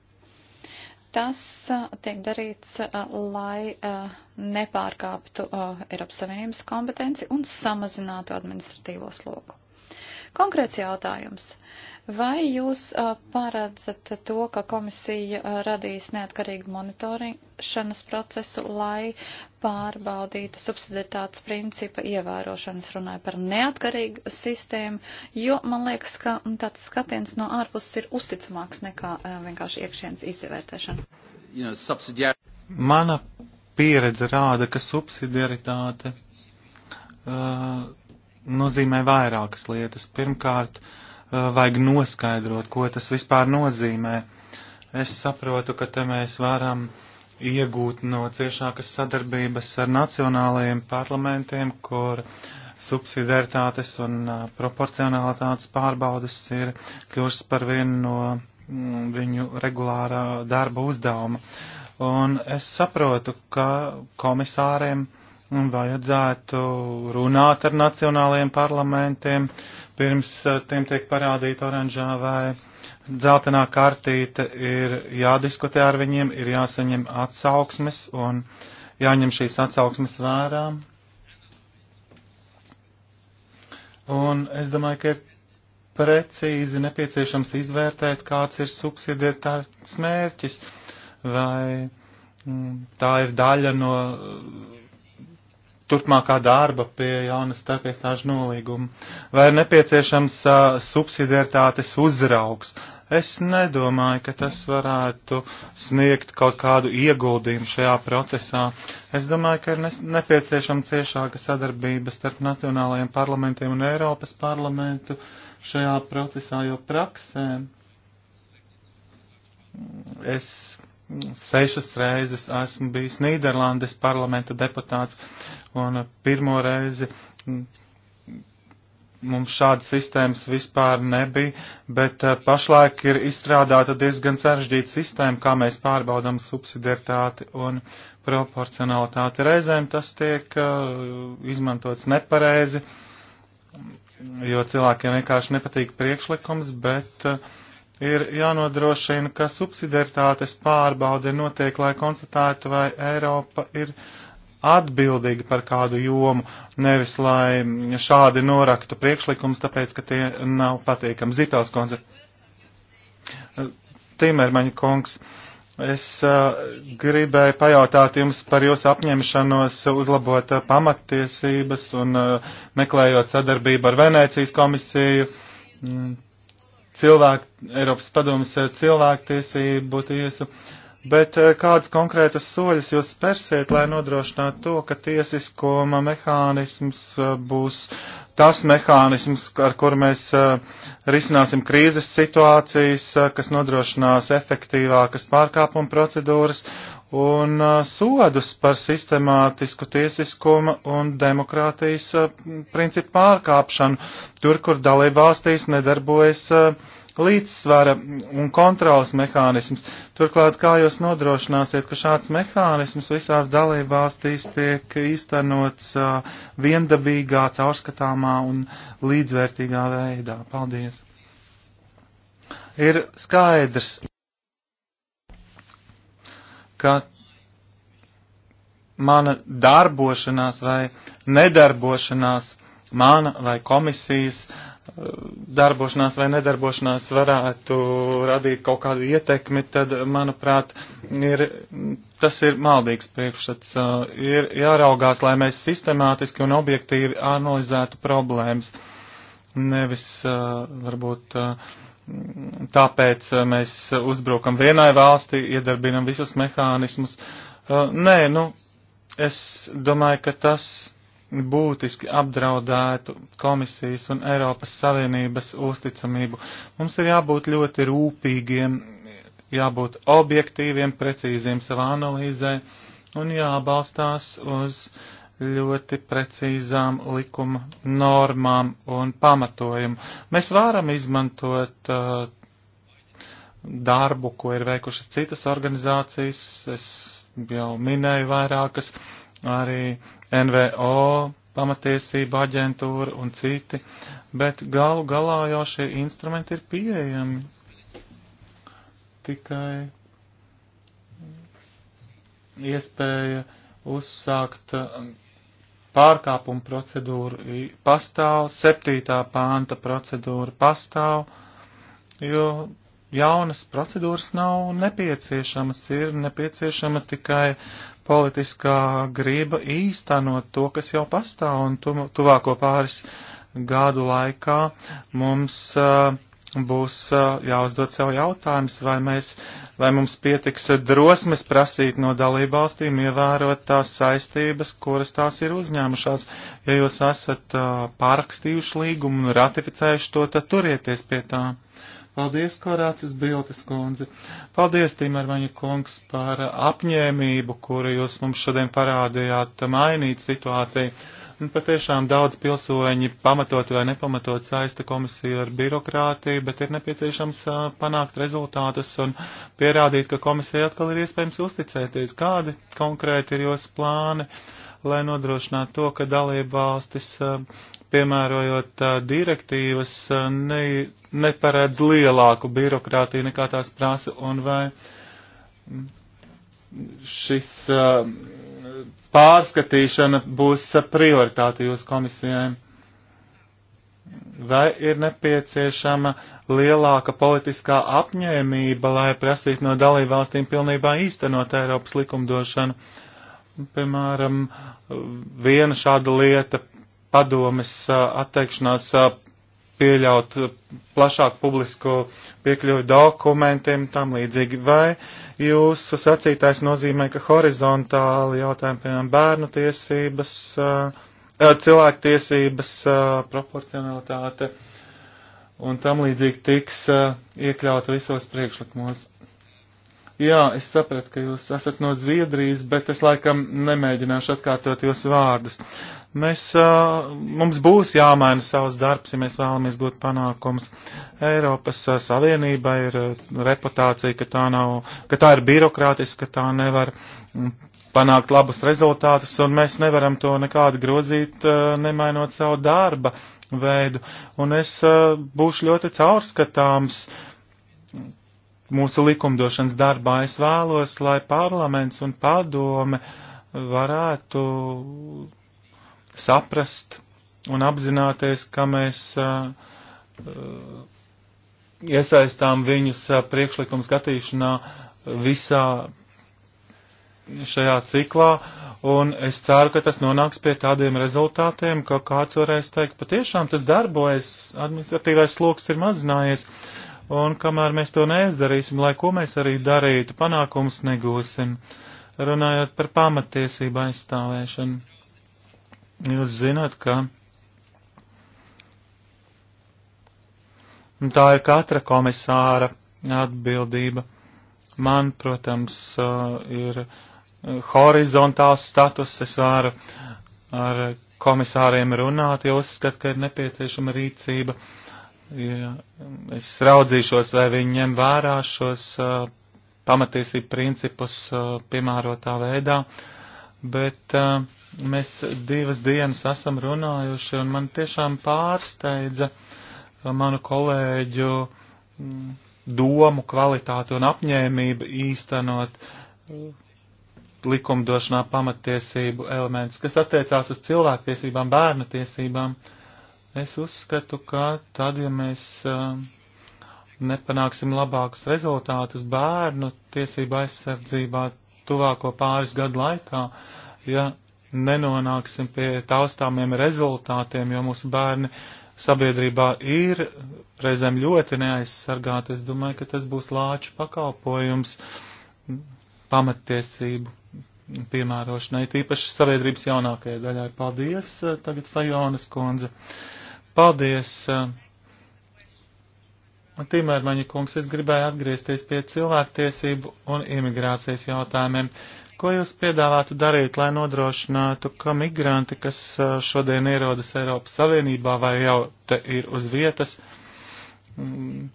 Tas tiek darīts, lai nepārkāptu Eiropas Savienības kompetenci un samazinātu administratīvo slogu. Konkrēts jautājums. Vai jūs paredzat to, ka komisija radīs neatkarīgu monitorīšanas procesu, lai pārbaudītu subsidiaritātes principa ievērošanas, runāja par neatkarīgu sistēmu, jo man liekas, ka tāds skatiens no ārpuses ir uzticamāks nekā vienkārši iekšienas izvērtēšana. You know, Mana pieredze rāda, ka subsidiaritāte. Uh, nozīmē vairākas lietas. Pirmkārt, eh, vajag noskaidrot, ko tas vispār nozīmē. Es saprotu, ka te mēs varam iegūt no ciešākas sadarbības ar nacionālajiem parlamentiem, kur subsidiaritātes un eh, proporcionalitātes pārbaudas ir kļūšas par vienu no mm, viņu regulārā darba uzdevuma. Un es saprotu, ka komisāriem vajadzētu runāt ar nacionālajiem parlamentiem, pirms eh, tiem tiek parādīta oranžā vai dzeltenā kartīte, ir jādiskutē ar viņiem, ir jāsaņem atsauksmes un jāņem šīs atsauksmes vērā. Un es domāju, ka ir precīzi nepieciešams izvērtēt, kāds ir subsidietārs mērķis, vai mm, tā ir daļa no turpmākā darba pie jaunas starpiestāžu nolīguma? Vai ir nepieciešams uh, subsidiaritātes uzraugs? Es nedomāju, ka tas varētu sniegt kaut kādu ieguldījumu šajā procesā. Es domāju, ka ir nepieciešama ciešāka sadarbība starp nacionālajiem parlamentiem un Eiropas parlamentu šajā procesā, jo praksē es sešas reizes esmu bijis Nīderlandes parlamenta deputāts, un pirmo reizi mums šādas sistēmas vispār nebija, bet eh, pašlaik ir izstrādāta diezgan sarežģīta sistēma, kā mēs pārbaudām subsidiaritāti un proporcionalitāti. Reizēm tas tiek eh, izmantots nepareizi, jo cilvēkiem vienkārši nepatīk priekšlikums, bet uh, ir jānodrošina, ka subsidiaritātes pārbaude notiek, lai konstatētu, vai Eiropa ir atbildīga par kādu jomu, nevis lai šādi noraktu priekšlikums, tāpēc, ka tie nav patīkami. Zipels konce. Timermaņa kungs, es uh, gribēju pajautāt jums par jūsu apņemšanos uzlabot uh, pamattiesības un uh, meklējot sadarbību ar Venēcijas komisiju. Mm cilvēku, Eiropas padomas eh, cilvēktiesību tiesu, bet eh, kādas konkrētas soļas jūs spērsiet, lai nodrošinātu to, ka tiesiskuma mehānisms eh, būs tas mehānisms, ar kur mēs risināsim krīzes situācijas, kas nodrošinās efektīvākas pārkāpuma procedūras un uh, sodus par sistemātisku tiesiskuma un demokrātijas uh, principu pārkāpšanu, tur, kur dalībvalstīs nedarbojas uh, līdzsvara un kontrolas mehānisms. Turklāt, kā jūs nodrošināsiet, ka šāds mehānisms visās dalībvalstīs tiek īstenots viendabīgā, caurskatāmā un līdzvērtīgā veidā? Paldies! Ir skaidrs ka mana darbošanās vai nedarbošanās, mana vai komisijas eh, darbošanās vai nedarbošanās varētu radīt kaut kādu ietekmi, tad, manuprāt, ir, tas ir maldīgs priekšstats. Eh, ir jāraugās, lai mēs sistemātiski un objektīvi analizētu problēmas, nevis eh, varbūt tāpēc eh, mēs uzbrukam vienai valstī, iedarbinam visus mehānismus. Eh, nē, nu, es domāju, ka tas būtiski apdraudētu komisijas un Eiropas Savienības uzticamību. Mums ir jābūt ļoti rūpīgiem, jābūt objektīviem, precīziem savā analīzē un jābalstās uz uh, ļoti precīzām likuma normām un pamatojumu. Mēs varam izmantot uh, darbu, ko ir veikušas citas organizācijas, es jau minēju vairākas, arī NVO, pamatiesība aģentūra un citi, bet galu galā jau šie instrumenti ir pieejami. Tikai iespēja uzsākt uh, pārkāpuma procedūra pastāv, septītā pānta procedūra pastāv, jo jaunas procedūras nav nepieciešamas, ir nepieciešama tikai politiskā grība īstenot to, kas jau pastāv, un tu, tuvāko pāris gadu laikā mums uh, būs jāuzdod sev jautājums, vai, mēs, vai mums pietiks drosmes prasīt no dalībvalstīm ievērot tās saistības, kuras tās ir uzņēmušās. Ja jūs esat pārakstījuši līgumu un ratificējuši to, tad turieties pie tā. Paldies, Korācis Biltis kundze. Paldies, Timermaņa kungs, par apņēmību, kuru jūs mums šodien parādījāt mainīt situāciju Un nu, patiešām daudz pilsoņi pamatot vai nepamatot saista komisiju ar birokrātiju, bet ir nepieciešams uh, panākt rezultātus un pierādīt, ka komisija atkal ir iespējams uzticēties. Kādi konkrēti ir jūsu plāni, lai nodrošinātu to, ka dalība valstis uh, piemērojot uh, direktīvas, uh, ne, neparedz lielāku birokrātiju nekā tās prasa, un vai šis uh, pārskatīšana būs prioritāte jūsu komisijai? Vai ir nepieciešama lielāka politiskā apņēmība, lai prasītu no dalībvalstīm pilnībā īstenot Eiropas likumdošanu? Piemēram, viena šāda lieta padomes atteikšanās pieļaut plašāku publisko piekļuvi dokumentiem, tam līdzīgi. Vai uh, Jūsu sacītais nozīmē, ka horizontāli jautājumi, piemēram, bērnu tiesības, eh, eh, cilvēku tiesības, eh, proporcionalitāte un tam līdzīgi tiks iekļauta visos priekšlikumos. Jā, es sapratu, ka jūs esat no Zviedrijas, bet es laikam nemēģināšu atkārtot jūsu vārdus. Mēs, uh, mums būs jāmaina savs darbs, ja mēs vēlamies gūt panākumus. Eiropas uh, Savienība ir uh, reputācija, ka tā, nav, ka tā ir birokrātiska, ka tā nevar panākt labus rezultātus, un mēs nevaram to nekādi grozīt, nemainot savu darba veidu. Un es būšu ļoti caurskatāms mūsu likumdošanas darbā. Es vēlos, lai parlaments un padome varētu saprast un apzināties, ka mēs uh, iesaistām viņus uh, priekšlikumu skatīšanā visā šajā ciklā, un es ceru, ka tas nonāks pie tādiem rezultātiem, ka kāds varēs teikt, patiešām tas darbojas, administratīvais sloks ir mazinājies. Uh, un kamēr mēs to neizdarīsim, lai ko mēs arī darītu, panākums negūsim, runājot par pamatiesību aizstāvēšanu. Jūs zināt, ka tā ir katra komisāra atbildība. Man, protams, ir horizontāls status, es varu ar komisāriem runāt, jo uzskatu, ka ir nepieciešama rīcība. Uh, ja, es raudzīšos, vai viņi ņem vērā šos uh, pamatiesību principus uh, piemērotā veidā, bet uh, mēs divas dienas esam runājuši, un man tiešām pārsteidza manu kolēģu m, domu kvalitāti un apņēmību īstenot likumdošanā pamatiesību elements, kas attiecās uz cilvēktiesībām, bērnu tiesībām. Uh, Es uzskatu, ka tad, ja mēs um, nepanāksim labākus rezultātus bērnu tiesību aizsardzībā tuvāko pāris gadu laikā, ja nenonāksim pie taustāmiem rezultātiem, jo mūsu bērni sabiedrībā ir reizēm ļoti neaizsargāti. Es domāju, ka tas būs lāču pakalpojums pamattiesību piemērošanai, tīpaši sabiedrības jaunākajai daļai. Paldies, tagad Fajonas kundze. Uh, Paldies! Timērmaņa kungs, es gribēju atgriezties pie cilvēktiesību un imigrācijas jautājumiem. Ko jūs piedāvātu darīt, lai nodrošinātu, ka migranti, kas eh, šodien ierodas Eiropas Savienībā vai jau te ir uz vietas, mm,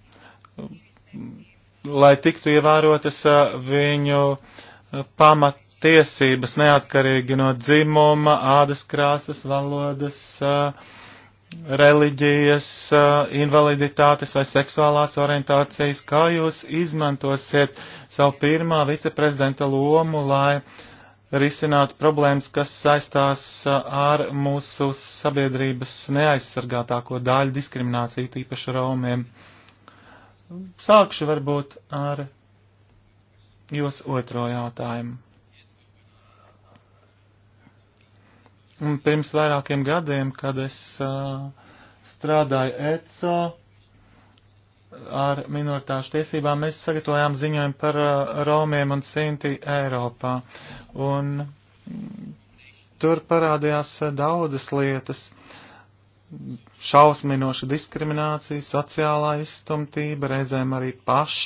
lai tiktu ievērotas eh, viņu eh, pamatiesības neatkarīgi no dzimuma, ādas krāsas, valodas, uh, reliģijas, eh, invaliditātes vai seksuālās orientācijas, kā jūs izmantosiet savu pirmā viceprezidenta lomu, lai risinātu problēmas, kas saistās eh, ar mūsu sabiedrības neaizsargātāko daļu diskrimināciju, tīpaši Romiem. Sākšu varbūt ar jūs otro jautājumu. Un pirms vairākiem gadiem, kad es uh, strādāju ECO ar minoritāšu tiesībām, mēs sagatavojām ziņojumu par uh, Romiem un Sinti Eiropā. Un mm, tur parādījās daudzas lietas - šausminoša diskriminācija, sociālā izstumtība, reizēm arī paš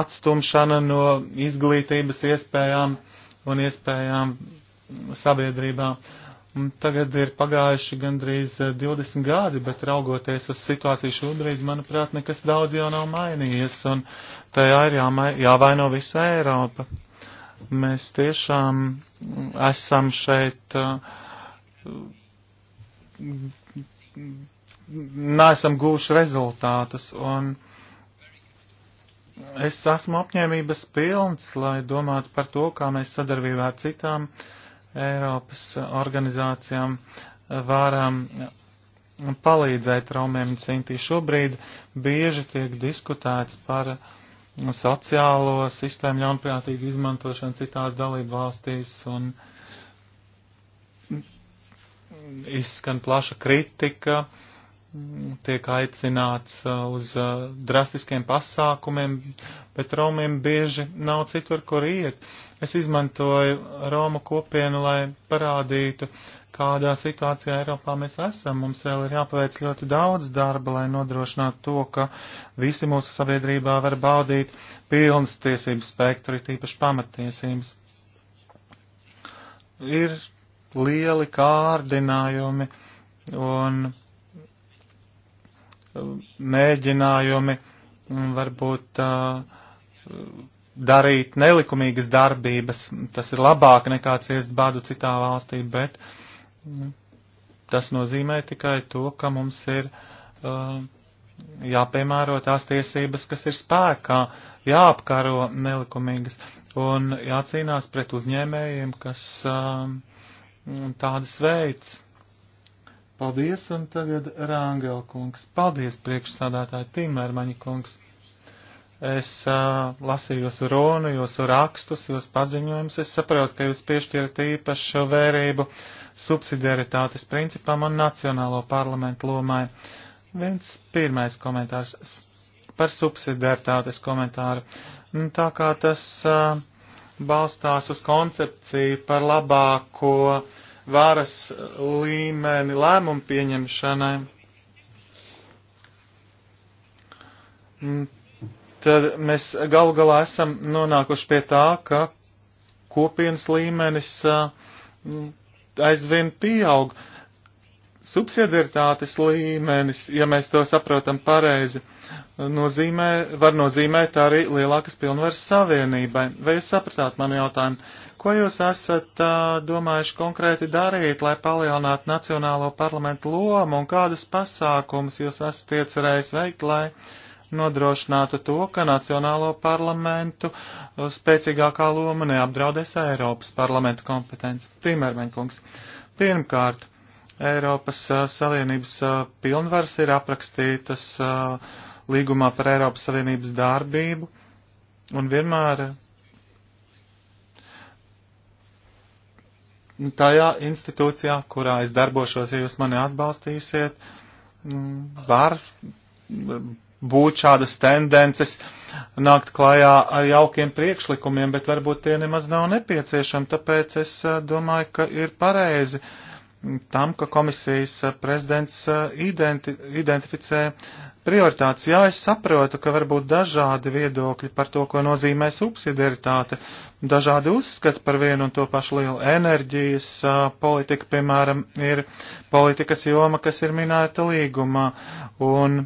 atstumšana no izglītības iespējām un iespējām sabiedrībā. Tagad ir pagājuši gandrīz 20 eh, gadi, bet raugoties uz situāciju šobrīd, manuprāt, nekas daudz jau nav mainījies, un tajā ir jāmai, jāvaino visa Eiropa. Mēs tiešām esam šeit eh, neesam gūši rezultātus. Un es esmu apņēmības pilns, lai domātu par to, kā mēs sadarbībā ar citām uh, Eiropas organizācijām varam palīdzēt traumiem un cintī. Šobrīd bieži tiek diskutēts par sociālo sistēmu ļaunprātīgu izmantošanu citās dalību valstīs un izskan plaša kritika, tiek aicināts uz uh, drastiskiem pasākumiem, bet traumiem bieži nav citur, kur iet. Es izmantoju Romu kopienu, lai parādītu, kādā situācijā Eiropā mēs esam. Mums vēl ir jāpaveic ļoti daudz darba, lai nodrošinātu to, ka visi mūsu sabiedrībā var baudīt pilnas tiesības spektru, ir tīpaši pamattiesības. Ir lieli kārdinājumi un mēģinājumi varbūt uh, darīt nelikumīgas darbības. Tas ir labāk nekā ciest badu citā valstī, bet nu, tas nozīmē tikai to, ka mums ir uh, jāpiemēro tās tiesības, kas ir spēkā, jāapkaro nelikumīgas un jācīnās pret uzņēmējiem, kas uh, tādas veids. Paldies, un tagad Rāngel kungs. Paldies, priekšsādātāji Timermaņa kungs. Es uh, lasīju jūsu runu, jūsu rakstus, jūsu paziņojumus. Es saprotu, ka jūs piešķirat īpašu vērību subsidiaritātes principam un nacionālo parlamentu lomai. Viens pirmais komentārs par subsidiaritātes komentāru. Nu, tā kā tas uh, balstās uz koncepciju par labāko varas līmeni lēmumu pieņemšanai. Mm, tad mēs galu galā esam nonākuši pie tā, ka kopienas līmenis mm, aizvien pieaug. Subsidiaritātes līmenis, ja mēs to saprotam pareizi, nozīmē, var nozīmēt arī lielākas pilnvaras savienībai. Vai jūs sapratāt manu jautājumu? Ko jūs esat domājuši konkrēti darīt, lai palielinātu nacionālo parlamentu lomu un kādus pasākumus jūs esat iecerējis veikt, lai uh, nodrošinātu to, ka Nacionālo parlamentu uh, spēcīgākā loma neapdraudēs Eiropas parlamentu kompetenci. Timermeņkungs. Pirmkārt, Eiropas uh, Savienības uh, pilnvaras ir aprakstītas līgumā par Eiropas Savienības darbību un vienmēr tajā institūcijā, kurā es darbošos, ja jūs mani atbalstīsiet, mm, var būt šādas tendences nākt klajā ar jaukiem priekšlikumiem, bet varbūt tie nemaz nav nepieciešami, tāpēc es eh, domāju, ka ir pareizi tam, ka komisijas eh, prezidents eh, identi identificē prioritātes. Jā, es saprotu, ka varbūt dažādi viedokļi par to, ko nozīmē subsidiaritāte, dažādi uzskati par vienu un to pašu lielu enerģijas politika, piemēram, ir politikas joma, kas ir minēta līgumā. Un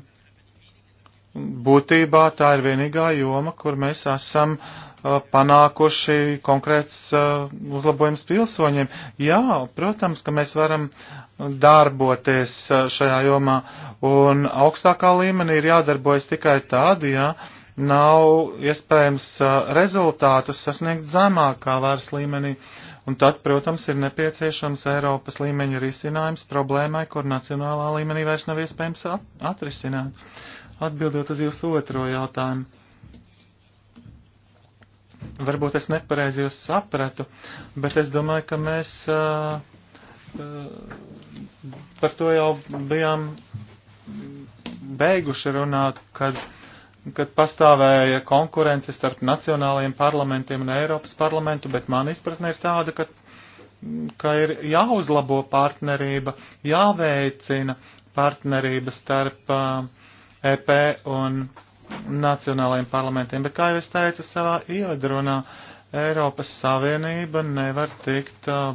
būtībā tā ir vienīgā joma, kur mēs esam uh, panākuši konkrēts uh, uzlabojums pilsoņiem. Jā, protams, ka mēs varam darboties uh, šajā jomā, un augstākā līmenī ir jādarbojas tikai tad, ja nav iespējams uh, rezultātus sasniegt zemākā vairs līmenī. Un tad, protams, ir nepieciešams Eiropas līmeņa risinājums problēmai, kur nacionālā līmenī vairs nav iespējams at atrisināt. Uh, Atbildot uz jūsu otro jautājumu, varbūt es nepareizi jūs sapratu, bet es domāju, ka mēs uh, uh, par to jau bijām beiguši runāt, kad, kad pastāvēja konkurence starp nacionālajiem parlamentiem un Eiropas parlamentu, bet man izpratne ir tāda, ka, ka ir jāuzlabo partnerība, jāveicina partnerība starp uh, EP un nacionālajiem parlamentiem, bet kā jau es teicu savā ieledrunā, Eiropas Savienība nevar tikt uh,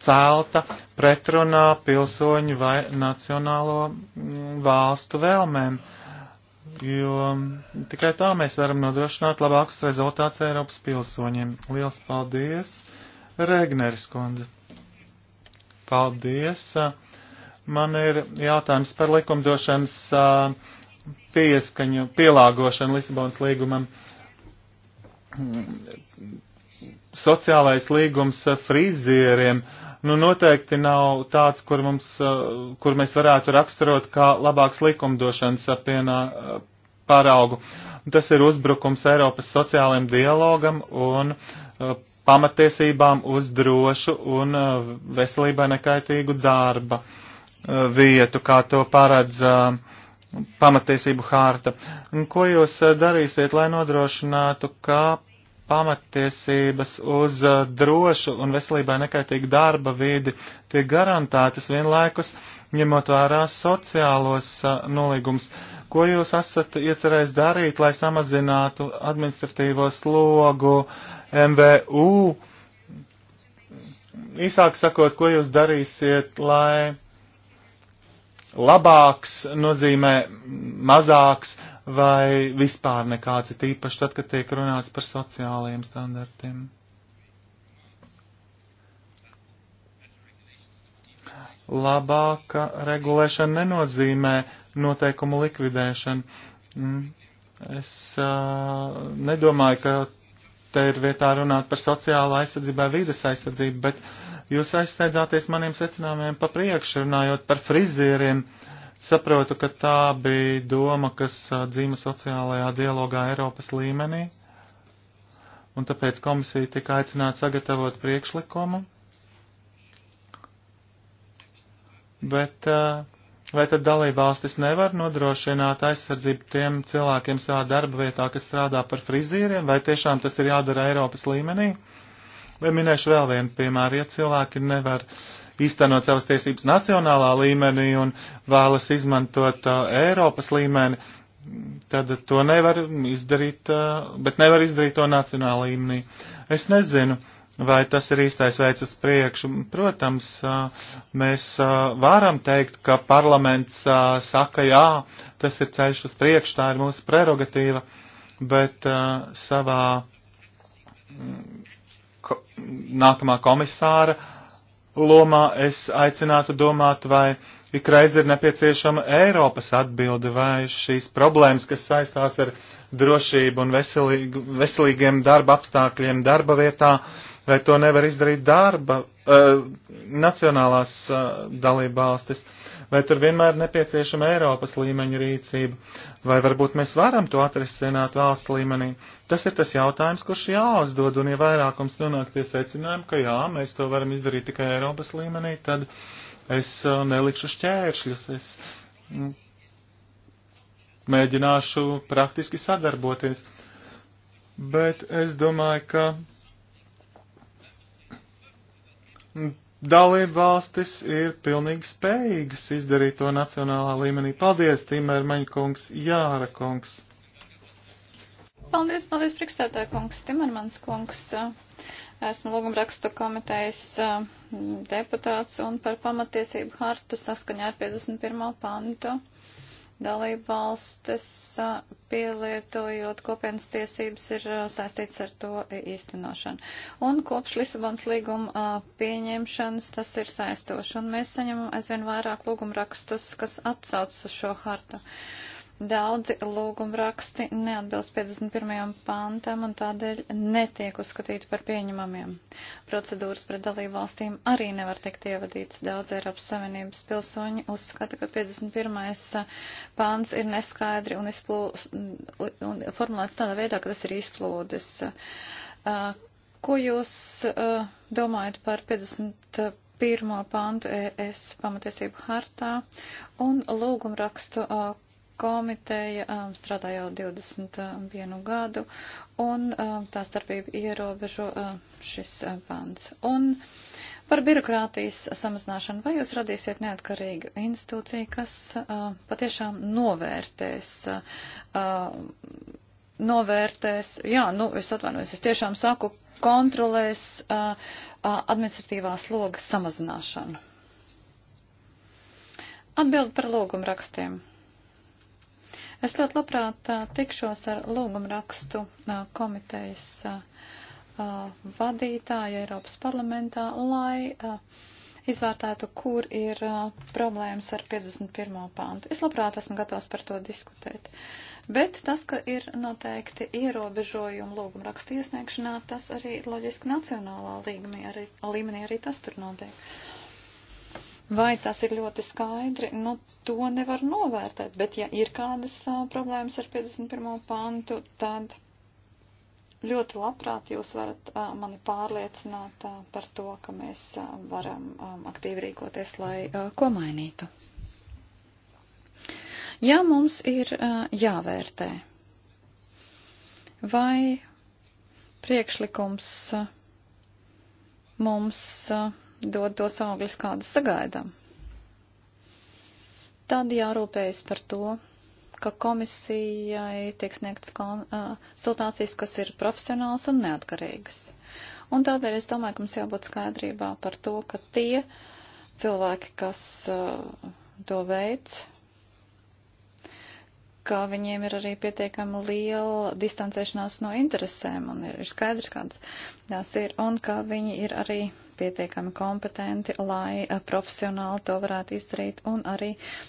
celta pretrunā pilsoņu vai nacionālo mm, valstu vēlmēm, jo tikai tā mēs varam nodrošināt labākus rezultātus Eiropas pilsoņiem. Liels paldies, Regneris kundze! Paldies! Uh, Man ir jautājums par likumdošanas pieskaņu, pielāgošanu Lisabonas līgumam. Sociālais līgums frizieriem nu noteikti nav tāds, kur, mums, kur mēs varētu raksturot kā labāks likumdošanas apienā paraugu. Tas ir uzbrukums Eiropas sociālajiem dialogam un pamatiesībām uz drošu un veselībai nekaitīgu darba. Uh, vietu, kā to paredz pamatiesību hārta. Un ko jūs darīsiet, lai nodrošinātu, ka pamatiesības uz drošu un veselībai nekaitīgu darba vidi tiek garantētas vienlaikus, ņemot vērā sociālos nolīgums? Ko jūs esat iecerējis darīt, lai samazinātu administratīvo slogu MVU? Īsāk sakot, ko jūs darīsiet, lai labāks nozīmē mazāks vai vispār nekāds ir īpaši tad, kad tiek runāts par sociālajiem standartiem. Labāka regulēšana nenozīmē noteikumu likvidēšanu. Mm. Es uh, nedomāju, ka te ir vietā runāt par sociālo aizsardzību vai vīdes aizsardzību, bet uh, Jūs aizsteidzāties maniem secinājumiem pa priekšu, runājot par frizieriem. Saprotu, ka tā bija doma, kas dzīvo sociālajā dialogā Eiropas līmenī, un tāpēc komisija tika aicināta sagatavot priekšlikumu. Bet vai tad dalībvalstis nevar nodrošināt aizsardzību tiem cilvēkiem savā darba vietā, kas strādā par frizīriem, vai tiešām tas ir jādara Eiropas līmenī? Uh, Vai minēšu vēl vienu piemēru, ja cilvēki nevar īstenot savas tiesības nacionālā līmenī un vēlas izmantot uh, Eiropas līmeni, tad to nevar izdarīt, uh, bet nevar izdarīt to nacionālā līmenī. Es nezinu. Vai tas ir īstais veids uz priekšu? Protams, uh, mēs uh, varam teikt, ka parlaments uh, saka, jā, tas ir ceļš uz priekšu, tā ir mūsu prerogatīva, bet savā mm, nākamā komisāra lomā es aicinātu domāt, vai ikreiz ir nepieciešama Eiropas atbilde, vai šīs problēmas, kas saistās ar drošību un veselīgu, veselīgiem darba apstākļiem darba vietā, uh, vai to nevar izdarīt darba, uh, nacionālās uh, dalībvalstis, vai tur vienmēr nepieciešama Eiropas līmeņa rīcība, vai varbūt mēs varam to atrisināt valsts līmenī. Tas ir tas jautājums, kurš jāuzdod, un ja vairākums nonāk pie secinājuma, ka jā, mēs to varam izdarīt tikai Eiropas līmenī, tad es uh, nelikšu šķēršļus. Es, mm, mēģināšu praktiski sadarboties. Bet es domāju, ka dalību valstis ir pilnīgi spējīgas izdarīt to nacionālā līmenī. Paldies, Timermaņa kungs, Jāra kungs. Paldies, paldies, priekšstādā kungs, Timermans kungs. Esmu lūgumrakstu komitejas deputāts un par pamatiesību hartu saskaņā ar 51. pantu dalību valstis pielietojot kopienas tiesības ir saistīts ar to īstenošanu. Un kopš Lisabons līguma pieņemšanas tas ir saistoši. Un mēs saņemam aizvien vairāk lūgumrakstus, kas atsaucas uz šo hartu. Uh, Daudzi lūguma raksti neatbilst 51. pantam un tādēļ netiek uzskatīti par pieņemamiem. Procedūras pret dalību valstīm arī nevar tikt ievadītas. Daudz Eiropas Savienības pilsoņi uzskata, ka 51. Eh, pants ir neskaidri un, izplūs, un formulēts tādā veidā, ka tas ir izplūdes. Eh, ko jūs eh, domājat par 50 pirmo pantu ES pamatiesību hartā un lūgumrakstu komiteja um, strādā jau 21 um, gadu, un um, tā starpība ierobežo uh, šis uh, pants. Un par birokrātijas samazināšanu, vai jūs radīsiet neatkarīgu institūciju, kas uh, patiešām novērtēs, uh, novērtēs, jā, nu, es atvainojos, es tiešām saku, kontrolēs uh, uh administratīvās logas samazināšanu. Atbildi par lūgumu rakstiem. Es ļoti labprāt tikšos ar lūgumrakstu komitejas vadītāju Eiropas parlamentā, lai izvērtētu, kur ir problēmas ar 51. pāntu. Es labprāt esmu gatavs par to diskutēt. Bet tas, ka ir noteikti ierobežojumi lūguma rakstu iesniegšanā, tas arī loģiski nacionālā līmenī arī, līmenī arī tas tur notiek. Vai tas ir ļoti skaidri? Nu, to nevar novērtēt, bet ja ir kādas uh, problēmas ar 51. pantu, tad ļoti labprāt jūs varat uh, mani pārliecināt uh, par to, ka mēs uh, varam um, aktīvi rīkoties, lai uh, ko mainītu. Ja mums ir uh, jāvērtē, vai priekšlikums uh, mums. Uh, dod tos augļus, kādus sagaidām. Tad jārūpējas par to, ka komisijai tiek sniegts konsultācijas, kas ir profesionāls un neatkarīgas. Un tādēļ es domāju, ka mums jābūt skaidrībā par to, ka tie cilvēki, kas to veids, ka viņiem ir arī pietiekami liela distancēšanās no interesēm un ir skaidrs, kādas tās ir, un ka viņi ir arī pietiekami kompetenti, lai eh, profesionāli to varētu izdarīt un arī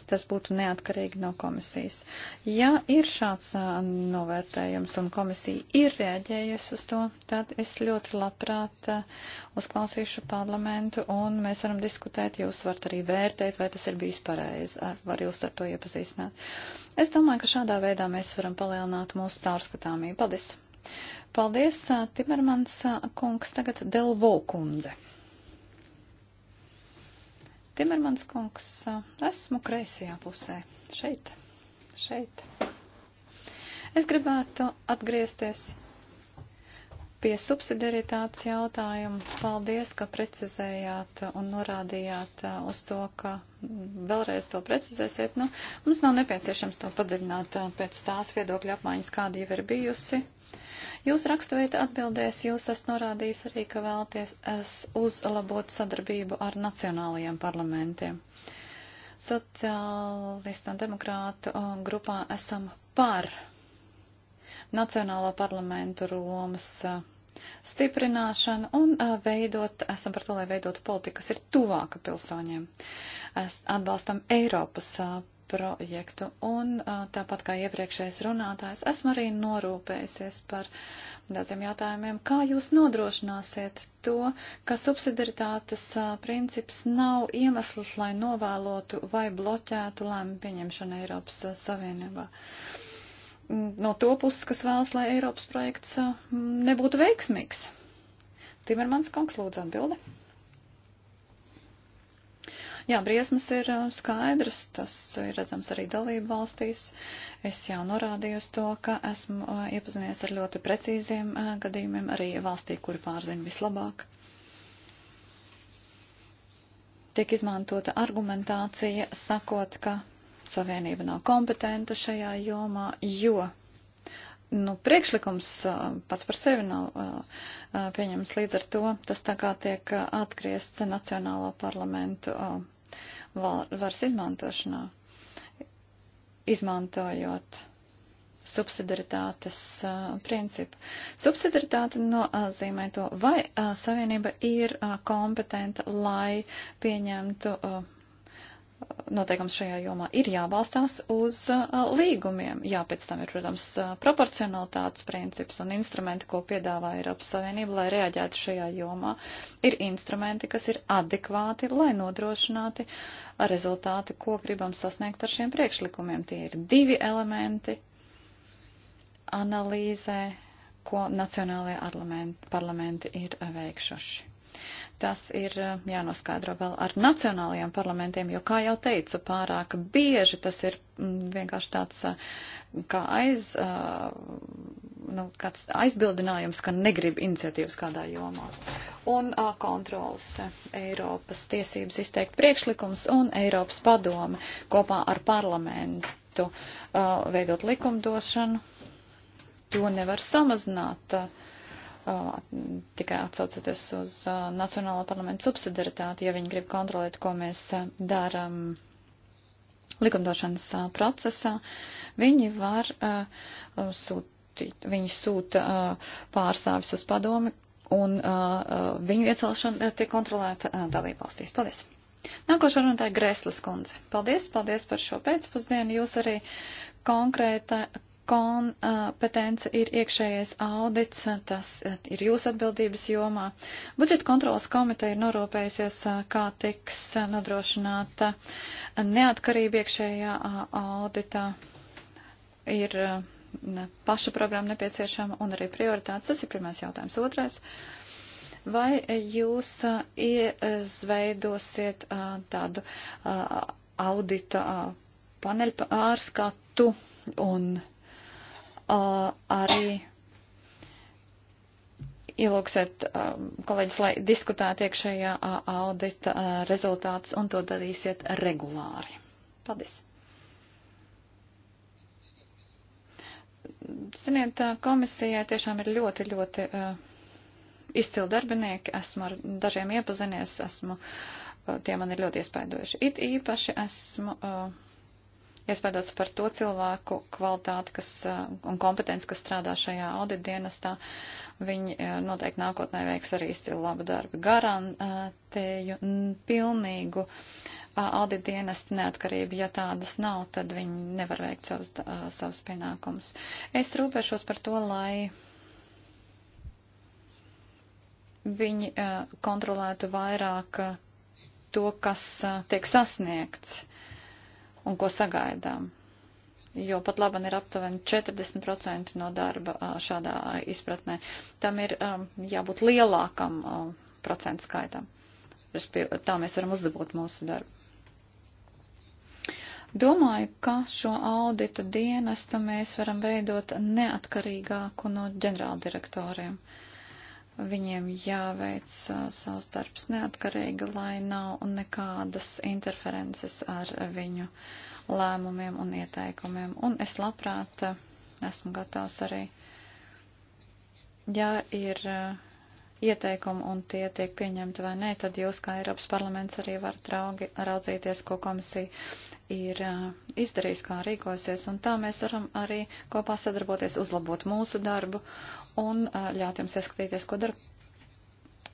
tas būtu neatkarīgi no komisijas. Ja ir šāds eh, novērtējums un komisija ir reaģējusi uz to, tad es ļoti labprāt eh, uzklausīšu parlamentu un mēs varam diskutēt, jūs varat arī vērtēt, vai tas ir bijis pareizi, var jūs ar to iepazīstināt. Es domāju, ka šādā veidā mēs varam palielināt mūsu caurskatāmību. Paldies! Paldies, Timermans kungs, tagad Delvo kundze. Timermans kungs, esmu kreisajā pusē. Šeit. Šeit. Es gribētu atgriezties Pie subsidiaritātes jautājuma paldies, ka precizējāt un norādījāt uh, uz to, ka mm, vēlreiz to precizēsiet. Nu, mums nav nepieciešams to padziļināt uh, pēc tās viedokļa apmaiņas, kāda jau ir bijusi. Jūs raksturvieta atbildēs, jūs esat norādījis arī, ka vēlaties uzlabot sadarbību ar nacionālajiem parlamentiem. Sociālistu un demokrātu uh, grupā esam par Nacionālo parlamentu Romas stiprināšanu un veidot, esam par to, lai veidotu politiku, kas ir tuvāka pilsoņiem. Es atbalstam Eiropas projektu un tāpat kā iepriekšējais runātājs, esmu arī norūpējusies par daudziem jautājumiem, kā jūs nodrošināsiet to, ka subsidiaritātes princips nav iemesls, lai novēlotu vai bloķētu lēmu pieņemšanu Eiropas Savienībā. Uh, no to puses, kas vēlas, lai Eiropas projekts nebūtu veiksmīgs. Timermans kungs lūdzu atbildi. Jā, briesmas ir skaidrs, tas ir redzams arī dalību valstīs. Es jau norādīju uz to, ka esmu iepazinies ar ļoti precīziem gadījumiem arī valstī, kuri pārzina vislabāk. Tiek izmantota argumentācija, sakot, ka Savienība nav kompetenta šajā jomā, jo nu, priekšlikums pats par sevi nav pieņems līdz ar to. Tas tā kā tiek atgriezts Nacionālo parlamentu varas izmantošanā, izmantojot subsidaritātes principu. Subsidaritāte nozīmē to, vai savienība ir kompetenta, lai pieņemtu noteikums šajā jomā ir jābalstās uz līgumiem. Jā, pēc tam ir, protams, proporcionalitātes princips un instrumenti, ko piedāvā Eiropas Savienība, lai reaģētu šajā jomā. Ir instrumenti, kas ir adekvāti, lai nodrošināti rezultāti, ko gribam sasniegt ar šiem priekšlikumiem. Tie ir divi elementi analīzē, ko nacionālajie parlamenti ir veikšoši. Tas ir eh, jānoskaidro vēl ar nacionālajiem parlamentiem, jo, kā jau teicu, pārāk bieži tas ir mm, vienkārši tāds eh, kā aiz, eh, nu, kāds aizbildinājums, ka negrib iniciatīvas kādā jomā. Un kontrols Eiropas tiesības izteikt priekšlikums un Eiropas padome kopā ar parlamentu veidot likumdošanu. To nevar samazināt. Uh, tikai atsaucoties uz Nacionālā parlamenta subsidiaritāti, ja viņi grib kontrolēt, ko mēs darām likumdošanas procesā, viņi var sūtīt, viņi sūta pārstāvis uz padomi un viņu iecelšana tiek kontrolēta dalībvalstīs. Paldies! Nākošais runātāja Grēslas kundze. Paldies, paldies par šo pēcpusdienu. Jūs arī konkrēta, kompetence ir iekšējais audits, tas eh, ir jūsu atbildības jomā. Budžeta kontrolas komiteja ir norūpējusies, eh, kā tiks eh, nodrošināta neatkarība iekšējā auditā. Ir paša programma nepieciešama un arī prioritātes. Tas ir pirmais jautājums. Otrais. Vai jūs iezveidosiet tādu audita paneļpārskatu un Uh, arī ielūksiet um, kolēģis, lai diskutētu iekšējā uh, audita uh, rezultātus un to darīsiet regulāri. Paldies! Ziniet, komisijai tiešām ir ļoti, ļoti uh, izcili darbinieki. Esmu ar dažiem iepazinies, esmu, uh, tie man ir ļoti iespaidojuši. It īpaši esmu uh, iespējams par to cilvēku kvalitāti kas, eh, un kompetenci, kas strādā šajā audit dienestā. Viņi eh, noteikti nākotnē veiks arī izcilu labu darbu. Garantēju pilnīgu audit dienestu neatkarību, ja tādas nav, tad viņi nevar veikt savus, savus pienākumus. Es rūpēšos par to, lai viņi kontrolētu vairāk to, kas tiek sasniegts un ko sagaidām. Jo pat laban ir aptuveni 40% no darba šādā izpratnē. Tam ir jābūt lielākam procentu skaitam. Tā mēs varam uzlabot mūsu darbu. Domāju, ka šo audita dienestu mēs varam veidot neatkarīgāku no ģenerāldirektoriem. direktoriem Viņiem jāveic savs darbs neatkarīgi, lai nav nekādas interferences ar viņu lēmumiem un ieteikumiem. Un es labprāt esmu gatavs arī, ja ir ieteikumi un tie tiek pieņemti vai nē, tad jūs kā Eiropas parlaments arī varat raudzīties, ko komisija ir izdarījis, kā rīkosies, un tā mēs varam arī kopā sadarboties, uzlabot mūsu darbu un ļaut jums ieskatīties, ko dara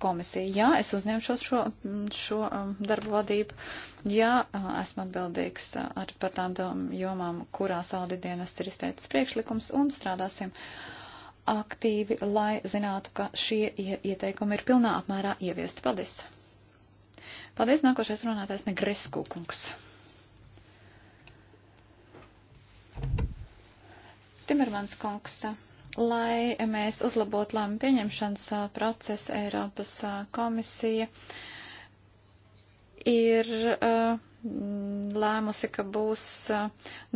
komisija. Jā, es uzņemšos šo, šo darbu vadību. Jā, esmu atbildīgs ar, par tām jomām, kurās audidienas ir izteicis priekšlikums un strādāsim aktīvi, lai zinātu, ka šie ieteikumi ir pilnā apmērā ieviesti. Paldies! Paldies, nākošais runātājs Negresku kungs. Timermans kungs, lai mēs uzlabotu lēmumu pieņemšanas procesu, Eiropas komisija ir lēmusi, ka būs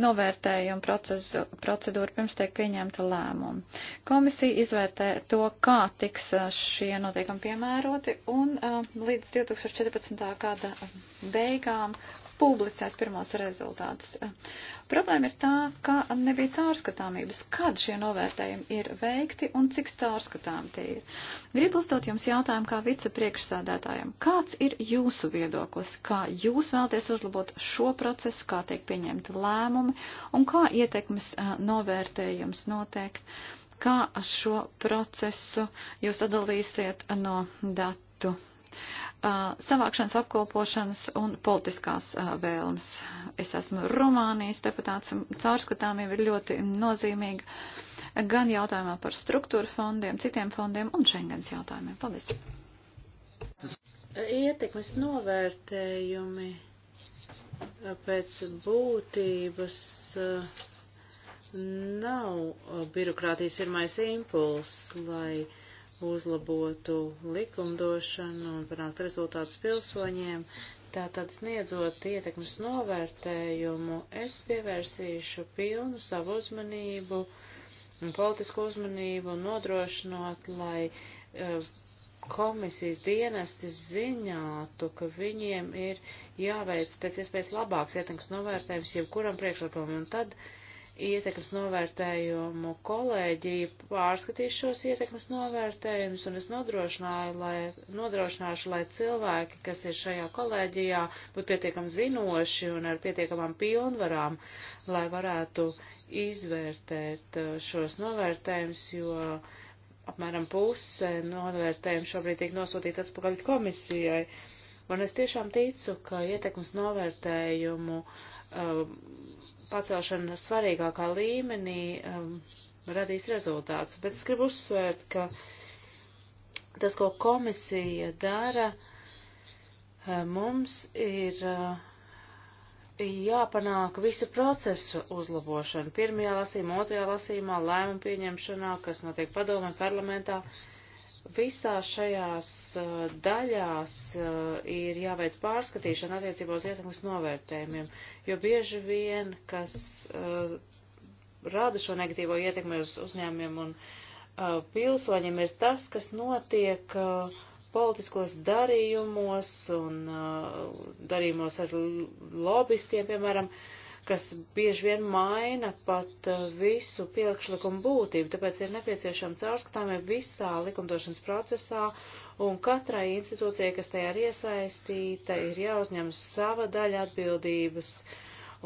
novērtējuma procesu, procedūra pirms tiek pieņemta lēmuma. Komisija izvērtē to, kā tiks šie noteikumi piemēroti, un līdz 2014. gada beigām publicēs pirmos rezultātus. Problēma ir tā, ka nebija caurskatāmības, kad šie novērtējumi ir veikti un cik caurskatām tie ir. Gribu uzdot jums jautājumu kā vicepriekšsādātājiem. Kāds ir jūsu viedoklis, kā jūs vēlties uzlabot šo procesu, kā tiek pieņemti lēmumi un kā ietekmes novērtējums noteikt? Kā šo procesu jūs atdalīsiet no datu Uh, savākšanas, apkopošanas un politiskās uh, vēlmes. Es esmu Rumānijas deputāts, caurskatāmība ir ļoti nozīmīga gan jautājumā par struktūra fondiem, citiem fondiem un Schengens jautājumiem. Paldies! Ietekmes novērtējumi uh, pēc būtības nav birokrātijas pirmais impuls, lai uzlabotu likumdošanu un panākt rezultātus pilsoņiem, tātad sniedzot ietekmes novērtējumu, es pievērsīšu pilnu savu uzmanību un politisko uzmanību un nodrošinot, lai uh, komisijas dienesti ziņātu, ka viņiem ir jāveic pēc iespējas labāks ietekmes novērtējums jebkuram priekšlikumam, un tad uh, ietekmes novērtējumu kolēģija pārskatīs šos ietekmes novērtējumus, un es nodrošināju, lai, nodrošināšu, lai cilvēki, kas ir šajā kolēģijā, būtu pietiekami zinoši un ar pietiekamām pilnvarām, lai varētu izvērtēt uh, šos novērtējumus, jo apmēram puse novērtējumu šobrīd tiek nosūtīta atpakaļ komisijai. Un es tiešām ticu, ka ietekmes novērtējumu um, pacelšana svarīgākā līmenī um, radīs rezultātus. Bet es gribu uzsvērt, ka tas, ko komisija dara, eh, mums ir eh, jāpanāk visa procesa uzlabošana. Pirmajā lasīmā, otrajā lasīmā, lēmuma pieņemšanā, kas notiek padomē parlamentā. Uh, visās šajās uh, daļās uh, ir jāveic pārskatīšana attiecībā uz ietekmes novērtējumiem, jo bieži vien, kas uh, rada šo negatīvo ietekmi uz uzņēmumiem un pilsoņiem, ir tas, kas notiek politiskos darījumos un darījumos ar lobbystiem, piemēram, uh, kas bieži vien maina pat uh, visu piekšlikumu būtību, tāpēc ir nepieciešama caurskatāmība visā likumdošanas procesā, un katrai institūcijai, kas tajā ir iesaistīta, ir jāuzņem sava daļa atbildības,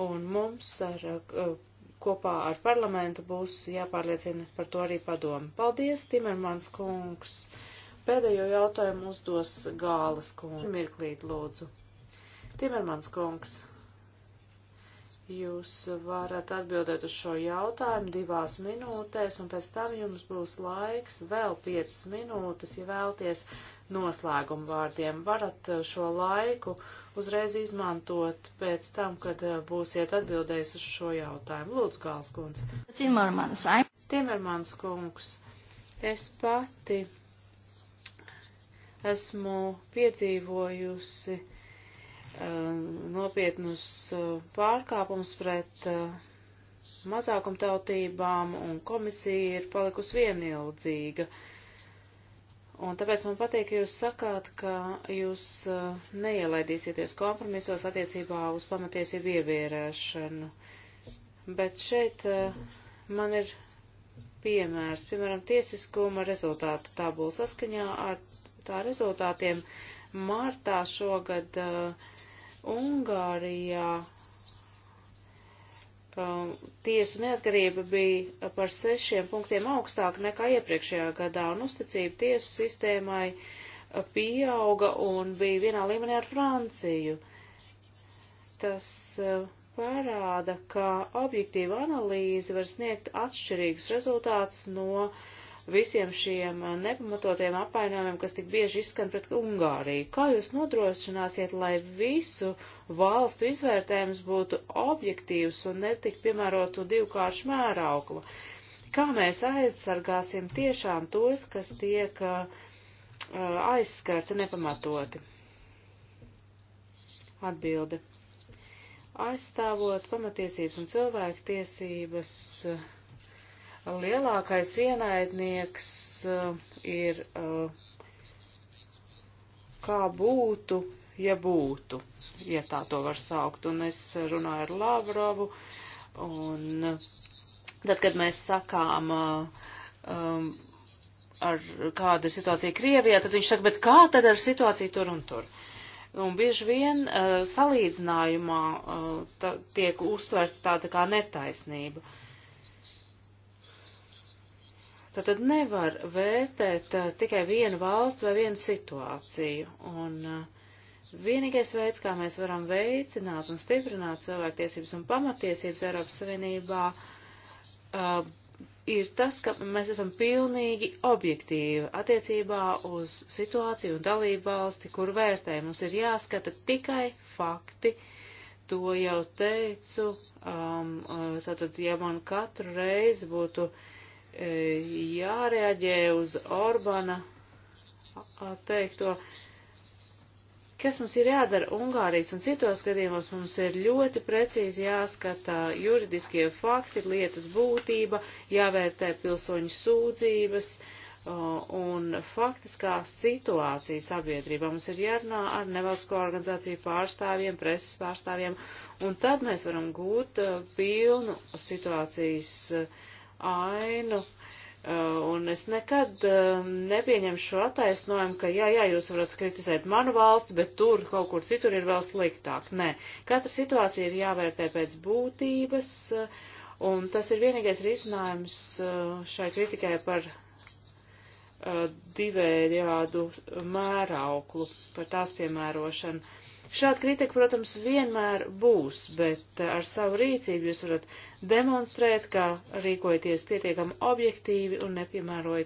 un mums ar, uh, kopā ar parlamentu būs jāpārliecina par to arī padomu. Paldies, Timermans kungs! Pēdējo jautājumu uzdos Gāles kungs. Mirklīt, lūdzu. Timermans kungs. Jūs varat atbildēt uz šo jautājumu divās minūtēs, un pēc tam jums būs laiks vēl piecas minūtes, ja vēlties noslēgumu vārdiem. Varat eh, šo laiku uzreiz izmantot pēc tam, kad eh, būsiet atbildējis uz šo jautājumu. Lūdzu, Gāls kungs. Timermans. Timermans kungs, es pati esmu piedzīvojusi Eh, nopietnus eh, pārkāpumus pret eh, mazākumtautībām, un komisija ir palikusi vienildzīga. Un tāpēc man patīk, ka jūs sakāt, ka jūs neielaidīsieties kompromisos attiecībā uz pamatiesību ievērēšanu. Bet šeit man ir piemērs, piemēram, tiesiskuma rezultātu tabula saskaņā ar tā rezultātiem Martā šogad uh, Ungārijā um, tiesu neatkarība bija par sešiem punktiem augstāka nekā iepriekšējā gadā, un uzticība tiesu sistēmai uh, pieauga un bija vienā līmenī ar Franciju. Tas uh, parāda, ka objektīva analīze var sniegt atšķirīgus rezultātus no uh, visiem šiem nepamatotiem apvainojumiem, kas tik bieži izskan pret Ungāriju. Kā jūs nodrošināsiet, lai visu valstu izvērtējums būtu objektīvs un netik piemērotu divkāršu mērauklu? Kā mēs aizsargāsim tiešām tos, kas tiek uh, aizskarti nepamatoti? Atbilde. Aizstāvot pamatiesības un cilvēku tiesības. Uh, lielākais ienaidnieks uh, ir uh, kā būtu, ja būtu, ja tā to var saukt. Un es runāju ar Lavrovu, un tad, kad mēs sakām, uh, um, ar kāda ir situācija Krievijā, tad viņš saka, bet kā tad ar situāciju tur un tur? Un bieži vien uh, salīdzinājumā uh, ta, tiek uztverta tāda kā netaisnība. Uh, Tad, tad nevar vērtēt uh, tikai vienu valstu vai vienu situāciju. Un uh, vienīgais veids, kā mēs varam veicināt un stiprināt cilvēktiesības un pamatiesības Eiropas Savienībā, uh, ir tas, ka mēs esam pilnīgi objektīvi attiecībā uz situāciju un dalību valsti, kur vērtē. Mums ir jāskata tikai fakti. To jau teicu, um, uh, tātad, ja man katru reizi būtu uh, E, jārēģē uz Orbana teikto, kas mums ir jādara Ungārijas un citos gadījumos, mums ir ļoti precīzi jāskatā juridiskie fakti, lietas būtība, jāvērtē pilsoņu sūdzības un faktiskā situācija sabiedrībā. Mums ir jārunā ar nevalstisko organizāciju pārstāvjiem, preses pārstāvjiem, un tad mēs varam gūt pilnu situācijas uh, ainu. Uh, un es nekad uh, nepieņemšu šo attaisnojumu, ka jā, jā, jūs varat kritizēt manu valsti, bet tur kaut kur citur ir vēl sliktāk. Nē, katra situācija ir jāvērtē pēc būtības, uh, un tas ir vienīgais risinājums šai kritikai par divējādu mērauklu, par tās piemērošanu. Šāda kritika, protams, vienmēr būs, bet ar savu rīcību jūs varat demonstrēt, ka rīkojaties pietiekami objektīvi un nepiemērojat